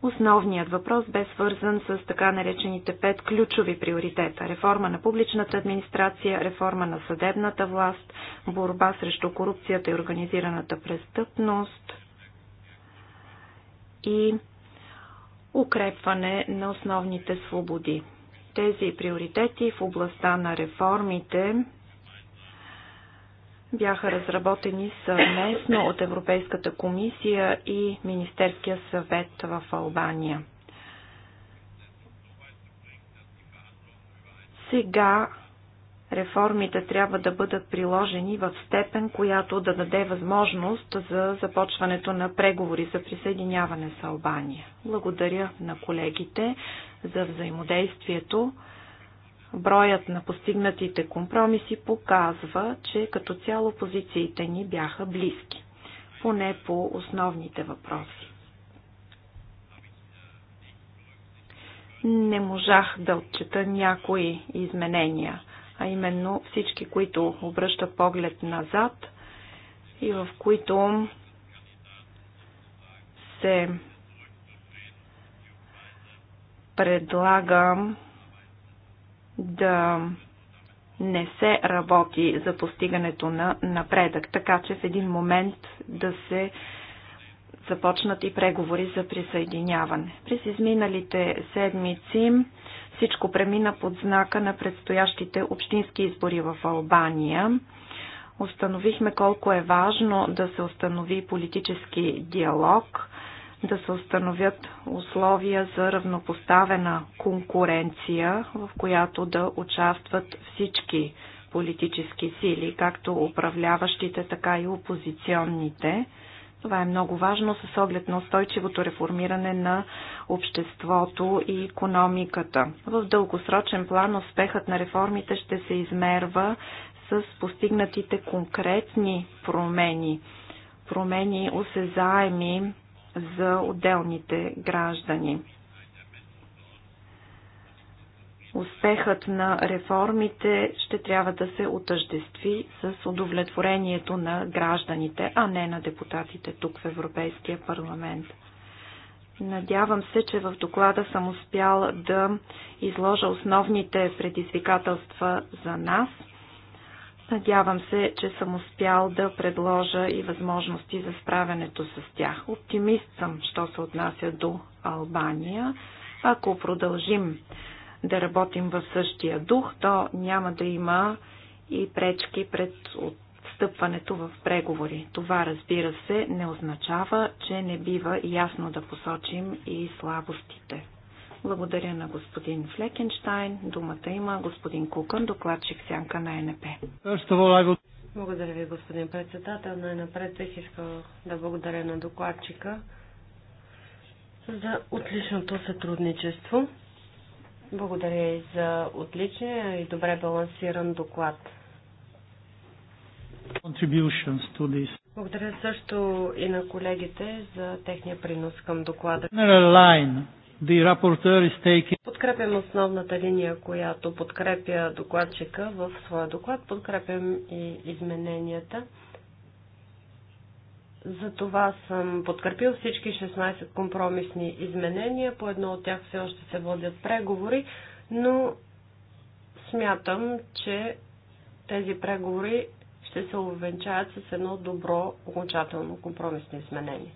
Основният въпрос бе свързан с така наречените пет ключови приоритета – реформа на публичната администрация, реформа на съдебната власт, борба срещу корупцията и организираната престъпност и укрепване на основните свободи. Тези приоритети в областта на реформите бяха разработени съвместно от Европейската комисия и Министерския съвет в Албания. Сега реформите трябва да бъдат приложени в степен, която да даде възможност за започването на преговори за присъединяване с Албания. Благодаря на колегите за взаимодействието. Броят на постигнатите компромиси показва, че като цяло позициите ни бяха близки, поне по основните въпроси. Не можах да отчета някои изменения, а именно всички, които обръщат поглед назад и в които се предлагам да не се работи за постигането на напредък, така че в един момент да се започнат и преговори за присъединяване. През изминалите седмици всичко премина под знака на предстоящите общински избори в Албания. Установихме колко е важно да се установи политически диалог, да се установят условия за равнопоставена конкуренция, в която да участват всички политически сили, както управляващите, така и опозиционните. Това е много важно с оглед на устойчивото реформиране на обществото и економиката. В дългосрочен план успехът на реформите ще се измерва с постигнатите конкретни промени, промени осезаеми за отделните граждани. Успехът на реформите ще трябва да се отъждестви с удовлетворението на гражданите, а не на депутатите тук в Европейския парламент. Надявам се, че в доклада съм успял да изложа основните предизвикателства за нас – Надявам се, че съм успял да предложа и възможности за справянето с тях. Оптимист съм, що се отнася до Албания. Ако продължим да работим в същия дух, то няма да има и пречки пред отстъпването в преговори. Това, разбира се, не означава, че не бива ясно да посочим и слабостите. Благодаря на господин Флекенштайн. Думата има господин Кукън, докладчик сянка на НП. Благодаря ви, господин председател. Най-напред бих искал да благодаря на докладчика за отличното сътрудничество. Благодаря и за отличния и добре балансиран доклад. Благодаря също и на колегите за техния принос към доклада. Подкрепям основната линия, която подкрепя докладчика в своя доклад. Подкрепям и измененията. За това съм подкрепил всички 16 компромисни изменения. По едно от тях все още се водят преговори, но смятам, че тези преговори ще се увенчаят с едно добро окончателно компромисно изменение.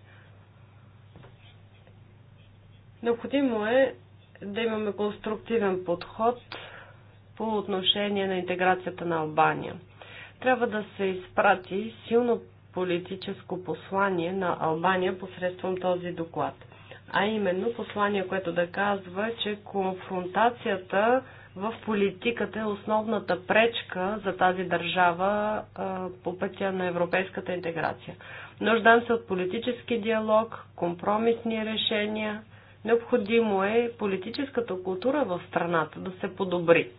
Необходимо е да имаме конструктивен подход по отношение на интеграцията на Албания. Трябва да се изпрати силно политическо послание на Албания посредством този доклад. А именно послание, което да казва, че конфронтацията в политиката е основната пречка за тази държава по пътя на европейската интеграция. Нуждам се от политически диалог, компромисни решения, Необходимо е политическата култура в страната да се подобри.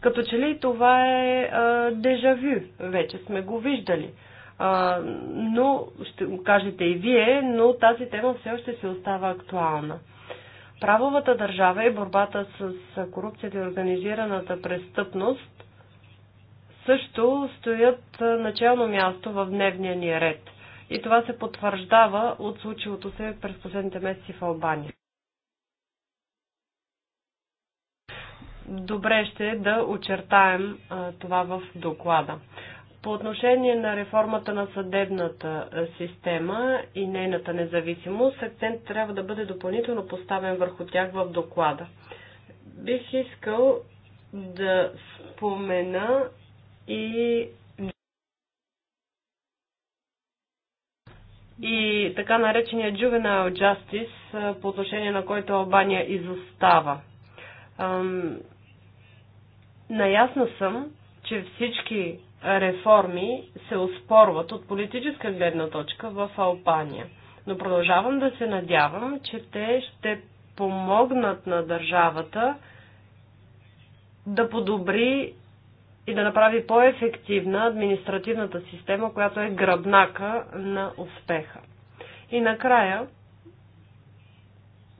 Като че ли това е а, дежавю, вече сме го виждали. А, но, ще кажете и вие, но тази тема все още се остава актуална. Правовата държава и борбата с корупцията и организираната престъпност също стоят начално място в дневния ни ред – и това се потвърждава от случилото се през последните месеци в Албания. Добре ще е да очертаем а, това в доклада. По отношение на реформата на съдебната система и нейната независимост, акцент трябва да бъде допълнително поставен върху тях в доклада. Бих искал да спомена и и така наречения Juvenile Justice, по отношение на който Албания изостава. Наясна съм, че всички реформи се оспорват от политическа гледна точка в Албания. Но продължавам да се надявам, че те ще помогнат на държавата да подобри и да направи по-ефективна административната система, която е гръбнака на успеха. И накрая,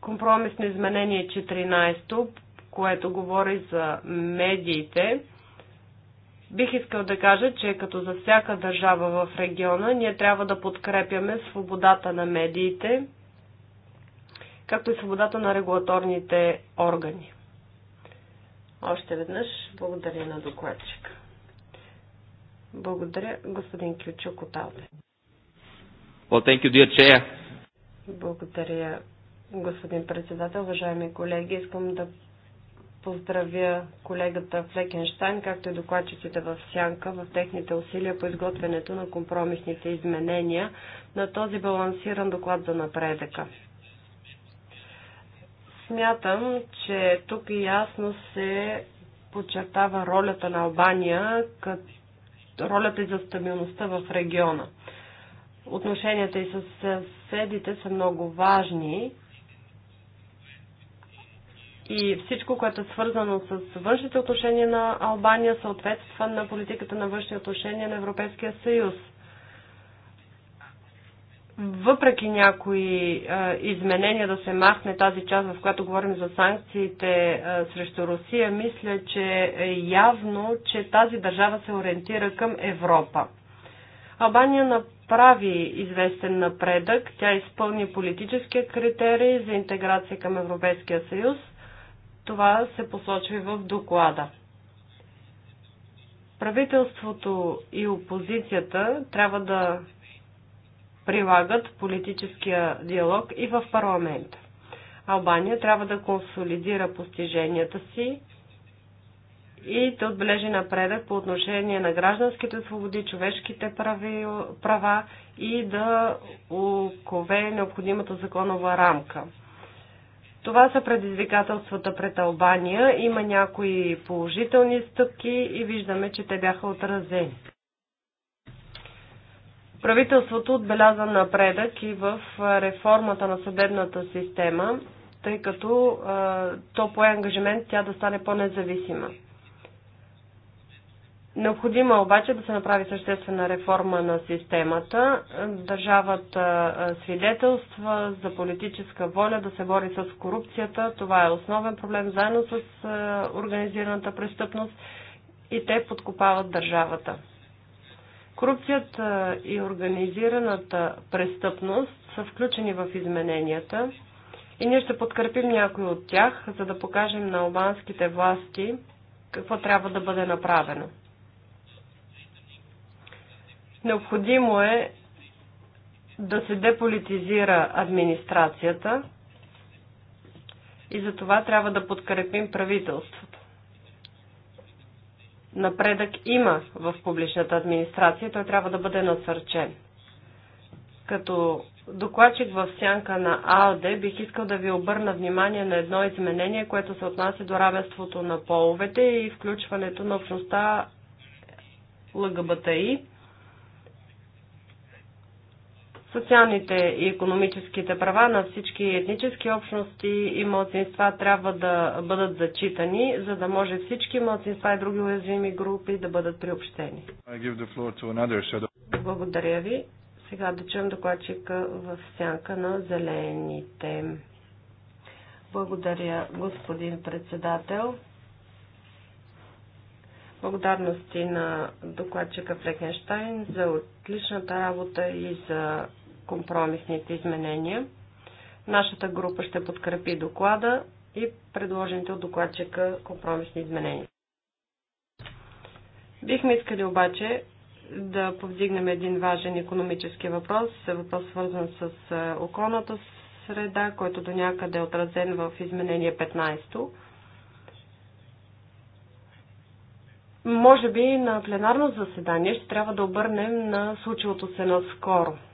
компромисно изменение 14, което говори за медиите, бих искал да кажа, че като за всяка държава в региона, ние трябва да подкрепяме свободата на медиите, както и свободата на регулаторните органи. Още веднъж благодаря на докладчика. Благодаря, господин Кючук от Алде. Well, thank you, dear chair. Благодаря, господин председател. Уважаеми колеги, искам да поздравя колегата Флекенштайн, както и докладчиците в Сянка в техните усилия по изготвянето на компромисните изменения на този балансиран доклад за напредъка. Смятам, че тук ясно се подчертава ролята на Албания, като ролята и за стабилността в региона. Отношенията и с съседите са много важни и всичко, което е свързано с външните отношения на Албания, съответства на политиката на външни отношения на Европейския съюз – въпреки някои а, изменения да се махне тази част, в която говорим за санкциите а, срещу Русия, мисля, че е явно, че тази държава се ориентира към Европа. Албания направи известен напредък. Тя изпълни политическия критерий за интеграция към Европейския съюз. Това се посочва и в доклада. Правителството и опозицията трябва да прилагат политическия диалог и в парламента. Албания трябва да консолидира постиженията си и да отбележи напредък по отношение на гражданските свободи, човешките прави, права и да окове необходимата законова рамка. Това са предизвикателствата пред Албания. Има някои положителни стъпки и виждаме, че те бяха отразени. Правителството отбеляза напредък и в реформата на съдебната система, тъй като а, то пое ангажимент тя да стане по-независима. Необходимо е обаче да се направи съществена реформа на системата. Държавата свидетелства за политическа воля да се бори с корупцията. Това е основен проблем заедно с организираната престъпност и те подкопават държавата. Корупцията и организираната престъпност са включени в измененията и ние ще подкрепим някои от тях, за да покажем на албанските власти какво трябва да бъде направено. Необходимо е да се деполитизира администрацията и за това трябва да подкрепим правителството напредък има в публичната администрация, той трябва да бъде насърчен. Като докладчик в сянка на АОД бих искал да ви обърна внимание на едно изменение, което се отнася до равенството на половете и включването на общността ЛГБТИ Социалните и економическите права на всички етнически общности и младсинства трябва да бъдат зачитани, за да може всички младсинства и други уязвими групи да бъдат приобщени. Благодаря ви. Сега да чуем докладчика в сянка на зелените. Благодаря, господин председател. Благодарности на докладчика Флекенштайн за отличната работа и за компромисните изменения. Нашата група ще подкрепи доклада и предложените от докладчика компромисни изменения. Бихме искали обаче да повдигнем един важен економически въпрос, е въпрос свързан с е, околната среда, който до някъде е отразен в изменение 15. -то. Може би на пленарно заседание ще трябва да обърнем на случилото се наскоро –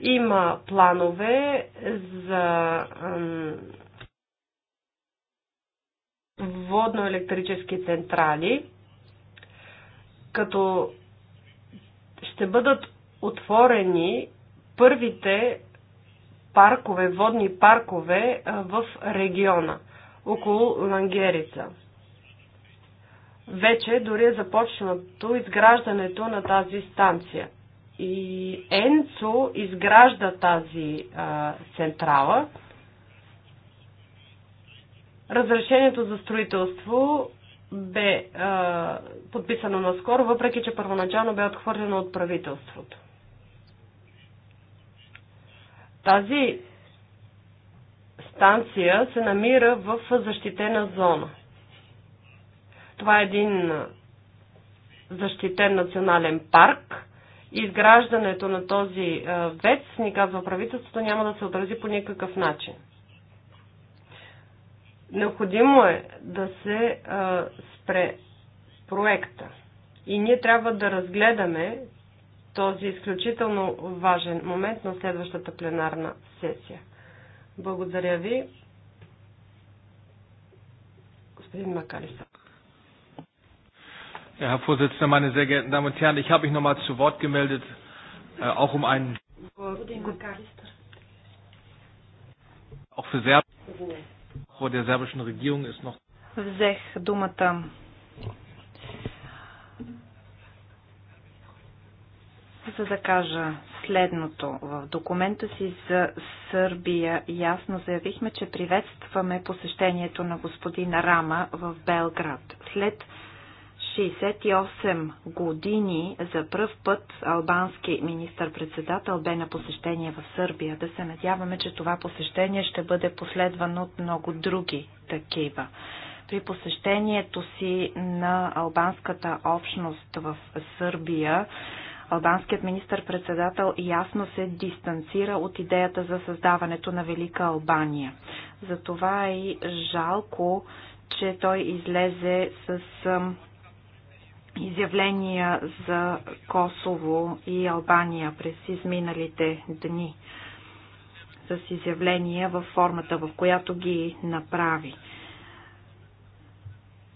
има планове за водно-електрически централи, като ще бъдат отворени първите паркове, водни паркове в региона, около Лангерица. Вече дори е започнато изграждането на тази станция и Енцо изгражда тази а, централа. Разрешението за строителство бе а, подписано наскоро, въпреки че първоначално бе отхвърлено от правителството. Тази станция се намира в защитена зона. Това е един защитен национален парк, изграждането на този ВЕЦ, ни казва правителството, няма да се отрази по никакъв начин. Необходимо е да се спре проекта. И ние трябва да разгледаме този изключително важен момент на следващата пленарна сесия. Благодаря ви. Господин Макалисов. Ja, Herr Vorsitzender, meine sehr geehrten Damen und Herren, ich habe mich nochmal zu Wort gemeldet, äh, auch um einen. Auch für Serb Vor der serbischen Regierung ist noch. за да кажа следното. В документа си за Сърбия ясно заявихме, че приветстваме посещението на господин Рама в Белград. След 68 години за пръв път албански министър-председател бе на посещение в Сърбия. Да се надяваме, че това посещение ще бъде последвано от много други такива. При посещението си на албанската общност в Сърбия, албанският министр-председател ясно се дистанцира от идеята за създаването на Велика Албания. Затова е и жалко, че той излезе с изявления за Косово и Албания през изминалите дни. С изявления във формата, в която ги направи.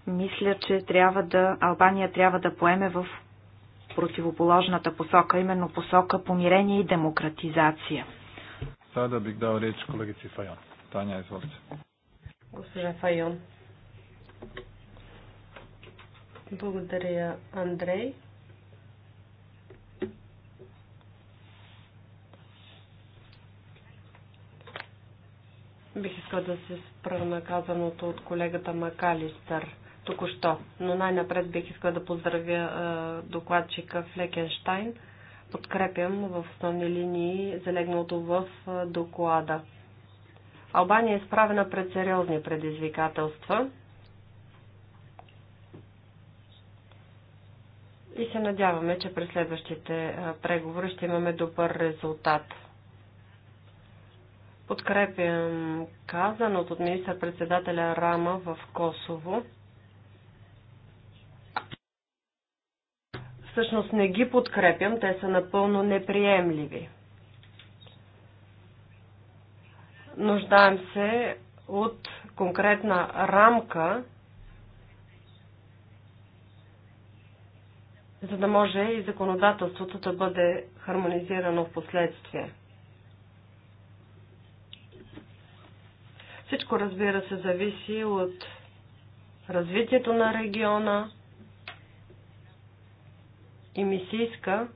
Мисля, че трябва да, Албания трябва да поеме в противоположната посока, именно посока помирение и демократизация. Сега да бих дал реч колегици Файон. Таня, изволите. Госпожа Файон. Благодаря, Андрей. Бих искал да се спра на казаното от колегата Макалистър току-що, но най-напред бих искал да поздравя докладчика Флекенштайн. Подкрепям в основни линии залегналото в доклада. Албания е изправена пред сериозни предизвикателства – и се надяваме, че през следващите преговори ще имаме добър резултат. Подкрепям казаното от министър-председателя Рама в Косово. Всъщност не ги подкрепям, те са напълно неприемливи. Нуждаем се от конкретна рамка за да може и законодателството да бъде хармонизирано в последствие. Всичко, разбира се, зависи от развитието на региона и ми се иска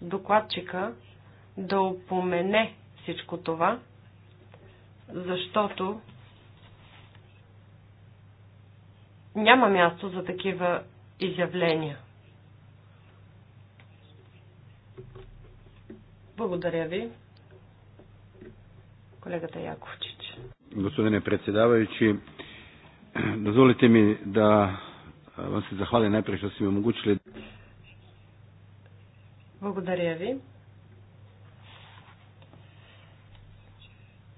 докладчика да упомене всичко това, защото няма място за такива изявления. Благодаря ви. Колегата Яковчич. Господине predsjedavajući, дозволите ми да vam se zahvalim najprije što ste mi omogućili. Благодаря ви.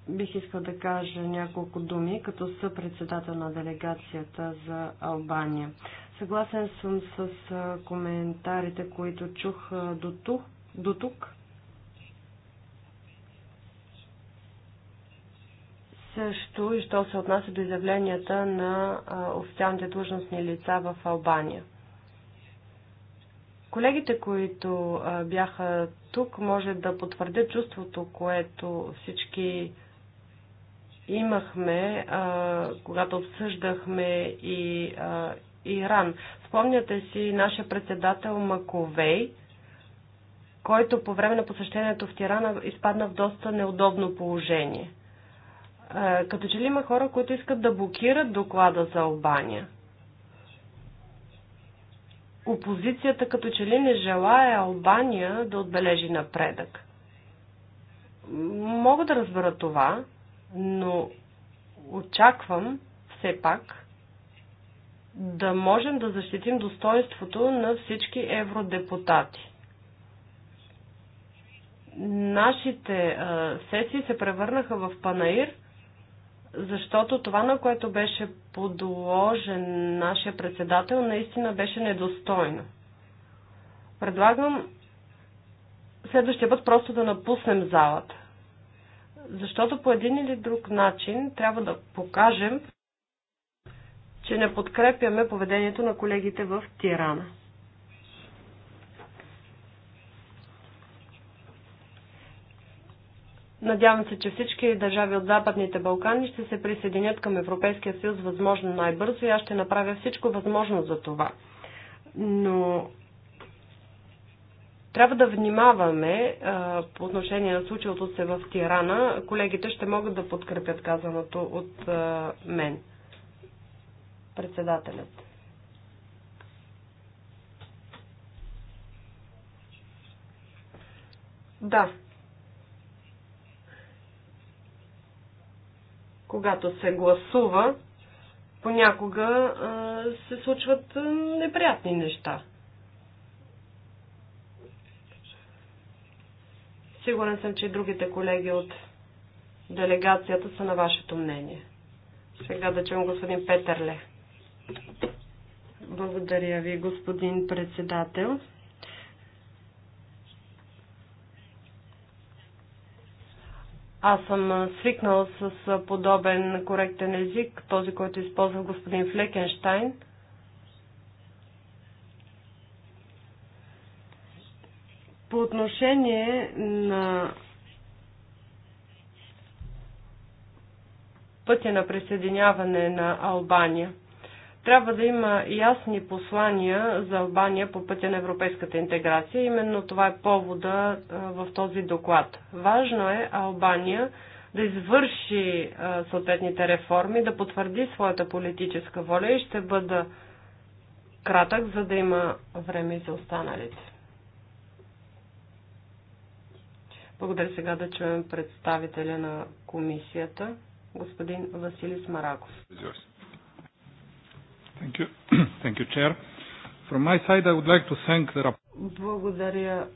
Бих искал да кажа няколко думи като съпредседател на делегацията за Албания. Съгласен съм с коментарите, които чух до тук, до тук Също и що се отнася до изявленията на официалните длъжностни лица в Албания. Колегите, които бяха тук, може да потвърдят чувството, което всички имахме, когато обсъждахме и Иран. Спомняте си нашия председател Маковей, който по време на посещението в Тирана изпадна в доста неудобно положение. Е, като че ли има хора, които искат да блокират доклада за Албания. Опозицията като че ли не желая Албания да отбележи напредък. Мога да разбера това, но очаквам все пак да можем да защитим достоинството на всички евродепутати нашите а, е, сесии се превърнаха в панаир защото това, на което беше подложен нашия председател, наистина беше недостойно. Предлагам следващия път просто да напуснем залата. Защото по един или друг начин трябва да покажем, че не подкрепяме поведението на колегите в Тирана. Надявам се, че всички държави от Западните Балкани ще се присъединят към Европейския съюз възможно най-бързо и аз ще направя всичко възможно за това. Но трябва да внимаваме а, по отношение на случилото се в Тирана. Колегите ще могат да подкрепят казаното от а, мен. Председателят. Да, когато се гласува, понякога се случват неприятни неща. Сигурен съм, че и другите колеги от делегацията са на вашето мнение. Сега да чуем господин Петърле. Благодаря ви, господин председател. Аз съм свикнал с подобен коректен език, този, който използва господин Флекенштайн. По отношение на пътя на присъединяване на Албания – трябва да има ясни послания за Албания по пътя на европейската интеграция. Именно това е повода в този доклад. Важно е Албания да извърши съответните реформи, да потвърди своята политическа воля и ще бъда кратък, за да има време за останалите. Благодаря сега да чуем представителя на комисията, господин Василис Мараков. Thank you. Thank you, Chair. From my side, I would like to thank the Благодаря,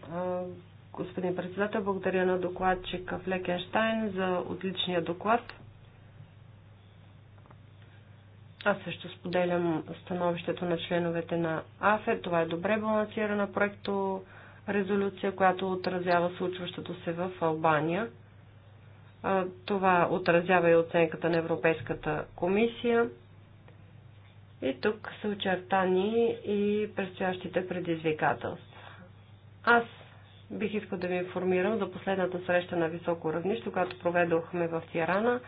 господин председател. Благодаря на докладчика Флекенштайн за отличния доклад. Аз също споделям становището на членовете на АФЕ. Това е добре балансирана проекто резолюция, която отразява случващото се в Албания. Това отразява и оценката на Европейската комисия. И тук са очертани и предстоящите предизвикателства. Аз бих искал да ви информирам за последната среща на високо равнище, която проведохме в Тирана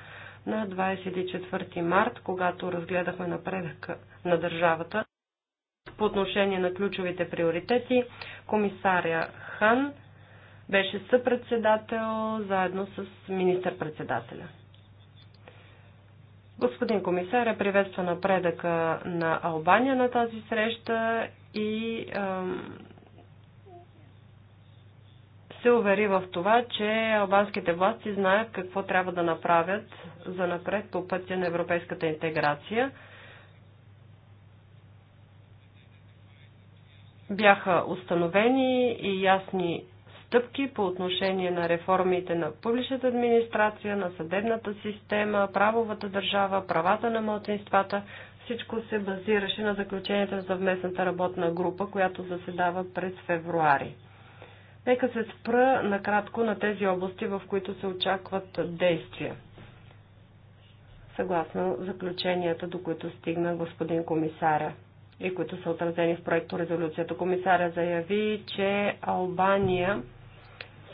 на 24 март, когато разгледахме напредъка на държавата по отношение на ключовите приоритети. Комисаря Хан беше съпредседател заедно с министър-председателя. Господин комисар, приветства напредъка на Албания на тази среща и се увери в това, че албанските власти знаят какво трябва да направят за напред по пътя на европейската интеграция. Бяха установени и ясни стъпки по отношение на реформите на публичната администрация, на съдебната система, правовата държава, правата на младсинствата. Всичко се базираше на заключенията на съвместната работна група, която заседава през февруари. Нека се спра накратко на тези области, в които се очакват действия. Съгласно заключенията, до които стигна господин комисаря и които са отразени в проекто резолюцията. Комисаря заяви, че Албания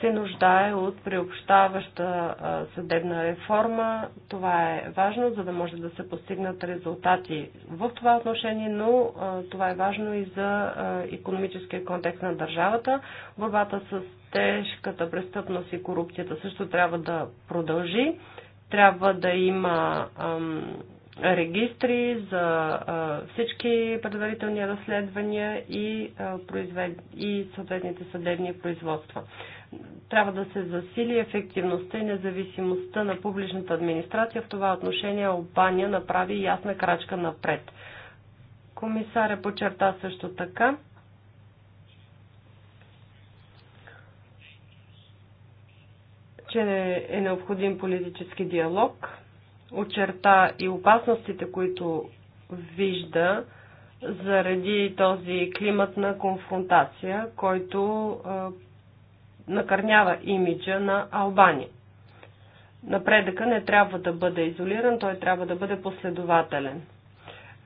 се нуждае от преобщаваща съдебна реформа. Това е важно, за да може да се постигнат резултати в това отношение, но това е важно и за економическия контекст на държавата. Борбата с тежката престъпност и корупцията също трябва да продължи. Трябва да има регистри за всички предварителни разследвания и, произвед... и съответните съдебни производства. Трябва да се засили ефективността и независимостта на публичната администрация. В това отношение Албания направи ясна крачка напред. Комисаря подчерта също така, че е необходим политически диалог, очерта и опасностите, които вижда заради този климат на конфронтация, който накърнява имиджа на Албания. Напредъка не трябва да бъде изолиран, той трябва да бъде последователен.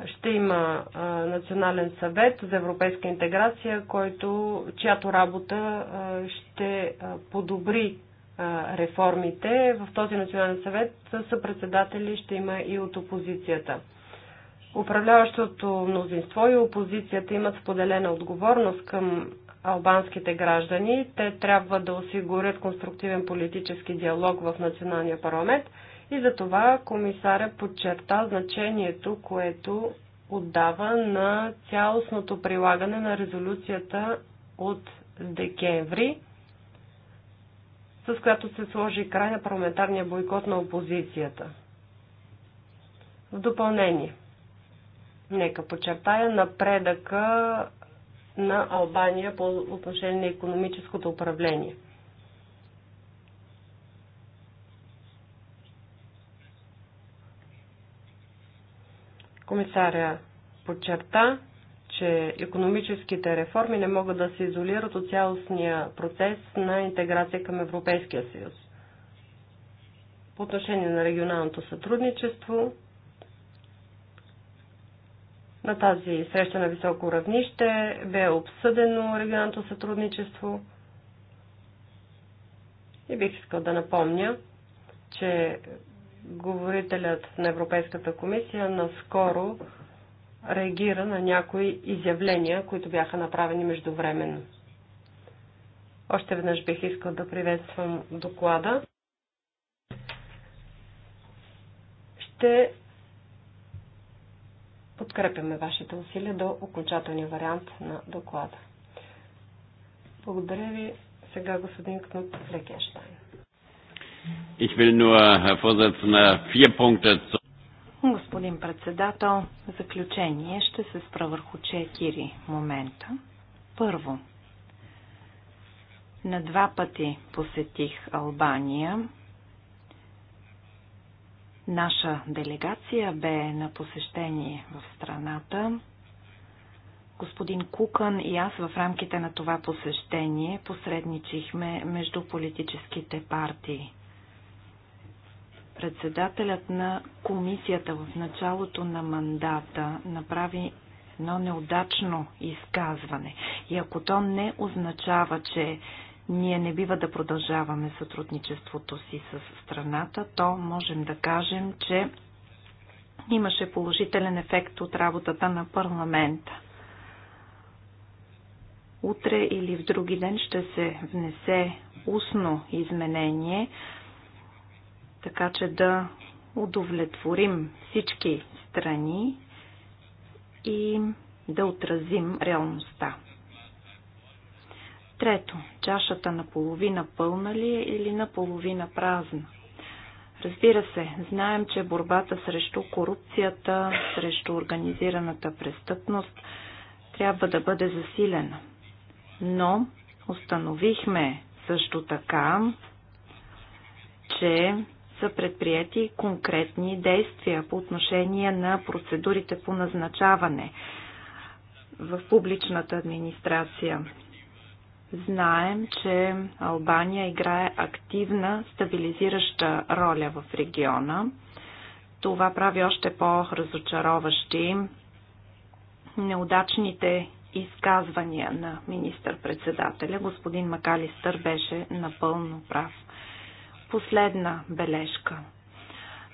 Ще има а, Национален съвет за европейска интеграция, който, чиято работа а, ще а, подобри а, реформите. В този Национален съвет са председатели ще има и от опозицията. Управляващото мнозинство и опозицията имат споделена отговорност към албанските граждани. Те трябва да осигурят конструктивен политически диалог в националния парламент и за това комисаря подчерта значението, което отдава на цялостното прилагане на резолюцията от декември, с която се сложи край на парламентарния бойкот на опозицията. В допълнение, нека подчертая напредъка на Албания по отношение на економическото управление. Комисаря подчерта, че економическите реформи не могат да се изолират от цялостния процес на интеграция към Европейския съюз. По отношение на регионалното сътрудничество, на тази среща на високо равнище бе обсъдено регионалното сътрудничество и бих искал да напомня, че говорителят на Европейската комисия наскоро реагира на някои изявления, които бяха направени междувременно. Още веднъж бих искал да приветствам доклада. Ще подкрепяме вашите усилия до окончателния вариант на доклада. Благодаря ви. Сега господин Кнут Флекенштайн. Ich will nur, Herr Vorsitzender, vier Punkte zu... Господин председател, заключение ще се спра върху четири момента. Първо, на два пъти посетих Албания Наша делегация бе на посещение в страната. Господин Кукън и аз в рамките на това посещение посредничихме между политическите партии. Председателят на комисията в началото на мандата направи едно неудачно изказване. И ако то не означава, че ние не бива да продължаваме сътрудничеството си с страната, то можем да кажем, че имаше положителен ефект от работата на парламента. Утре или в други ден ще се внесе устно изменение, така че да удовлетворим всички страни и да отразим реалността. Трето, чашата наполовина пълна ли е или наполовина празна? Разбира се, знаем, че борбата срещу корупцията, срещу организираната престъпност трябва да бъде засилена. Но установихме също така, че са предприяти конкретни действия по отношение на процедурите по назначаване в публичната администрация. Знаем, че Албания играе активна, стабилизираща роля в региона. Това прави още по-разочароващи неудачните изказвания на министър-председателя. Господин Макалистър беше напълно прав. Последна бележка.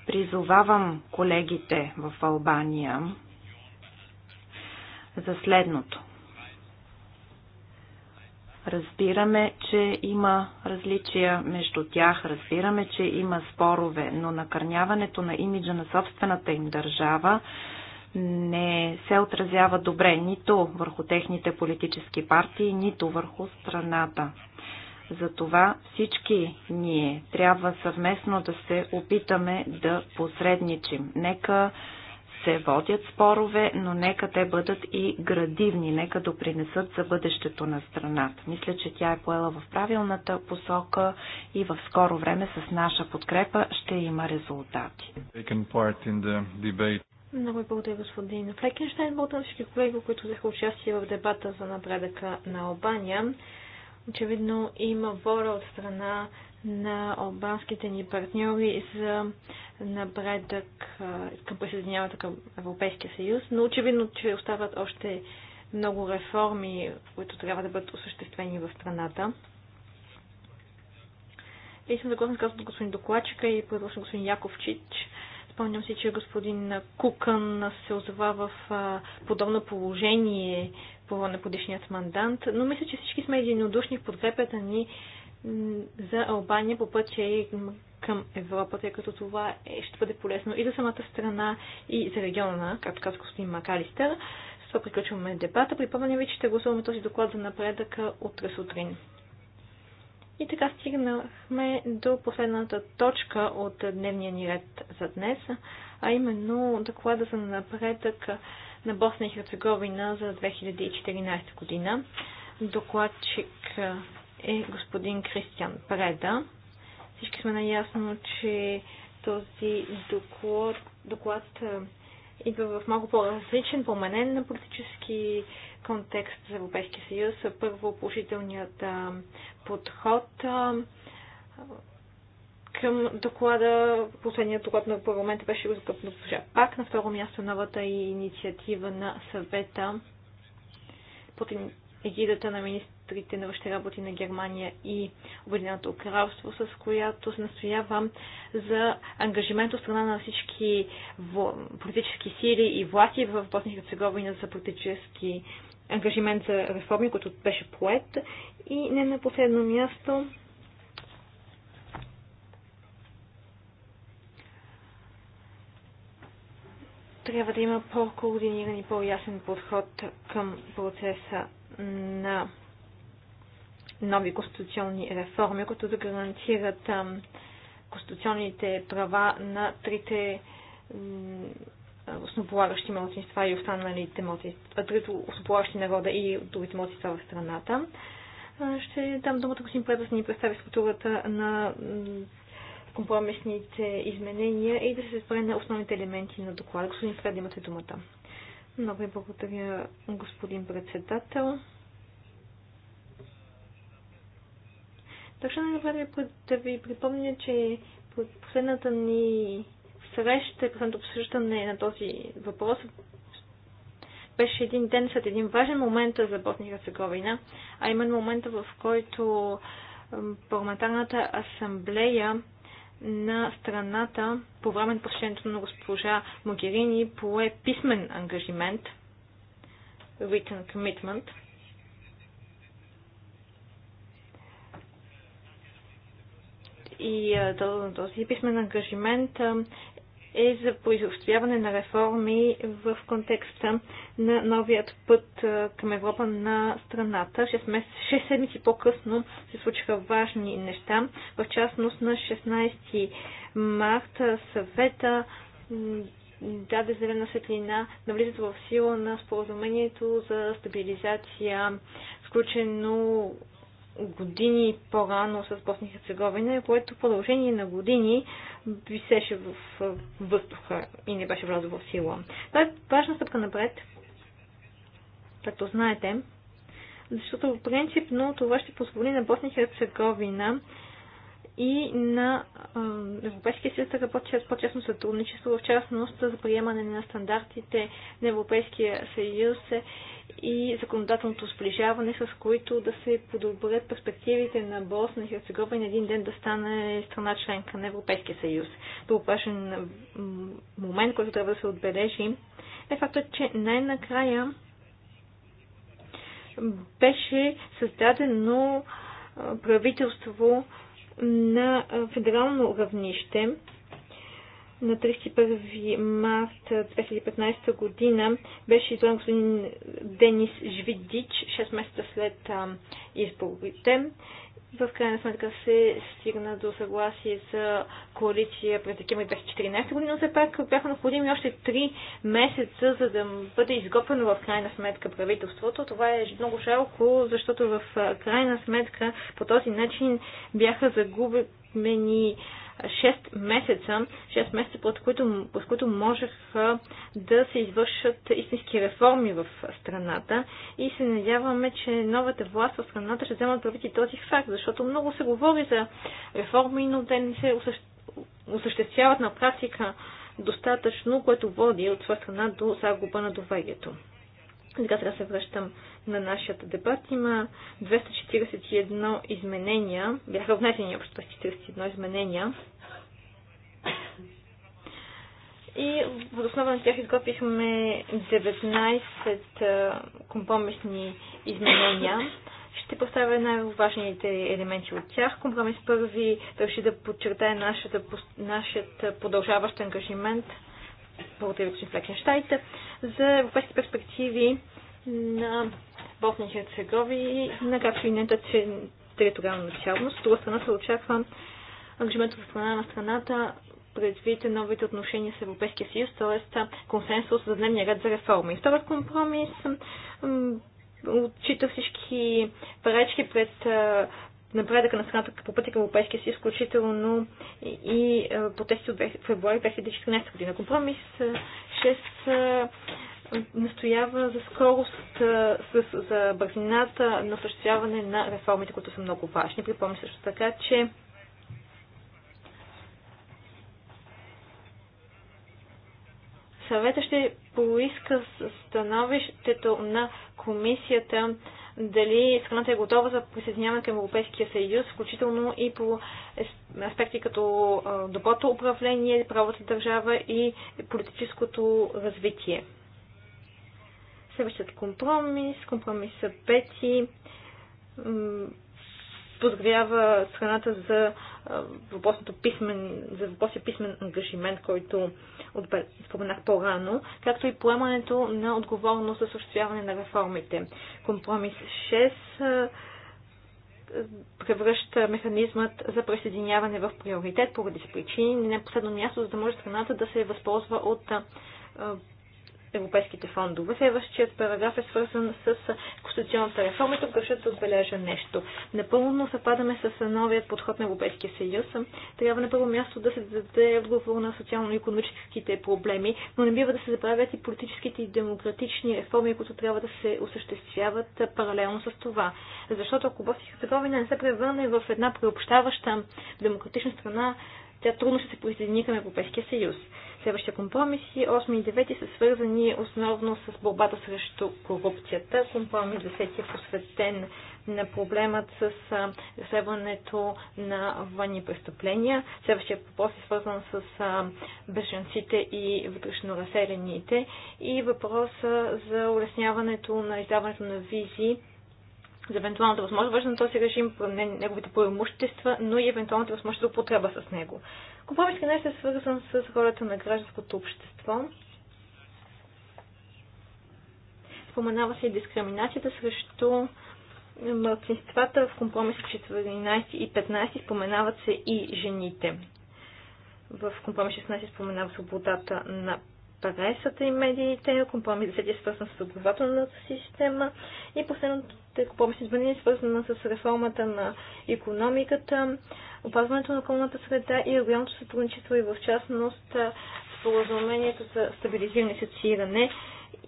Призовавам колегите в Албания за следното. Разбираме, че има различия между тях, разбираме, че има спорове, но накърняването на имиджа на собствената им държава не се отразява добре нито върху техните политически партии, нито върху страната. Затова всички ние трябва съвместно да се опитаме да посредничим. Нека се водят спорове, но нека те бъдат и градивни, нека допринесат за бъдещето на страната. Мисля, че тя е поела в правилната посока и в скоро време с наша подкрепа ще има резултати. Много ви благодаря, господин Флекенштайн. Благодаря на всички колеги, които взеха участие в дебата за напредъка на Албания. Очевидно има воля от страна на албанските ни партньори за напредък към присъединяването към Европейския съюз, но очевидно, че остават още много реформи, които трябва да бъдат осъществени в страната. И съм съгласна с от господин Докладчика и предложен господин Яковчич. Спомням си, че господин Кукън се озова в подобно положение по подишният мандант, но мисля, че всички сме единодушни в подкрепата ни за Албания по пътя и е към Европа, тъй като това е, ще бъде полезно и за самата страна, и за региона, както каза господин Макалистър. С това приключваме дебата. Припомням ви, че ще гласуваме този доклад за напредъка утре сутрин. И така стигнахме до последната точка от дневния ни ред за днес, а именно доклада за напредък на Босна и Херцеговина за 2014 година. Докладчик е господин Кристиан Преда. Всички сме наясно, че този доклад, доклад идва в много по-различен, променен на политически контекст за Европейския съюз. Първо положителният подход към доклада, последният доклад на парламента беше разгъп на госпожа Пак. На второ място е новата и инициатива на съвета под егидата на министр министрите на въщи работи на Германия и Обединеното кралство, с която се настоява за ангажимент от страна на всички политически сили и власти в Босния и Херцеговина за политически ангажимент за реформи, който беше поет. И не на последно място трябва да има по-координиран и по-ясен подход към процеса на нови конституционни реформи, които да гарантират конституционните права на трите основополагащи младсинства и останалите младсинства, трите основополагащи народа и другите младсинства в страната. Ще дам думата господин Пред да ни представи структурата на компромисните изменения и да се спре на основните елементи на доклада. Господин Пред, имате думата. Много ви благодаря, господин председател. Точно най-добре да ви припомня, че последната ни среща, последното обсъждане на този въпрос беше един ден след един важен момент за Босния и Херцеговина, а именно момента, в който парламентарната асамблея на страната по време на посещението на госпожа Могерини пое писмен ангажимент, written commitment, И този писмен ангажимент е за поизостояване на реформи в контекста на новият път към Европа на страната. 6, месец, седмици по-късно се случиха важни неща. В частност на 16 март съвета даде зелена светлина на влизането в сила на споразумението за стабилизация, включено години по-рано с Босния и Херцеговина, което в продължение на години висеше в въздуха и не беше влязло в сила. Това е важна стъпка напред, както знаете, защото принципно това ще позволи на Босния и Херцеговина и на Европейския съюз да работи с по-честно сътрудничество, в частност за приемане на стандартите на Европейския съюз и законодателното сближаване, с които да се подобрят перспективите на Босна и Херцеговина един ден да стане страна членка на Европейския съюз. Друг важен момент, който трябва да се отбележи, е фактът, че най-накрая беше създадено правителство, на федерално равнище на 31 март 2015 година беше избран господин Денис Жвидич, 6 месеца след изборите в крайна сметка се стигна до съгласие за коалиция през декември 2014 година, но все пак бяха необходими още 3 месеца, за да бъде изготвено в крайна сметка правителството. Това е много жалко, защото в крайна сметка по този начин бяха загубени 6 месеца, 6 месеца, под които, под които можеха да се извършат истински реформи в страната и се надяваме, че новата власт в страната ще вземат правити този факт, защото много се говори за реформи, но те не се осъществяват на практика достатъчно, което води от своя страна до загуба на доверието. Сега трябва да се връщам на нашия дебат. Има 241 изменения, бяха внесени общо 241 изменения. И в основа на тях изготвихме 19 компромисни изменения. Ще поставя най-важните елементи от тях. Компромис първи реши да подчертае нашата, нашият продължаващ ангажимент по господин Флекенштайт, за европейски перспективи на Босна и Херцеговина, както и че териториална началност, С друга страна се очаква ангажимент от страна на страната предвид новите отношения с Европейския съюз, т.е. консенсус за дневния ред за реформи. Вторият компромис отчита всички пречки пред напредъка на страната по пътя към Европейския съюз, включително и протести от февруари 2014 година. Компромис 6 настоява за скорост, за бързината на осъществяване на реформите, които са много важни. Припомня също така, че съвета ще поиска становището на комисията дали страната е готова за присъединяване към Европейския съюз, включително и по аспекти като доброто управление, правата държава и политическото развитие. Следващият компромис, компромиса пети, подгрява страната за въпросното писмен, за писмен ангажимент, който споменах по-рано, както и поемането на отговорност за осъществяване на реформите. Компромис 6 превръща механизмът за присъединяване в приоритет поради причини, не последно място, за да може страната да се възползва от европейските фондове. Следващият параграф е свързан с конституционната реформа и тук ще да отбележа нещо. Напълно съпадаме с новият подход на Европейския съюз. Трябва на първо място да се даде отговор на социално-економическите проблеми, но не бива да се забравят и политическите и демократични реформи, които трябва да се осъществяват паралелно с това. Защото ако Босния Херцеговина не се превърне в една преобщаваща демократична страна, тя трудно ще се присъедини към Европейския съюз. Следващия компромис и 8 и 9 са свързани основно с борбата срещу корупцията. Компромис 10 е посветен на проблемът с разследването на военни престъпления. Следващия въпрос е свързан с беженците и вътрешно разселените и въпроса за улесняването на издаването на визи за евентуалната възможност на този режим, неговите преимущества, но и евентуалната възможност за употреба с него. Компромис 11 е свързан с ролята на гражданското общество. Споменава се и дискриминацията срещу младсинствата в компромис 14 и 15 споменават се и жените. В компромис 16 споменава свободата на пресата и медиите, компромис за е свързан с образователната система и последното компромисни изменение е свързано с реформата на економиката, опазването на околната среда и регионалното сътрудничество и в частност споразумението за стабилизиране и асоцииране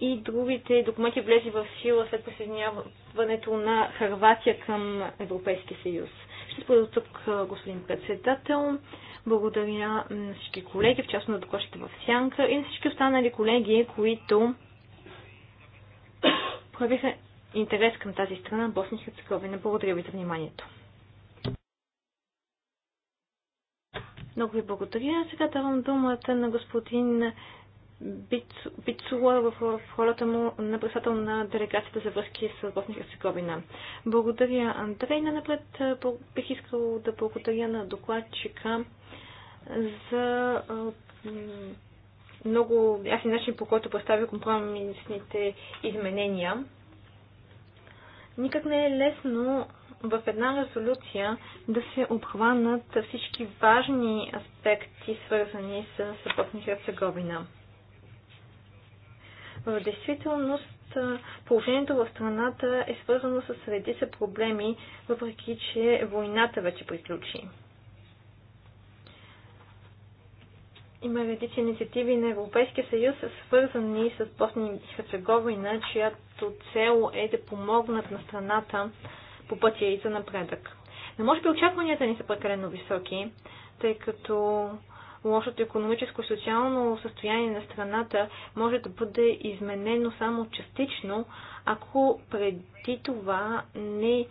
и другите документи влезли в сила след присъединяването на Харватия към Европейския съюз. Ще споделя тук, господин председател. Благодаря на всички колеги, в частност на докошите в Сянка и на всички останали колеги, които проявиха интерес към тази страна, Босния и Херцеговина. Благодаря ви за вниманието. Много ви благодаря. Сега давам думата на господин Бицула в, ролята му на председател на делегацията за връзки с Босния Херцеговина. Благодаря, Андрей. Напред бих искал да благодаря на докладчика за много ясен начин, по който представя компромисните изменения. Никак не е лесно в една резолюция да се обхванат всички важни аспекти, свързани с Босния Херцеговина. В действителност положението в страната е свързано с редица проблеми, въпреки че войната вече приключи. Има редица инициативи на Европейския съюз, свързани с Босния и Херцеговина, чиято цел е да помогнат на страната по пътя и за напредък. Но може би очакванията ни са прекалено високи, тъй като лошото економическо и социално състояние на страната може да бъде изменено само частично, ако преди това не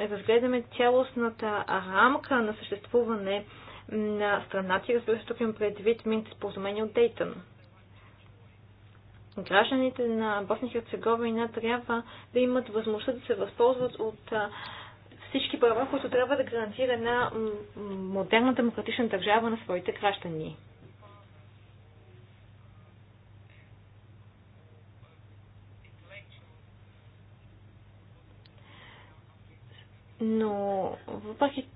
разгледаме цялостната рамка на съществуване на страната и разбира се тук им предвид мините споразумение от Дейтън. Гражданите на Босния и Херцеговина трябва да имат възможност да се възползват от всички права, които трябва да гарантира на модерна демократична държава на своите граждани. Но въпреки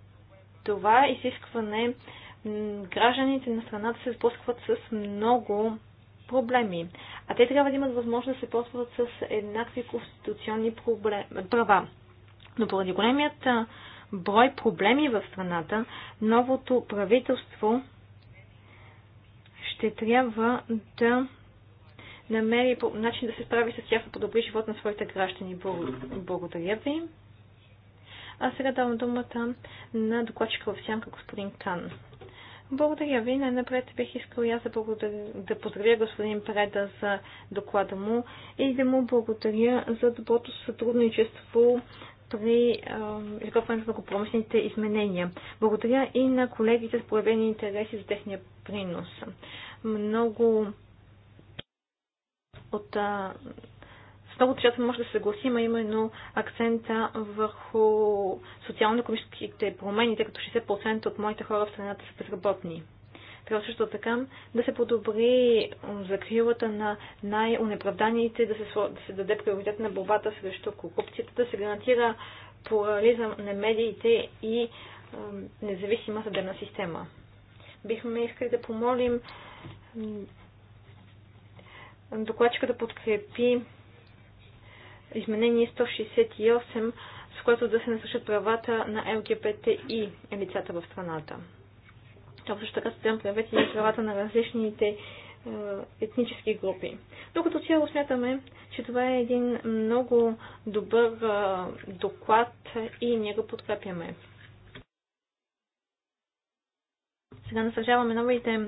това изискване гражданите на страната се сблъскват с много проблеми. А те трябва да имат възможност да се ползват с еднакви конституционни проблем, права но поради големият брой проблеми в страната, новото правителство ще трябва да намери начин да се справи с тях и подобри живот на своите граждани. Благодаря ви. А сега давам думата на докладчика в сянка господин Кан. Благодаря ви. Най-напред бих искал и аз да, да поздравя господин Преда за доклада му и да му благодаря за доброто сътрудничество при изготвянето на компромисните изменения. Благодаря и на колегите с проявени интереси за техния принос. Много от а, с много от чата може да се съгласим, а именно акцента върху социално-економическите промени, тъй като 60% от моите хора в страната са безработни. Трябва също така да се подобри закрилата на най-унеправданите, да се, да се даде приоритет на борбата срещу корупцията, да се гарантира плурализъм на медиите и е, независима съдебна система. Бихме искали да помолим докладчика да подкрепи изменение 168, с което да се насъщат правата на ЛГБТ и лицата в страната. Това също така да вземем и правата на различните е, етнически групи. Докато като цяло смятаме, че това е един много добър е, доклад и ние го подкрепяме. Сега насъжаваме новите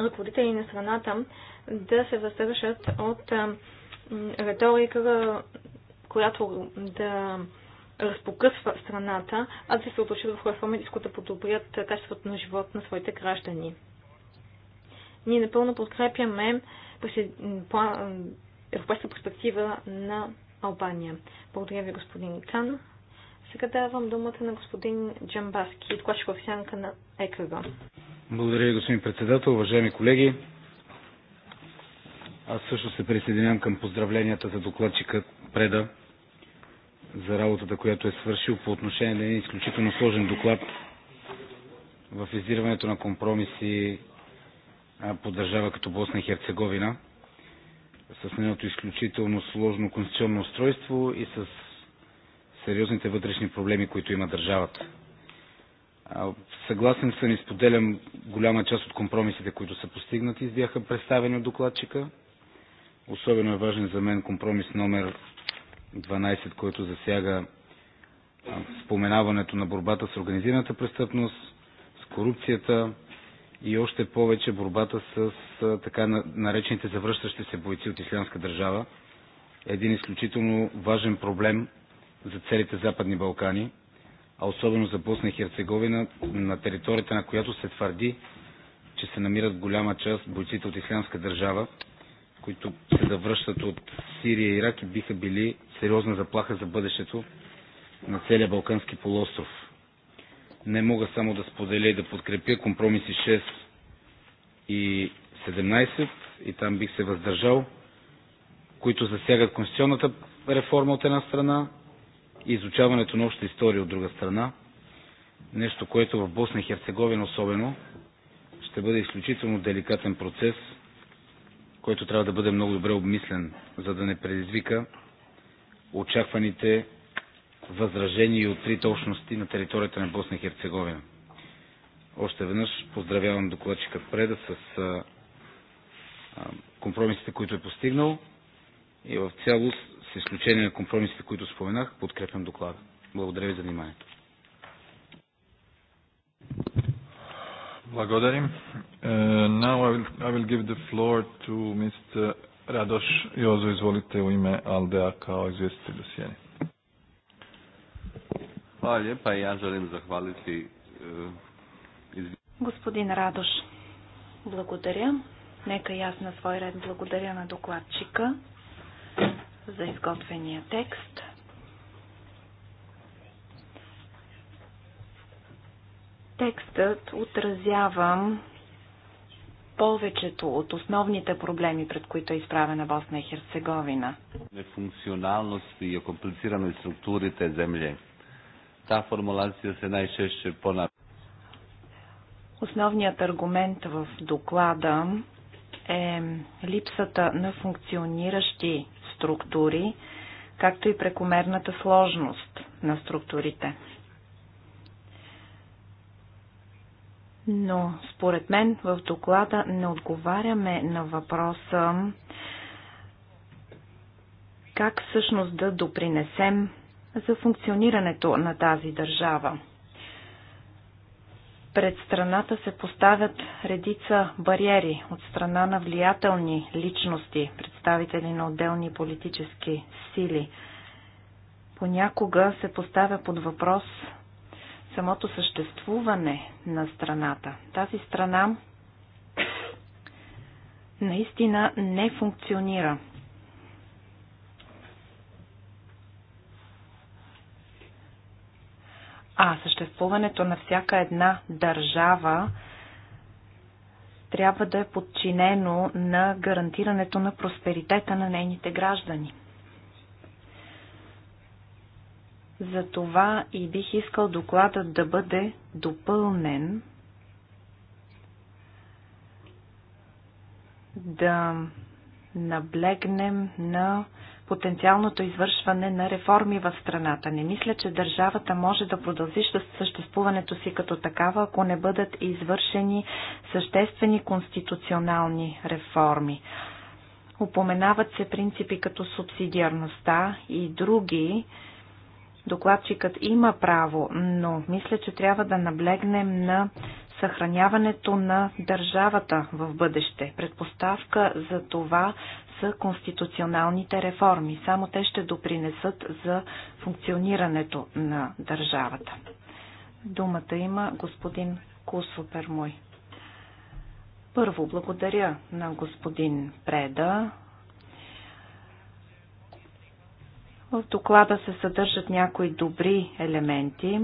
ръководители на страната да се въздържат от е, риторика, която да разпокъсва страната, а да се съоточат в реформи, с които да подобрят качеството на живот на своите граждани. Ние напълно подкрепяме европейска перспектива на Албания. Благодаря ви, господин Кан. Сега давам думата на господин Джамбаски, докладчик в сянка на ЕКВ. Благодаря ви, господин председател, уважаеми колеги. Аз също се присъединявам към поздравленията за докладчика Преда за работата, която е свършил по отношение на един изключително сложен доклад в издирването на компромиси по държава като Босна и Херцеговина с нейното изключително сложно конституционно устройство и с сериозните вътрешни проблеми, които има държавата. Съгласен съм и споделям голяма част от компромисите, които са постигнати, бяха представени от докладчика. Особено е важен за мен компромис номер 12, който засяга споменаването на борбата с организираната престъпност, с корупцията и още повече борбата с така наречените завръщащи се бойци от Ислямска държава. Един изключително важен проблем за целите Западни Балкани, а особено за Босна и Херцеговина, на територията на която се твърди, че се намират голяма част бойците от Ислямска държава, които се завръщат от Сирия и Ирак и биха били сериозна заплаха за бъдещето на целия Балкански полуостров. Не мога само да споделя и да подкрепя компромиси 6 и 17 и там бих се въздържал, които засягат конституционната реформа от една страна и изучаването на обща история от друга страна. Нещо, което в Босна и Херцеговина особено ще бъде изключително деликатен процес, който трябва да бъде много добре обмислен, за да не предизвика очакваните възражения от трите общности на територията на Босна и Херцеговина. Още веднъж поздравявам докладчика Преда с компромисите, които е постигнал и в цялост, с изключение на компромисите, които споменах, подкрепям доклада. Благодаря ви за вниманието. Благодарим. Uh, now I will, I will give the floor to Mr. Radoš Jozo, izvolite u ime Aldea kao izvjestitelj u Sjeni. Hvala lijepa ja želim zahvaliti Господин e, Радош, благодаря. Нека и аз на свой ред благодаря на докладчика за изготвения текст. Текстът отразява повечето от основните проблеми, пред които е изправена Босна и Херцеговина. Нефункционалност и комплицирани структурите земле. Та формулация се най по е понапред. Основният аргумент в доклада е липсата на функциониращи структури, както и прекомерната сложност на структурите. но според мен в доклада не отговаряме на въпроса как всъщност да допринесем за функционирането на тази държава. Пред страната се поставят редица бариери от страна на влиятелни личности, представители на отделни политически сили. Понякога се поставя под въпрос самото съществуване на страната. Тази страна наистина не функционира. А съществуването на всяка една държава трябва да е подчинено на гарантирането на просперитета на нейните граждани. За това и бих искал докладът да бъде допълнен, да наблегнем на потенциалното извършване на реформи в страната. Не мисля, че държавата може да продължи съществуването си като такава, ако не бъдат извършени съществени конституционални реформи. Упоменават се принципи като субсидиарността и други, Докладчикът има право, но мисля, че трябва да наблегнем на съхраняването на държавата в бъдеще. Предпоставка за това са конституционалните реформи. Само те ще допринесат за функционирането на държавата. Думата има господин Кусо Пермой. Първо, благодаря на господин Преда В доклада се съдържат някои добри елементи.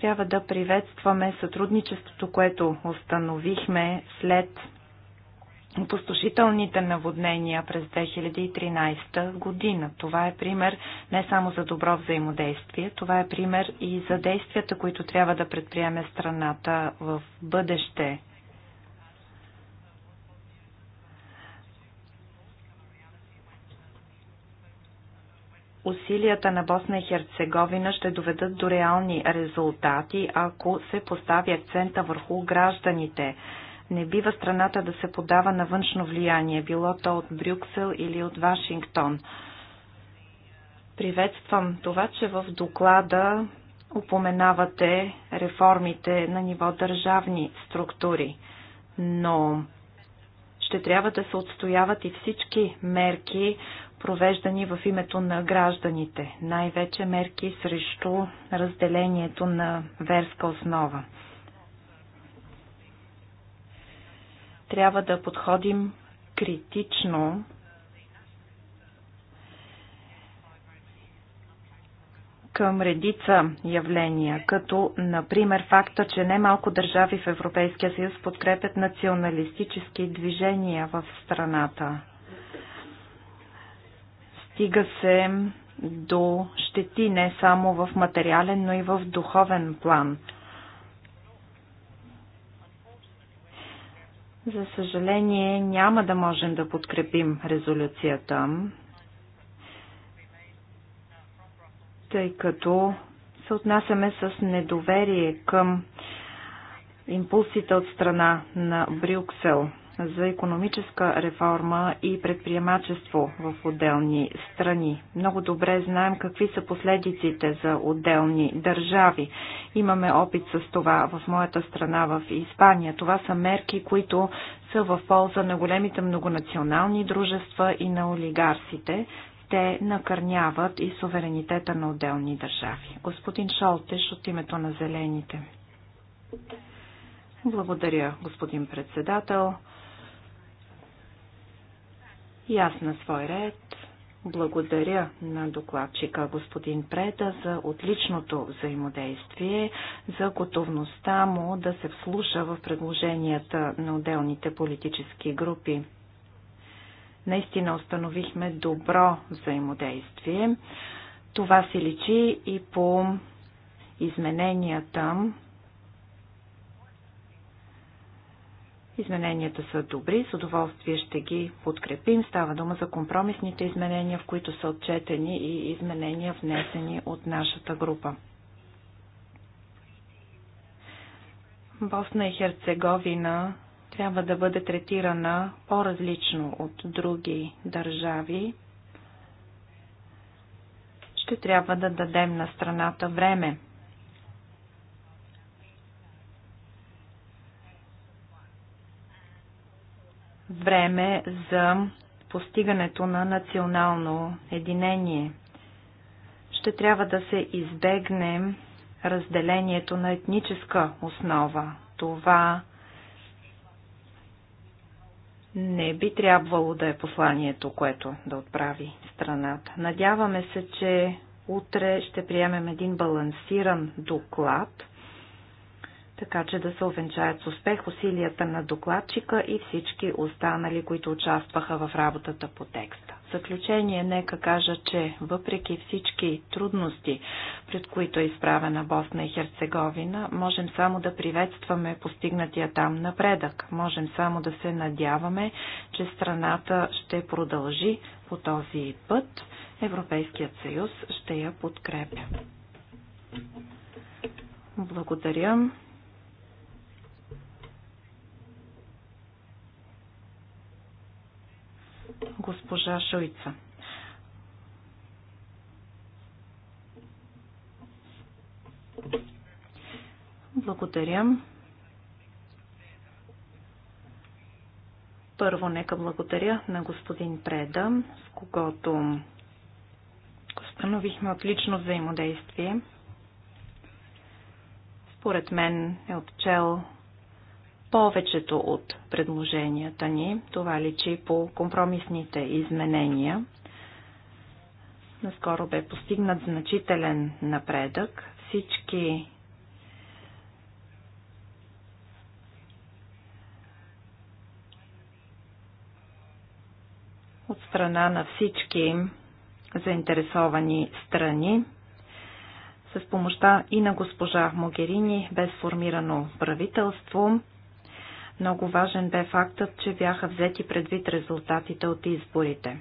Трябва да приветстваме сътрудничеството, което установихме след опустошителните наводнения през 2013 година. Това е пример не само за добро взаимодействие, това е пример и за действията, които трябва да предприеме страната в бъдеще. усилията на Босна и Херцеговина ще доведат до реални резултати, ако се постави акцента върху гражданите. Не бива страната да се подава на външно влияние, било то от Брюксел или от Вашингтон. Приветствам това, че в доклада упоменавате реформите на ниво държавни структури, но ще трябва да се отстояват и всички мерки, провеждани в името на гражданите, най-вече мерки срещу разделението на верска основа. Трябва да подходим критично към редица явления, като например факта, че немалко държави в Европейския съюз подкрепят националистически движения в страната. Стига се до щети не само в материален, но и в духовен план. За съжаление, няма да можем да подкрепим резолюцията, тъй като се отнасяме с недоверие към импулсите от страна на Брюксел – за економическа реформа и предприемачество в отделни страни. Много добре знаем какви са последиците за отделни държави. Имаме опит с това в моята страна, в Испания. Това са мерки, които са в полза на големите многонационални дружества и на олигарсите. Те накърняват и суверенитета на отделни държави. Господин Шолтеш от името на Зелените. Благодаря, господин председател. И аз на свой ред благодаря на докладчика господин Преда за отличното взаимодействие, за готовността му да се вслуша в предложенията на отделните политически групи. Наистина установихме добро взаимодействие. Това се личи и по измененията Измененията са добри, с удоволствие ще ги подкрепим. Става дума за компромисните изменения, в които са отчетени и изменения внесени от нашата група. Босна и Херцеговина трябва да бъде третирана по-различно от други държави. Ще трябва да дадем на страната време време за постигането на национално единение. Ще трябва да се избегне разделението на етническа основа. Това не би трябвало да е посланието, което да отправи страната. Надяваме се, че утре ще приемем един балансиран доклад – така че да се овенчаят с успех усилията на докладчика и всички останали, които участваха в работата по текста. В заключение нека кажа, че въпреки всички трудности, пред които е изправена Босна и Херцеговина, можем само да приветстваме постигнатия там напредък. Можем само да се надяваме, че страната ще продължи по този път. Европейският съюз ще я подкрепя. Благодаря. госпожа Шуйца. Благодаря. Първо нека благодаря на господин Преда, с когото установихме отлично взаимодействие. Според мен е отчел повечето от предложенията ни. Това личи по компромисните изменения. Наскоро бе постигнат значителен напредък. Всички от страна на всички заинтересовани страни. С помощта и на госпожа Могерини бе сформирано правителство. Много важен бе фактът, че бяха взети предвид резултатите от изборите.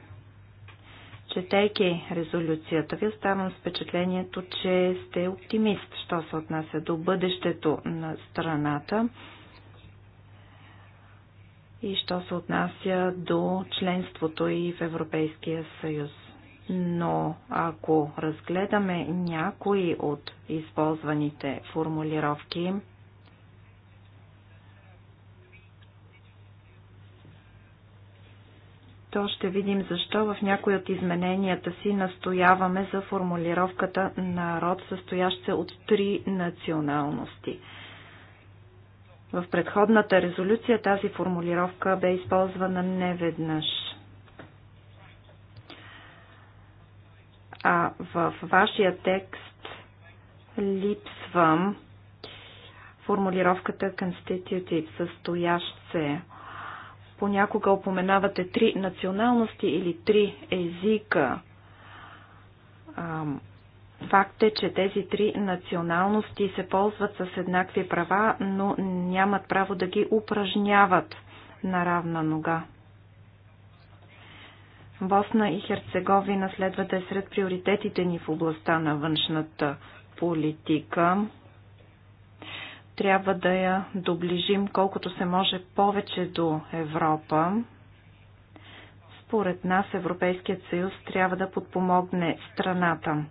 Четейки резолюцията ви, оставам с впечатлението, че сте оптимист, що се отнася до бъдещето на страната и що се отнася до членството и в Европейския съюз. Но ако разгледаме някои от използваните формулировки, то ще видим защо в някои от измененията си настояваме за формулировката народ, състоящ се от три националности. В предходната резолюция тази формулировка бе използвана неведнъж. А в вашия текст липсвам формулировката constitutive, състоящ се Понякога упоменавате три националности или три езика. Факт е, че тези три националности се ползват с еднакви права, но нямат право да ги упражняват на равна нога. Босна и Херцеговина следва да е сред приоритетите ни в областта на външната политика. Трябва да я доближим колкото се може повече до Европа. Според нас Европейският съюз трябва да подпомогне страната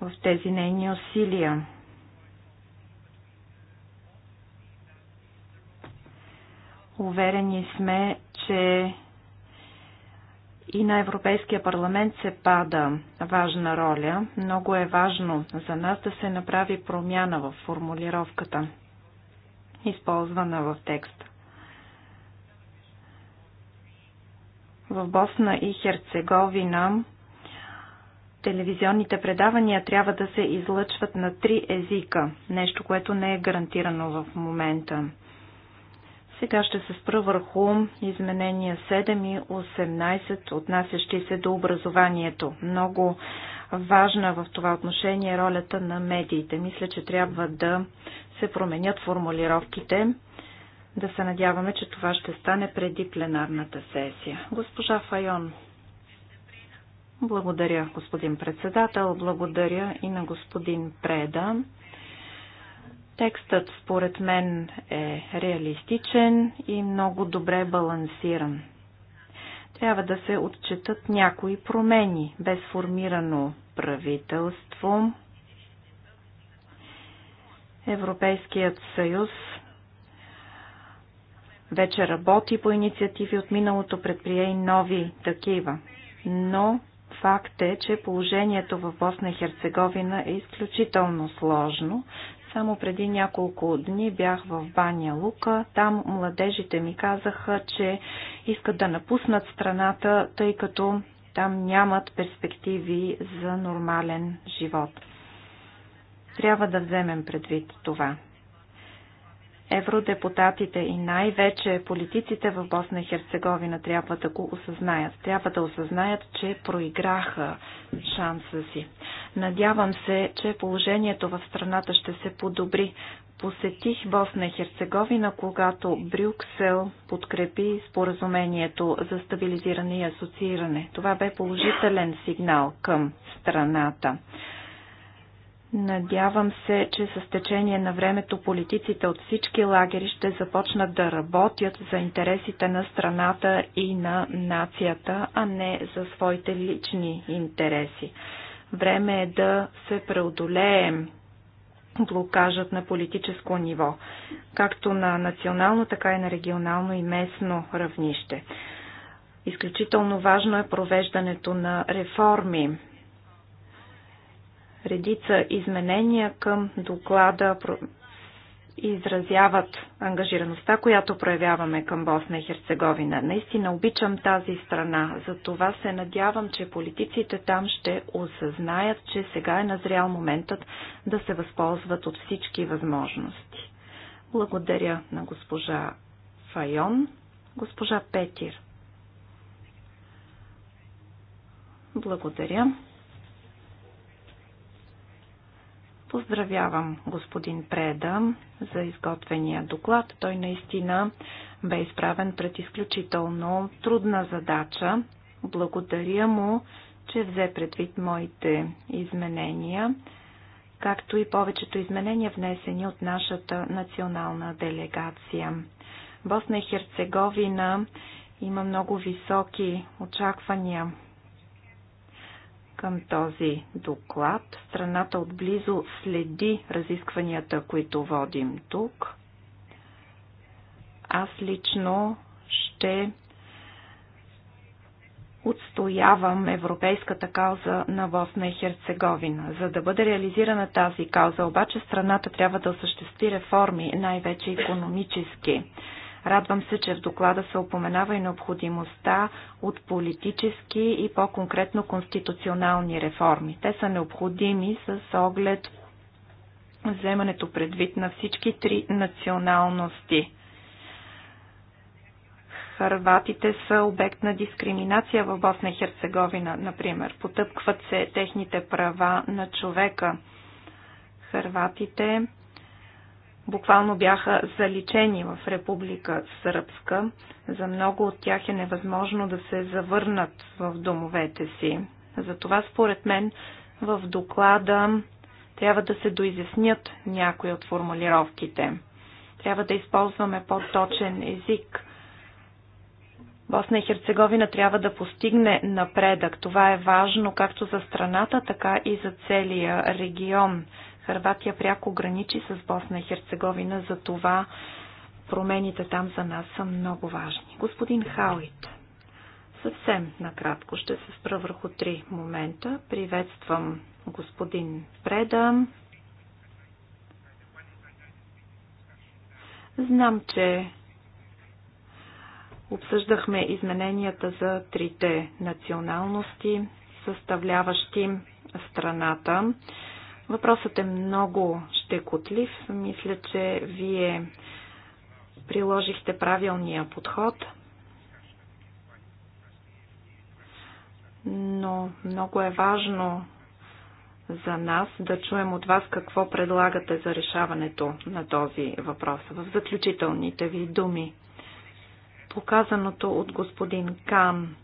в тези нейни усилия. Уверени сме, че и на Европейския парламент се пада важна роля. Много е важно за нас да се направи промяна в формулировката, използвана в текста. В Босна и Херцеговина телевизионните предавания трябва да се излъчват на три езика, нещо, което не е гарантирано в момента. Сега ще се спра върху изменения 7 и 18, отнасящи се до образованието. Много важна в това отношение е ролята на медиите. Мисля, че трябва да се променят формулировките. Да се надяваме, че това ще стане преди пленарната сесия. Госпожа Файон. Благодаря, господин председател. Благодаря и на господин Преда. Текстът според мен е реалистичен и много добре балансиран. Трябва да се отчетат някои промени без формирано правителство. Европейският съюз вече работи по инициативи от миналото, предприе и нови такива. Но факт е, че положението в Босна и Херцеговина е изключително сложно. Само преди няколко дни бях в Баня Лука. Там младежите ми казаха, че искат да напуснат страната, тъй като там нямат перспективи за нормален живот. Трябва да вземем предвид това евродепутатите и най-вече политиците в Босна и Херцеговина трябва да го осъзнаят. Трябва да осъзнаят, че проиграха шанса си. Надявам се, че положението в страната ще се подобри. Посетих Босна и Херцеговина, когато Брюксел подкрепи споразумението за стабилизиране и асоцииране. Това бе положителен сигнал към страната. Надявам се, че с течение на времето политиците от всички лагери ще започнат да работят за интересите на страната и на нацията, а не за своите лични интереси. Време е да се преодолеем блокажът на политическо ниво, както на национално, така и на регионално и местно равнище. Изключително важно е провеждането на реформи. Редица изменения към доклада изразяват ангажираността, която проявяваме към Босна и Херцеговина. Наистина обичам тази страна. За това се надявам, че политиците там ще осъзнаят, че сега е назрял моментът да се възползват от всички възможности. Благодаря на госпожа Файон, госпожа Петир. Благодаря. Поздравявам господин Преда за изготвения доклад. Той наистина бе изправен пред изключително трудна задача. Благодаря му, че взе предвид моите изменения, както и повечето изменения внесени от нашата национална делегация. Босна и Херцеговина има много високи очаквания към този доклад. Страната отблизо следи разискванията, които водим тук. Аз лично ще отстоявам европейската кауза на Босна и Херцеговина. За да бъде реализирана тази кауза, обаче страната трябва да осъществи реформи, най-вече економически. Радвам се, че в доклада се опоменава и необходимостта от политически и по-конкретно конституционални реформи. Те са необходими с оглед вземането предвид на всички три националности. Харватите са обект на дискриминация в Босна и Херцеговина, например. Потъпкват се техните права на човека. Харватите буквално бяха заличени в Република Сръбска. За много от тях е невъзможно да се завърнат в домовете си. Затова, според мен, в доклада трябва да се доизяснят някои от формулировките. Трябва да използваме по-точен език. Босна и Херцеговина трябва да постигне напредък. Това е важно както за страната, така и за целия регион. Харватия пряко граничи с Босна и Херцеговина, за това промените там за нас са много важни. Господин Хауит, съвсем накратко ще се спра върху три момента. Приветствам господин Преда. Знам, че обсъждахме измененията за трите националности, съставляващи страната. Въпросът е много щекотлив. Мисля, че вие приложихте правилния подход, но много е важно за нас да чуем от вас какво предлагате за решаването на този въпрос в заключителните ви думи. Показаното от господин Кан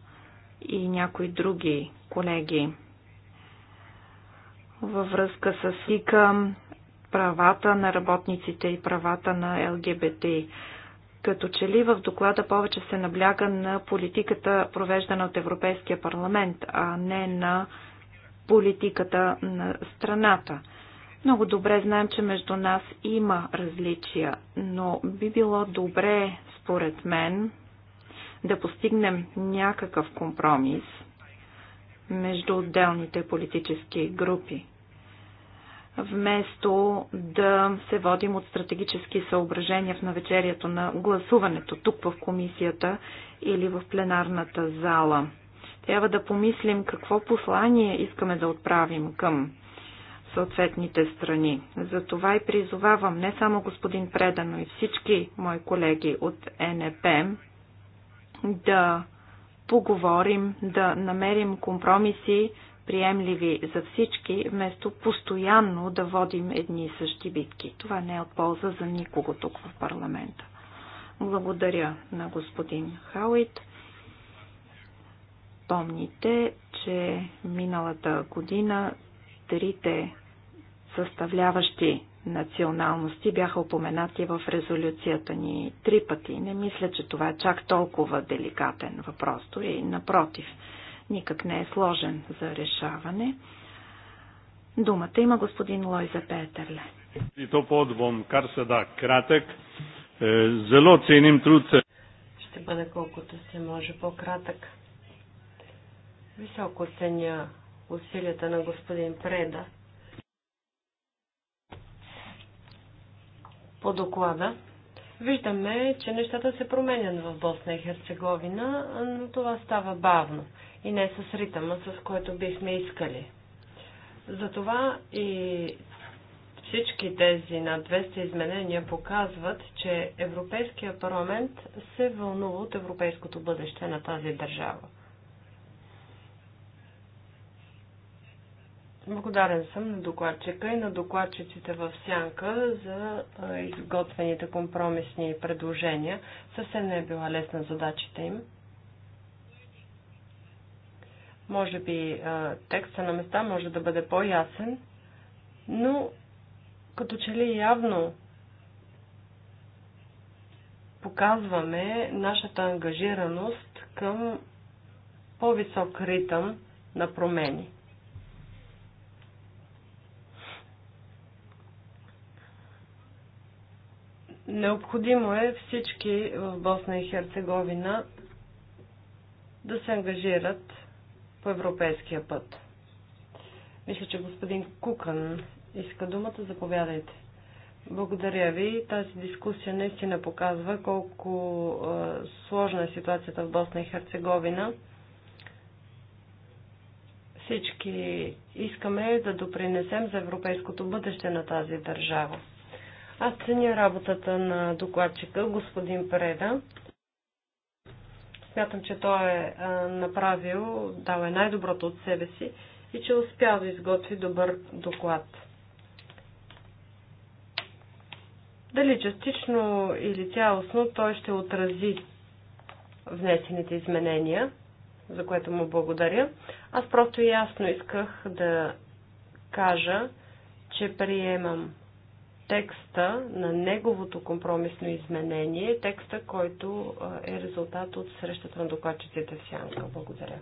и някои други колеги във връзка с ИКАМ, правата на работниците и правата на ЛГБТ. Като че ли в доклада повече се набляга на политиката, провеждана от Европейския парламент, а не на политиката на страната. Много добре знаем, че между нас има различия, но би било добре, според мен, да постигнем някакъв компромис между отделните политически групи вместо да се водим от стратегически съображения в навечерието на гласуването тук в комисията или в пленарната зала. Трябва да помислим какво послание искаме да отправим към съответните страни. Затова и призовавам не само господин Преда, но и всички мои колеги от НП да поговорим, да намерим компромиси, приемливи за всички, вместо постоянно да водим едни и същи битки. Това не е от полза за никого тук в парламента. Благодаря на господин Хауит. Помните, че миналата година трите съставляващи националности бяха упоменати в резолюцията ни три пъти. Не мисля, че това е чак толкова деликатен въпрос, дори напротив никак не е сложен за решаване. Думата има господин Лойза Петърле. И то подвом, кар се да кратък. Е, зело ценим труд се. Ще бъде колкото се може по-кратък. Високо ценя усилията на господин Преда. По доклада виждаме, че нещата се променят в Босна и Херцеговина, но това става бавно и не с ритъма, с който бихме искали. Затова и всички тези на 200 изменения показват, че Европейския парламент се вълнува от европейското бъдеще на тази държава. Благодарен съм на докладчика и на докладчиците в Сянка за изготвените компромисни предложения. Съвсем не е била лесна задачата им. Може би текста на места може да бъде по-ясен, но като че ли явно показваме нашата ангажираност към по-висок ритъм на промени. Необходимо е всички в Босна и Херцеговина да се ангажират по европейския път. Мисля, че господин Кукан иска думата. Заповядайте. Благодаря ви. Тази дискусия наистина показва колко е, сложна е ситуацията в Босна и Херцеговина. Всички искаме да допринесем за европейското бъдеще на тази държава. Аз ценя работата на докладчика, господин Преда. Смятам, че той е направил, дал е най-доброто от себе си и че е успял да изготви добър доклад. Дали частично или цялостно той ще отрази внесените изменения, за което му благодаря. Аз просто ясно исках да кажа, че приемам текста на неговото компромисно изменение, текста, който е резултат от срещата на докладчиците в Сянка. Благодаря.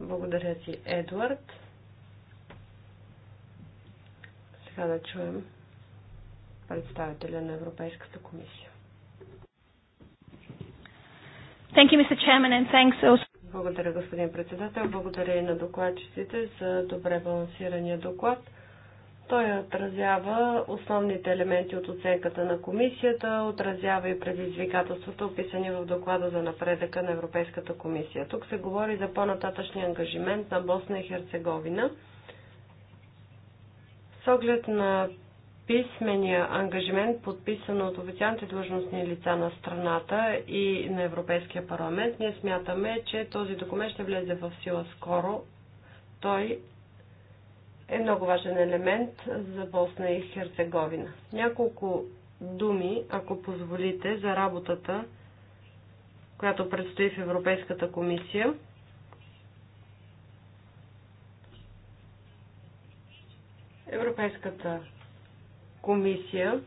Благодаря ти, Едуард. Сега да чуем представителя на Европейската комисия. Thank you, Mr. Chairman, and thanks also... Благодаря, господин председател. Благодаря и на докладчиците за добре балансирания доклад. Той отразява основните елементи от оценката на комисията, отразява и предизвикателствата, описани в доклада за напредъка на Европейската комисия. Тук се говори за по-нататъчния ангажимент на Босна и Херцеговина. С оглед на писмения ангажимент, подписан от официалните длъжностни лица на страната и на Европейския парламент, ние смятаме, че този документ ще влезе в сила скоро. Той е много важен елемент за Босна и Херцеговина. Няколко думи, ако позволите, за работата, която предстои в Европейската комисия. Европейската комисия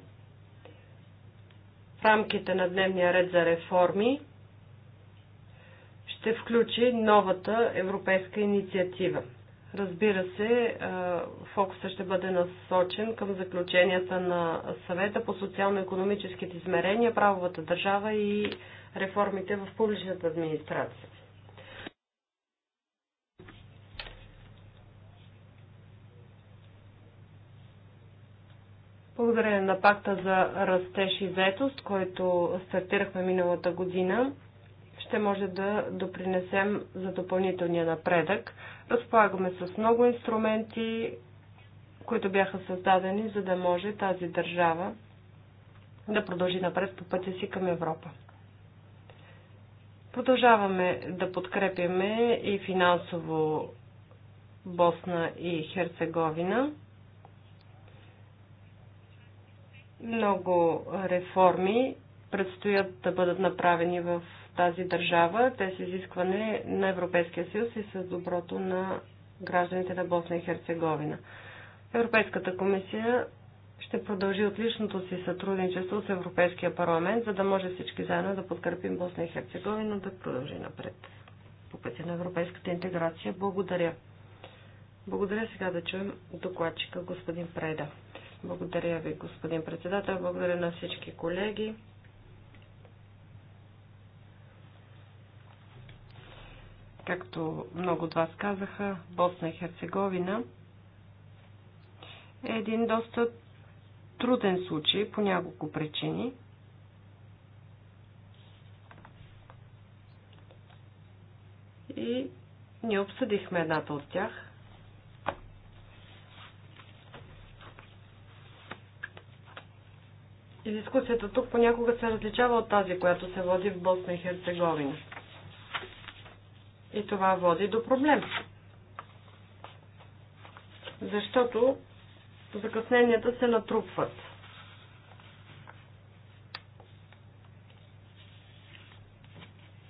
в рамките на дневния ред за реформи ще включи новата европейска инициатива – Разбира се, фокуса ще бъде насочен към заключенията на съвета по социално-економическите измерения, правовата държава и реформите в публичната администрация. Благодаря на пакта за растеж и заетост, който стартирахме миналата година, ще може да допринесем за допълнителния напредък. Разполагаме с много инструменти, които бяха създадени, за да може тази държава да продължи напред по пътя си към Европа. Продължаваме да подкрепяме и финансово Босна и Херцеговина. Много реформи предстоят да бъдат направени в тази държава, те с изискване на Европейския съюз и с доброто на гражданите на Босна и Херцеговина. Европейската комисия ще продължи отличното си сътрудничество с Европейския парламент, за да може всички заедно да подкрепим Босна и Херцеговина да продължи напред по пътя на европейската интеграция. Благодаря. Благодаря сега да чуем докладчика господин Преда. Благодаря ви, господин председател. Благодаря на всички колеги. както много от вас казаха, Босна и Херцеговина е един доста труден случай по няколко причини. И ние обсъдихме едната от тях. И дискусията тук понякога се различава от тази, която се води в Босна и Херцеговина. И това води до проблем. Защото закъсненията се натрупват.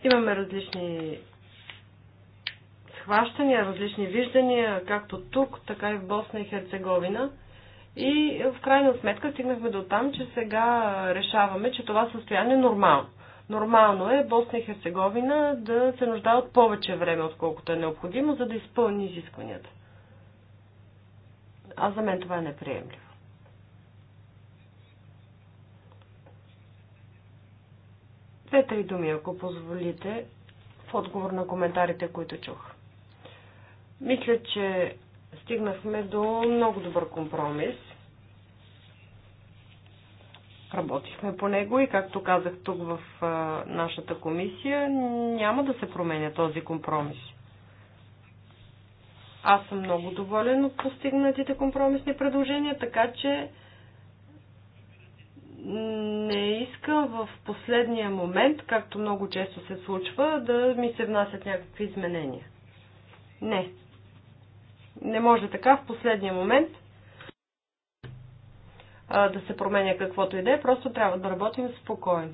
Имаме различни схващания, различни виждания, както тук, така и в Босна и Херцеговина. И в крайна сметка стигнахме до там, че сега решаваме, че това състояние е нормално. Нормално е Босна и Херцеговина да се нуждае от повече време, отколкото е необходимо, за да изпълни изискванията. А за мен това е неприемливо. Две-три думи, ако позволите, в отговор на коментарите, които чух. Мисля, че стигнахме до много добър компромис Работихме по него и, както казах тук в нашата комисия, няма да се променя този компромис. Аз съм много доволен от постигнатите компромисни предложения, така че не искам в последния момент, както много често се случва, да ми се внасят някакви изменения. Не. Не може така в последния момент да се променя каквото и да е, просто трябва да работим спокойно.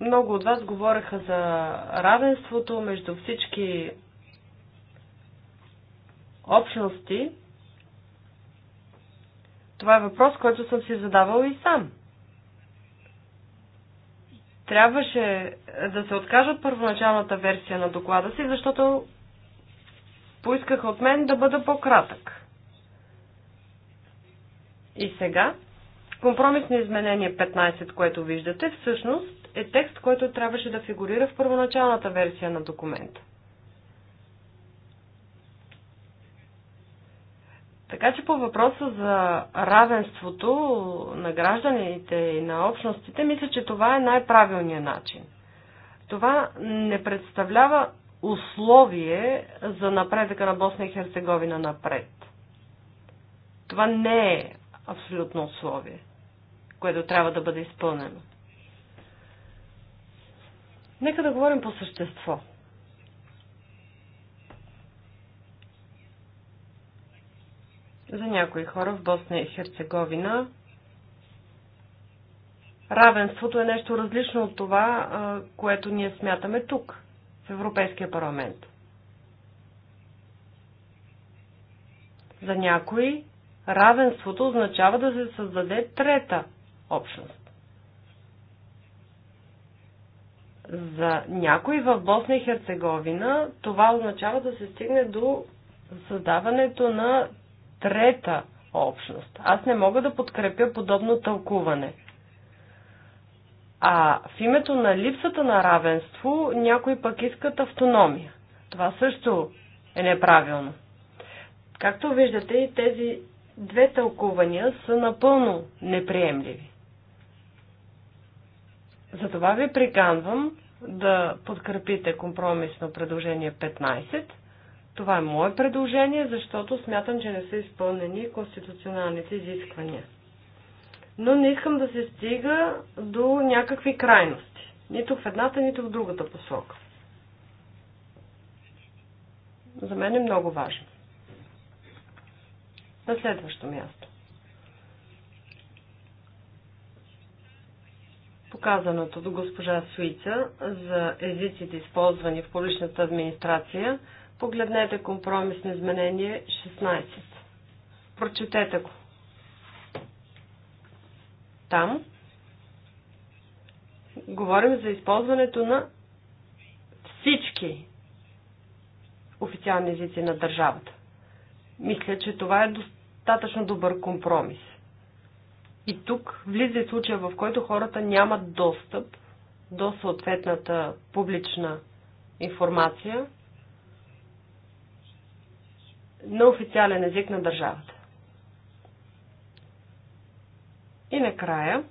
Много от вас говореха за равенството между всички общности. Това е въпрос, който съм си задавал и сам трябваше да се откажа от първоначалната версия на доклада си, защото поискаха от мен да бъда по-кратък. И сега, компромисни изменение 15, което виждате, всъщност е текст, който трябваше да фигурира в първоначалната версия на документа. Така че по въпроса за равенството на гражданите и на общностите, мисля, че това е най-правилният начин. Това не представлява условие за напредъка на Босна и Херцеговина напред. Това не е абсолютно условие, което трябва да бъде изпълнено. Нека да говорим по същество. за някои хора в Босна и Херцеговина равенството е нещо различно от това, което ние смятаме тук, в Европейския парламент. За някои равенството означава да се създаде трета общност. За някои в Босна и Херцеговина това означава да се стигне до създаването на трета общност. Аз не мога да подкрепя подобно тълкуване. А в името на липсата на равенство някои пък искат автономия. Това също е неправилно. Както виждате, тези две тълкувания са напълно неприемливи. Затова ви приканвам да подкрепите компромисно предложение 15 това е мое предложение, защото смятам, че не са изпълнени конституционалните изисквания. Но не искам да се стига до някакви крайности. Нито в едната, нито в другата посока. За мен е много важно. На следващо място. Показаното до госпожа Суица за езиците, използвани в публичната администрация – Погледнете компромисно изменение 16. Прочетете го. Там говорим за използването на всички официални езици на държавата. Мисля, че това е достатъчно добър компромис. И тук влиза и случая, в който хората нямат достъп до съответната публична информация на официален език на държавата. И накрая,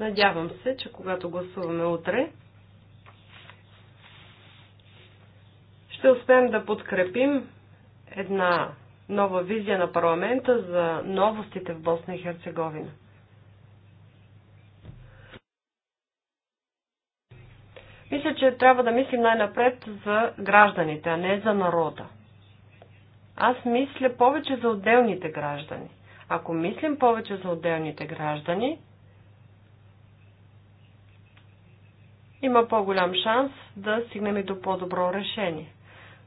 надявам се, че когато гласуваме утре, ще успеем да подкрепим една нова визия на парламента за новостите в Босна и Херцеговина. Мисля, че трябва да мислим най-напред за гражданите, а не за народа. Аз мисля повече за отделните граждани. Ако мислим повече за отделните граждани, има по-голям шанс да стигнем и до по-добро решение.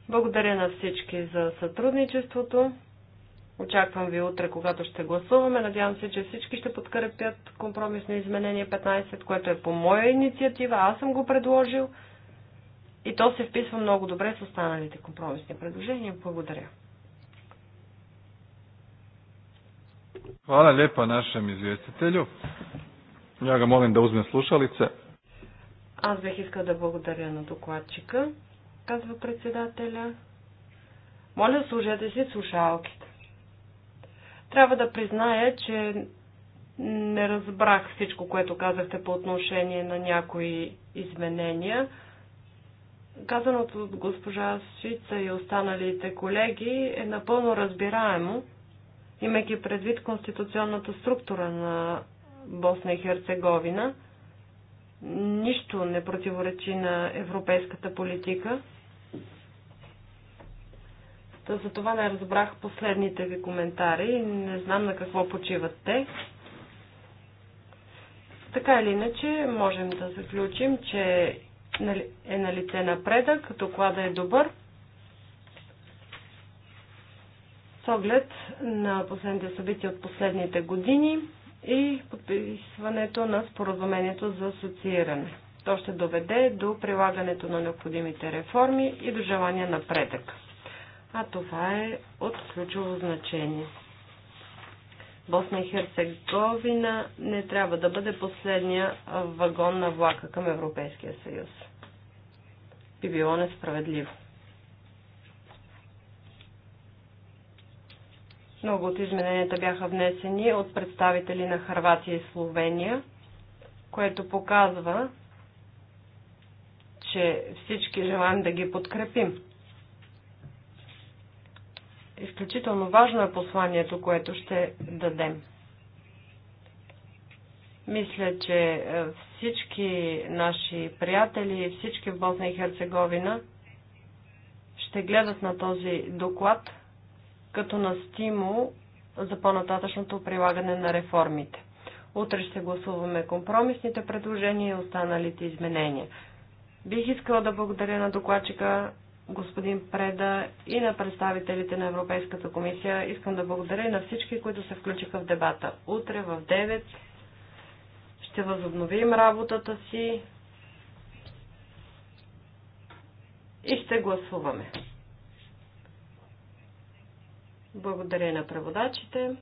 Благодаря на всички за сътрудничеството. Очаквам ви утре, когато ще гласуваме. Надявам се, че всички ще подкрепят компромисно изменение 15, което е по моя инициатива. Аз съм го предложил. И то се вписва много добре с останалите компромисни предложения. Благодаря. Hvala lijepa našem izvjestitelju. Ja ga molim da uzme slušalice. Аз бих искал да благодаря на докладчика, казва председателя. Моля, служете си слушалките. Трябва да призная, че не разбрах всичко, което казахте по отношение на някои изменения. Казаното от госпожа Свица и останалите колеги е напълно разбираемо, имайки предвид конституционната структура на Босна и Херцеговина. Нищо не противоречи на европейската политика. Та за това не разбрах последните ви коментари. Не знам на какво почиват те. Така или иначе, можем да заключим, че нали, е на лице напредък, доклада е добър. С оглед на последните събития от последните години и подписването на споразумението за асоцииране. То ще доведе до прилагането на необходимите реформи и до желания напредък а това е от ключово значение. Босна и Херцеговина не трябва да бъде последния вагон на влака към Европейския съюз. Би било несправедливо. Много от измененията бяха внесени от представители на Харватия и Словения, което показва, че всички желаем да ги подкрепим. Изключително важно е посланието, което ще дадем. Мисля, че е, всички наши приятели, всички в Босна и Херцеговина ще гледат на този доклад като на стимул за по-нататъчното прилагане на реформите. Утре ще гласуваме компромисните предложения и останалите изменения. Бих искала да благодаря на докладчика господин Преда и на представителите на Европейската комисия. Искам да благодаря и на всички, които се включиха в дебата. Утре в 9 ще възобновим работата си и ще гласуваме. Благодаря на преводачите.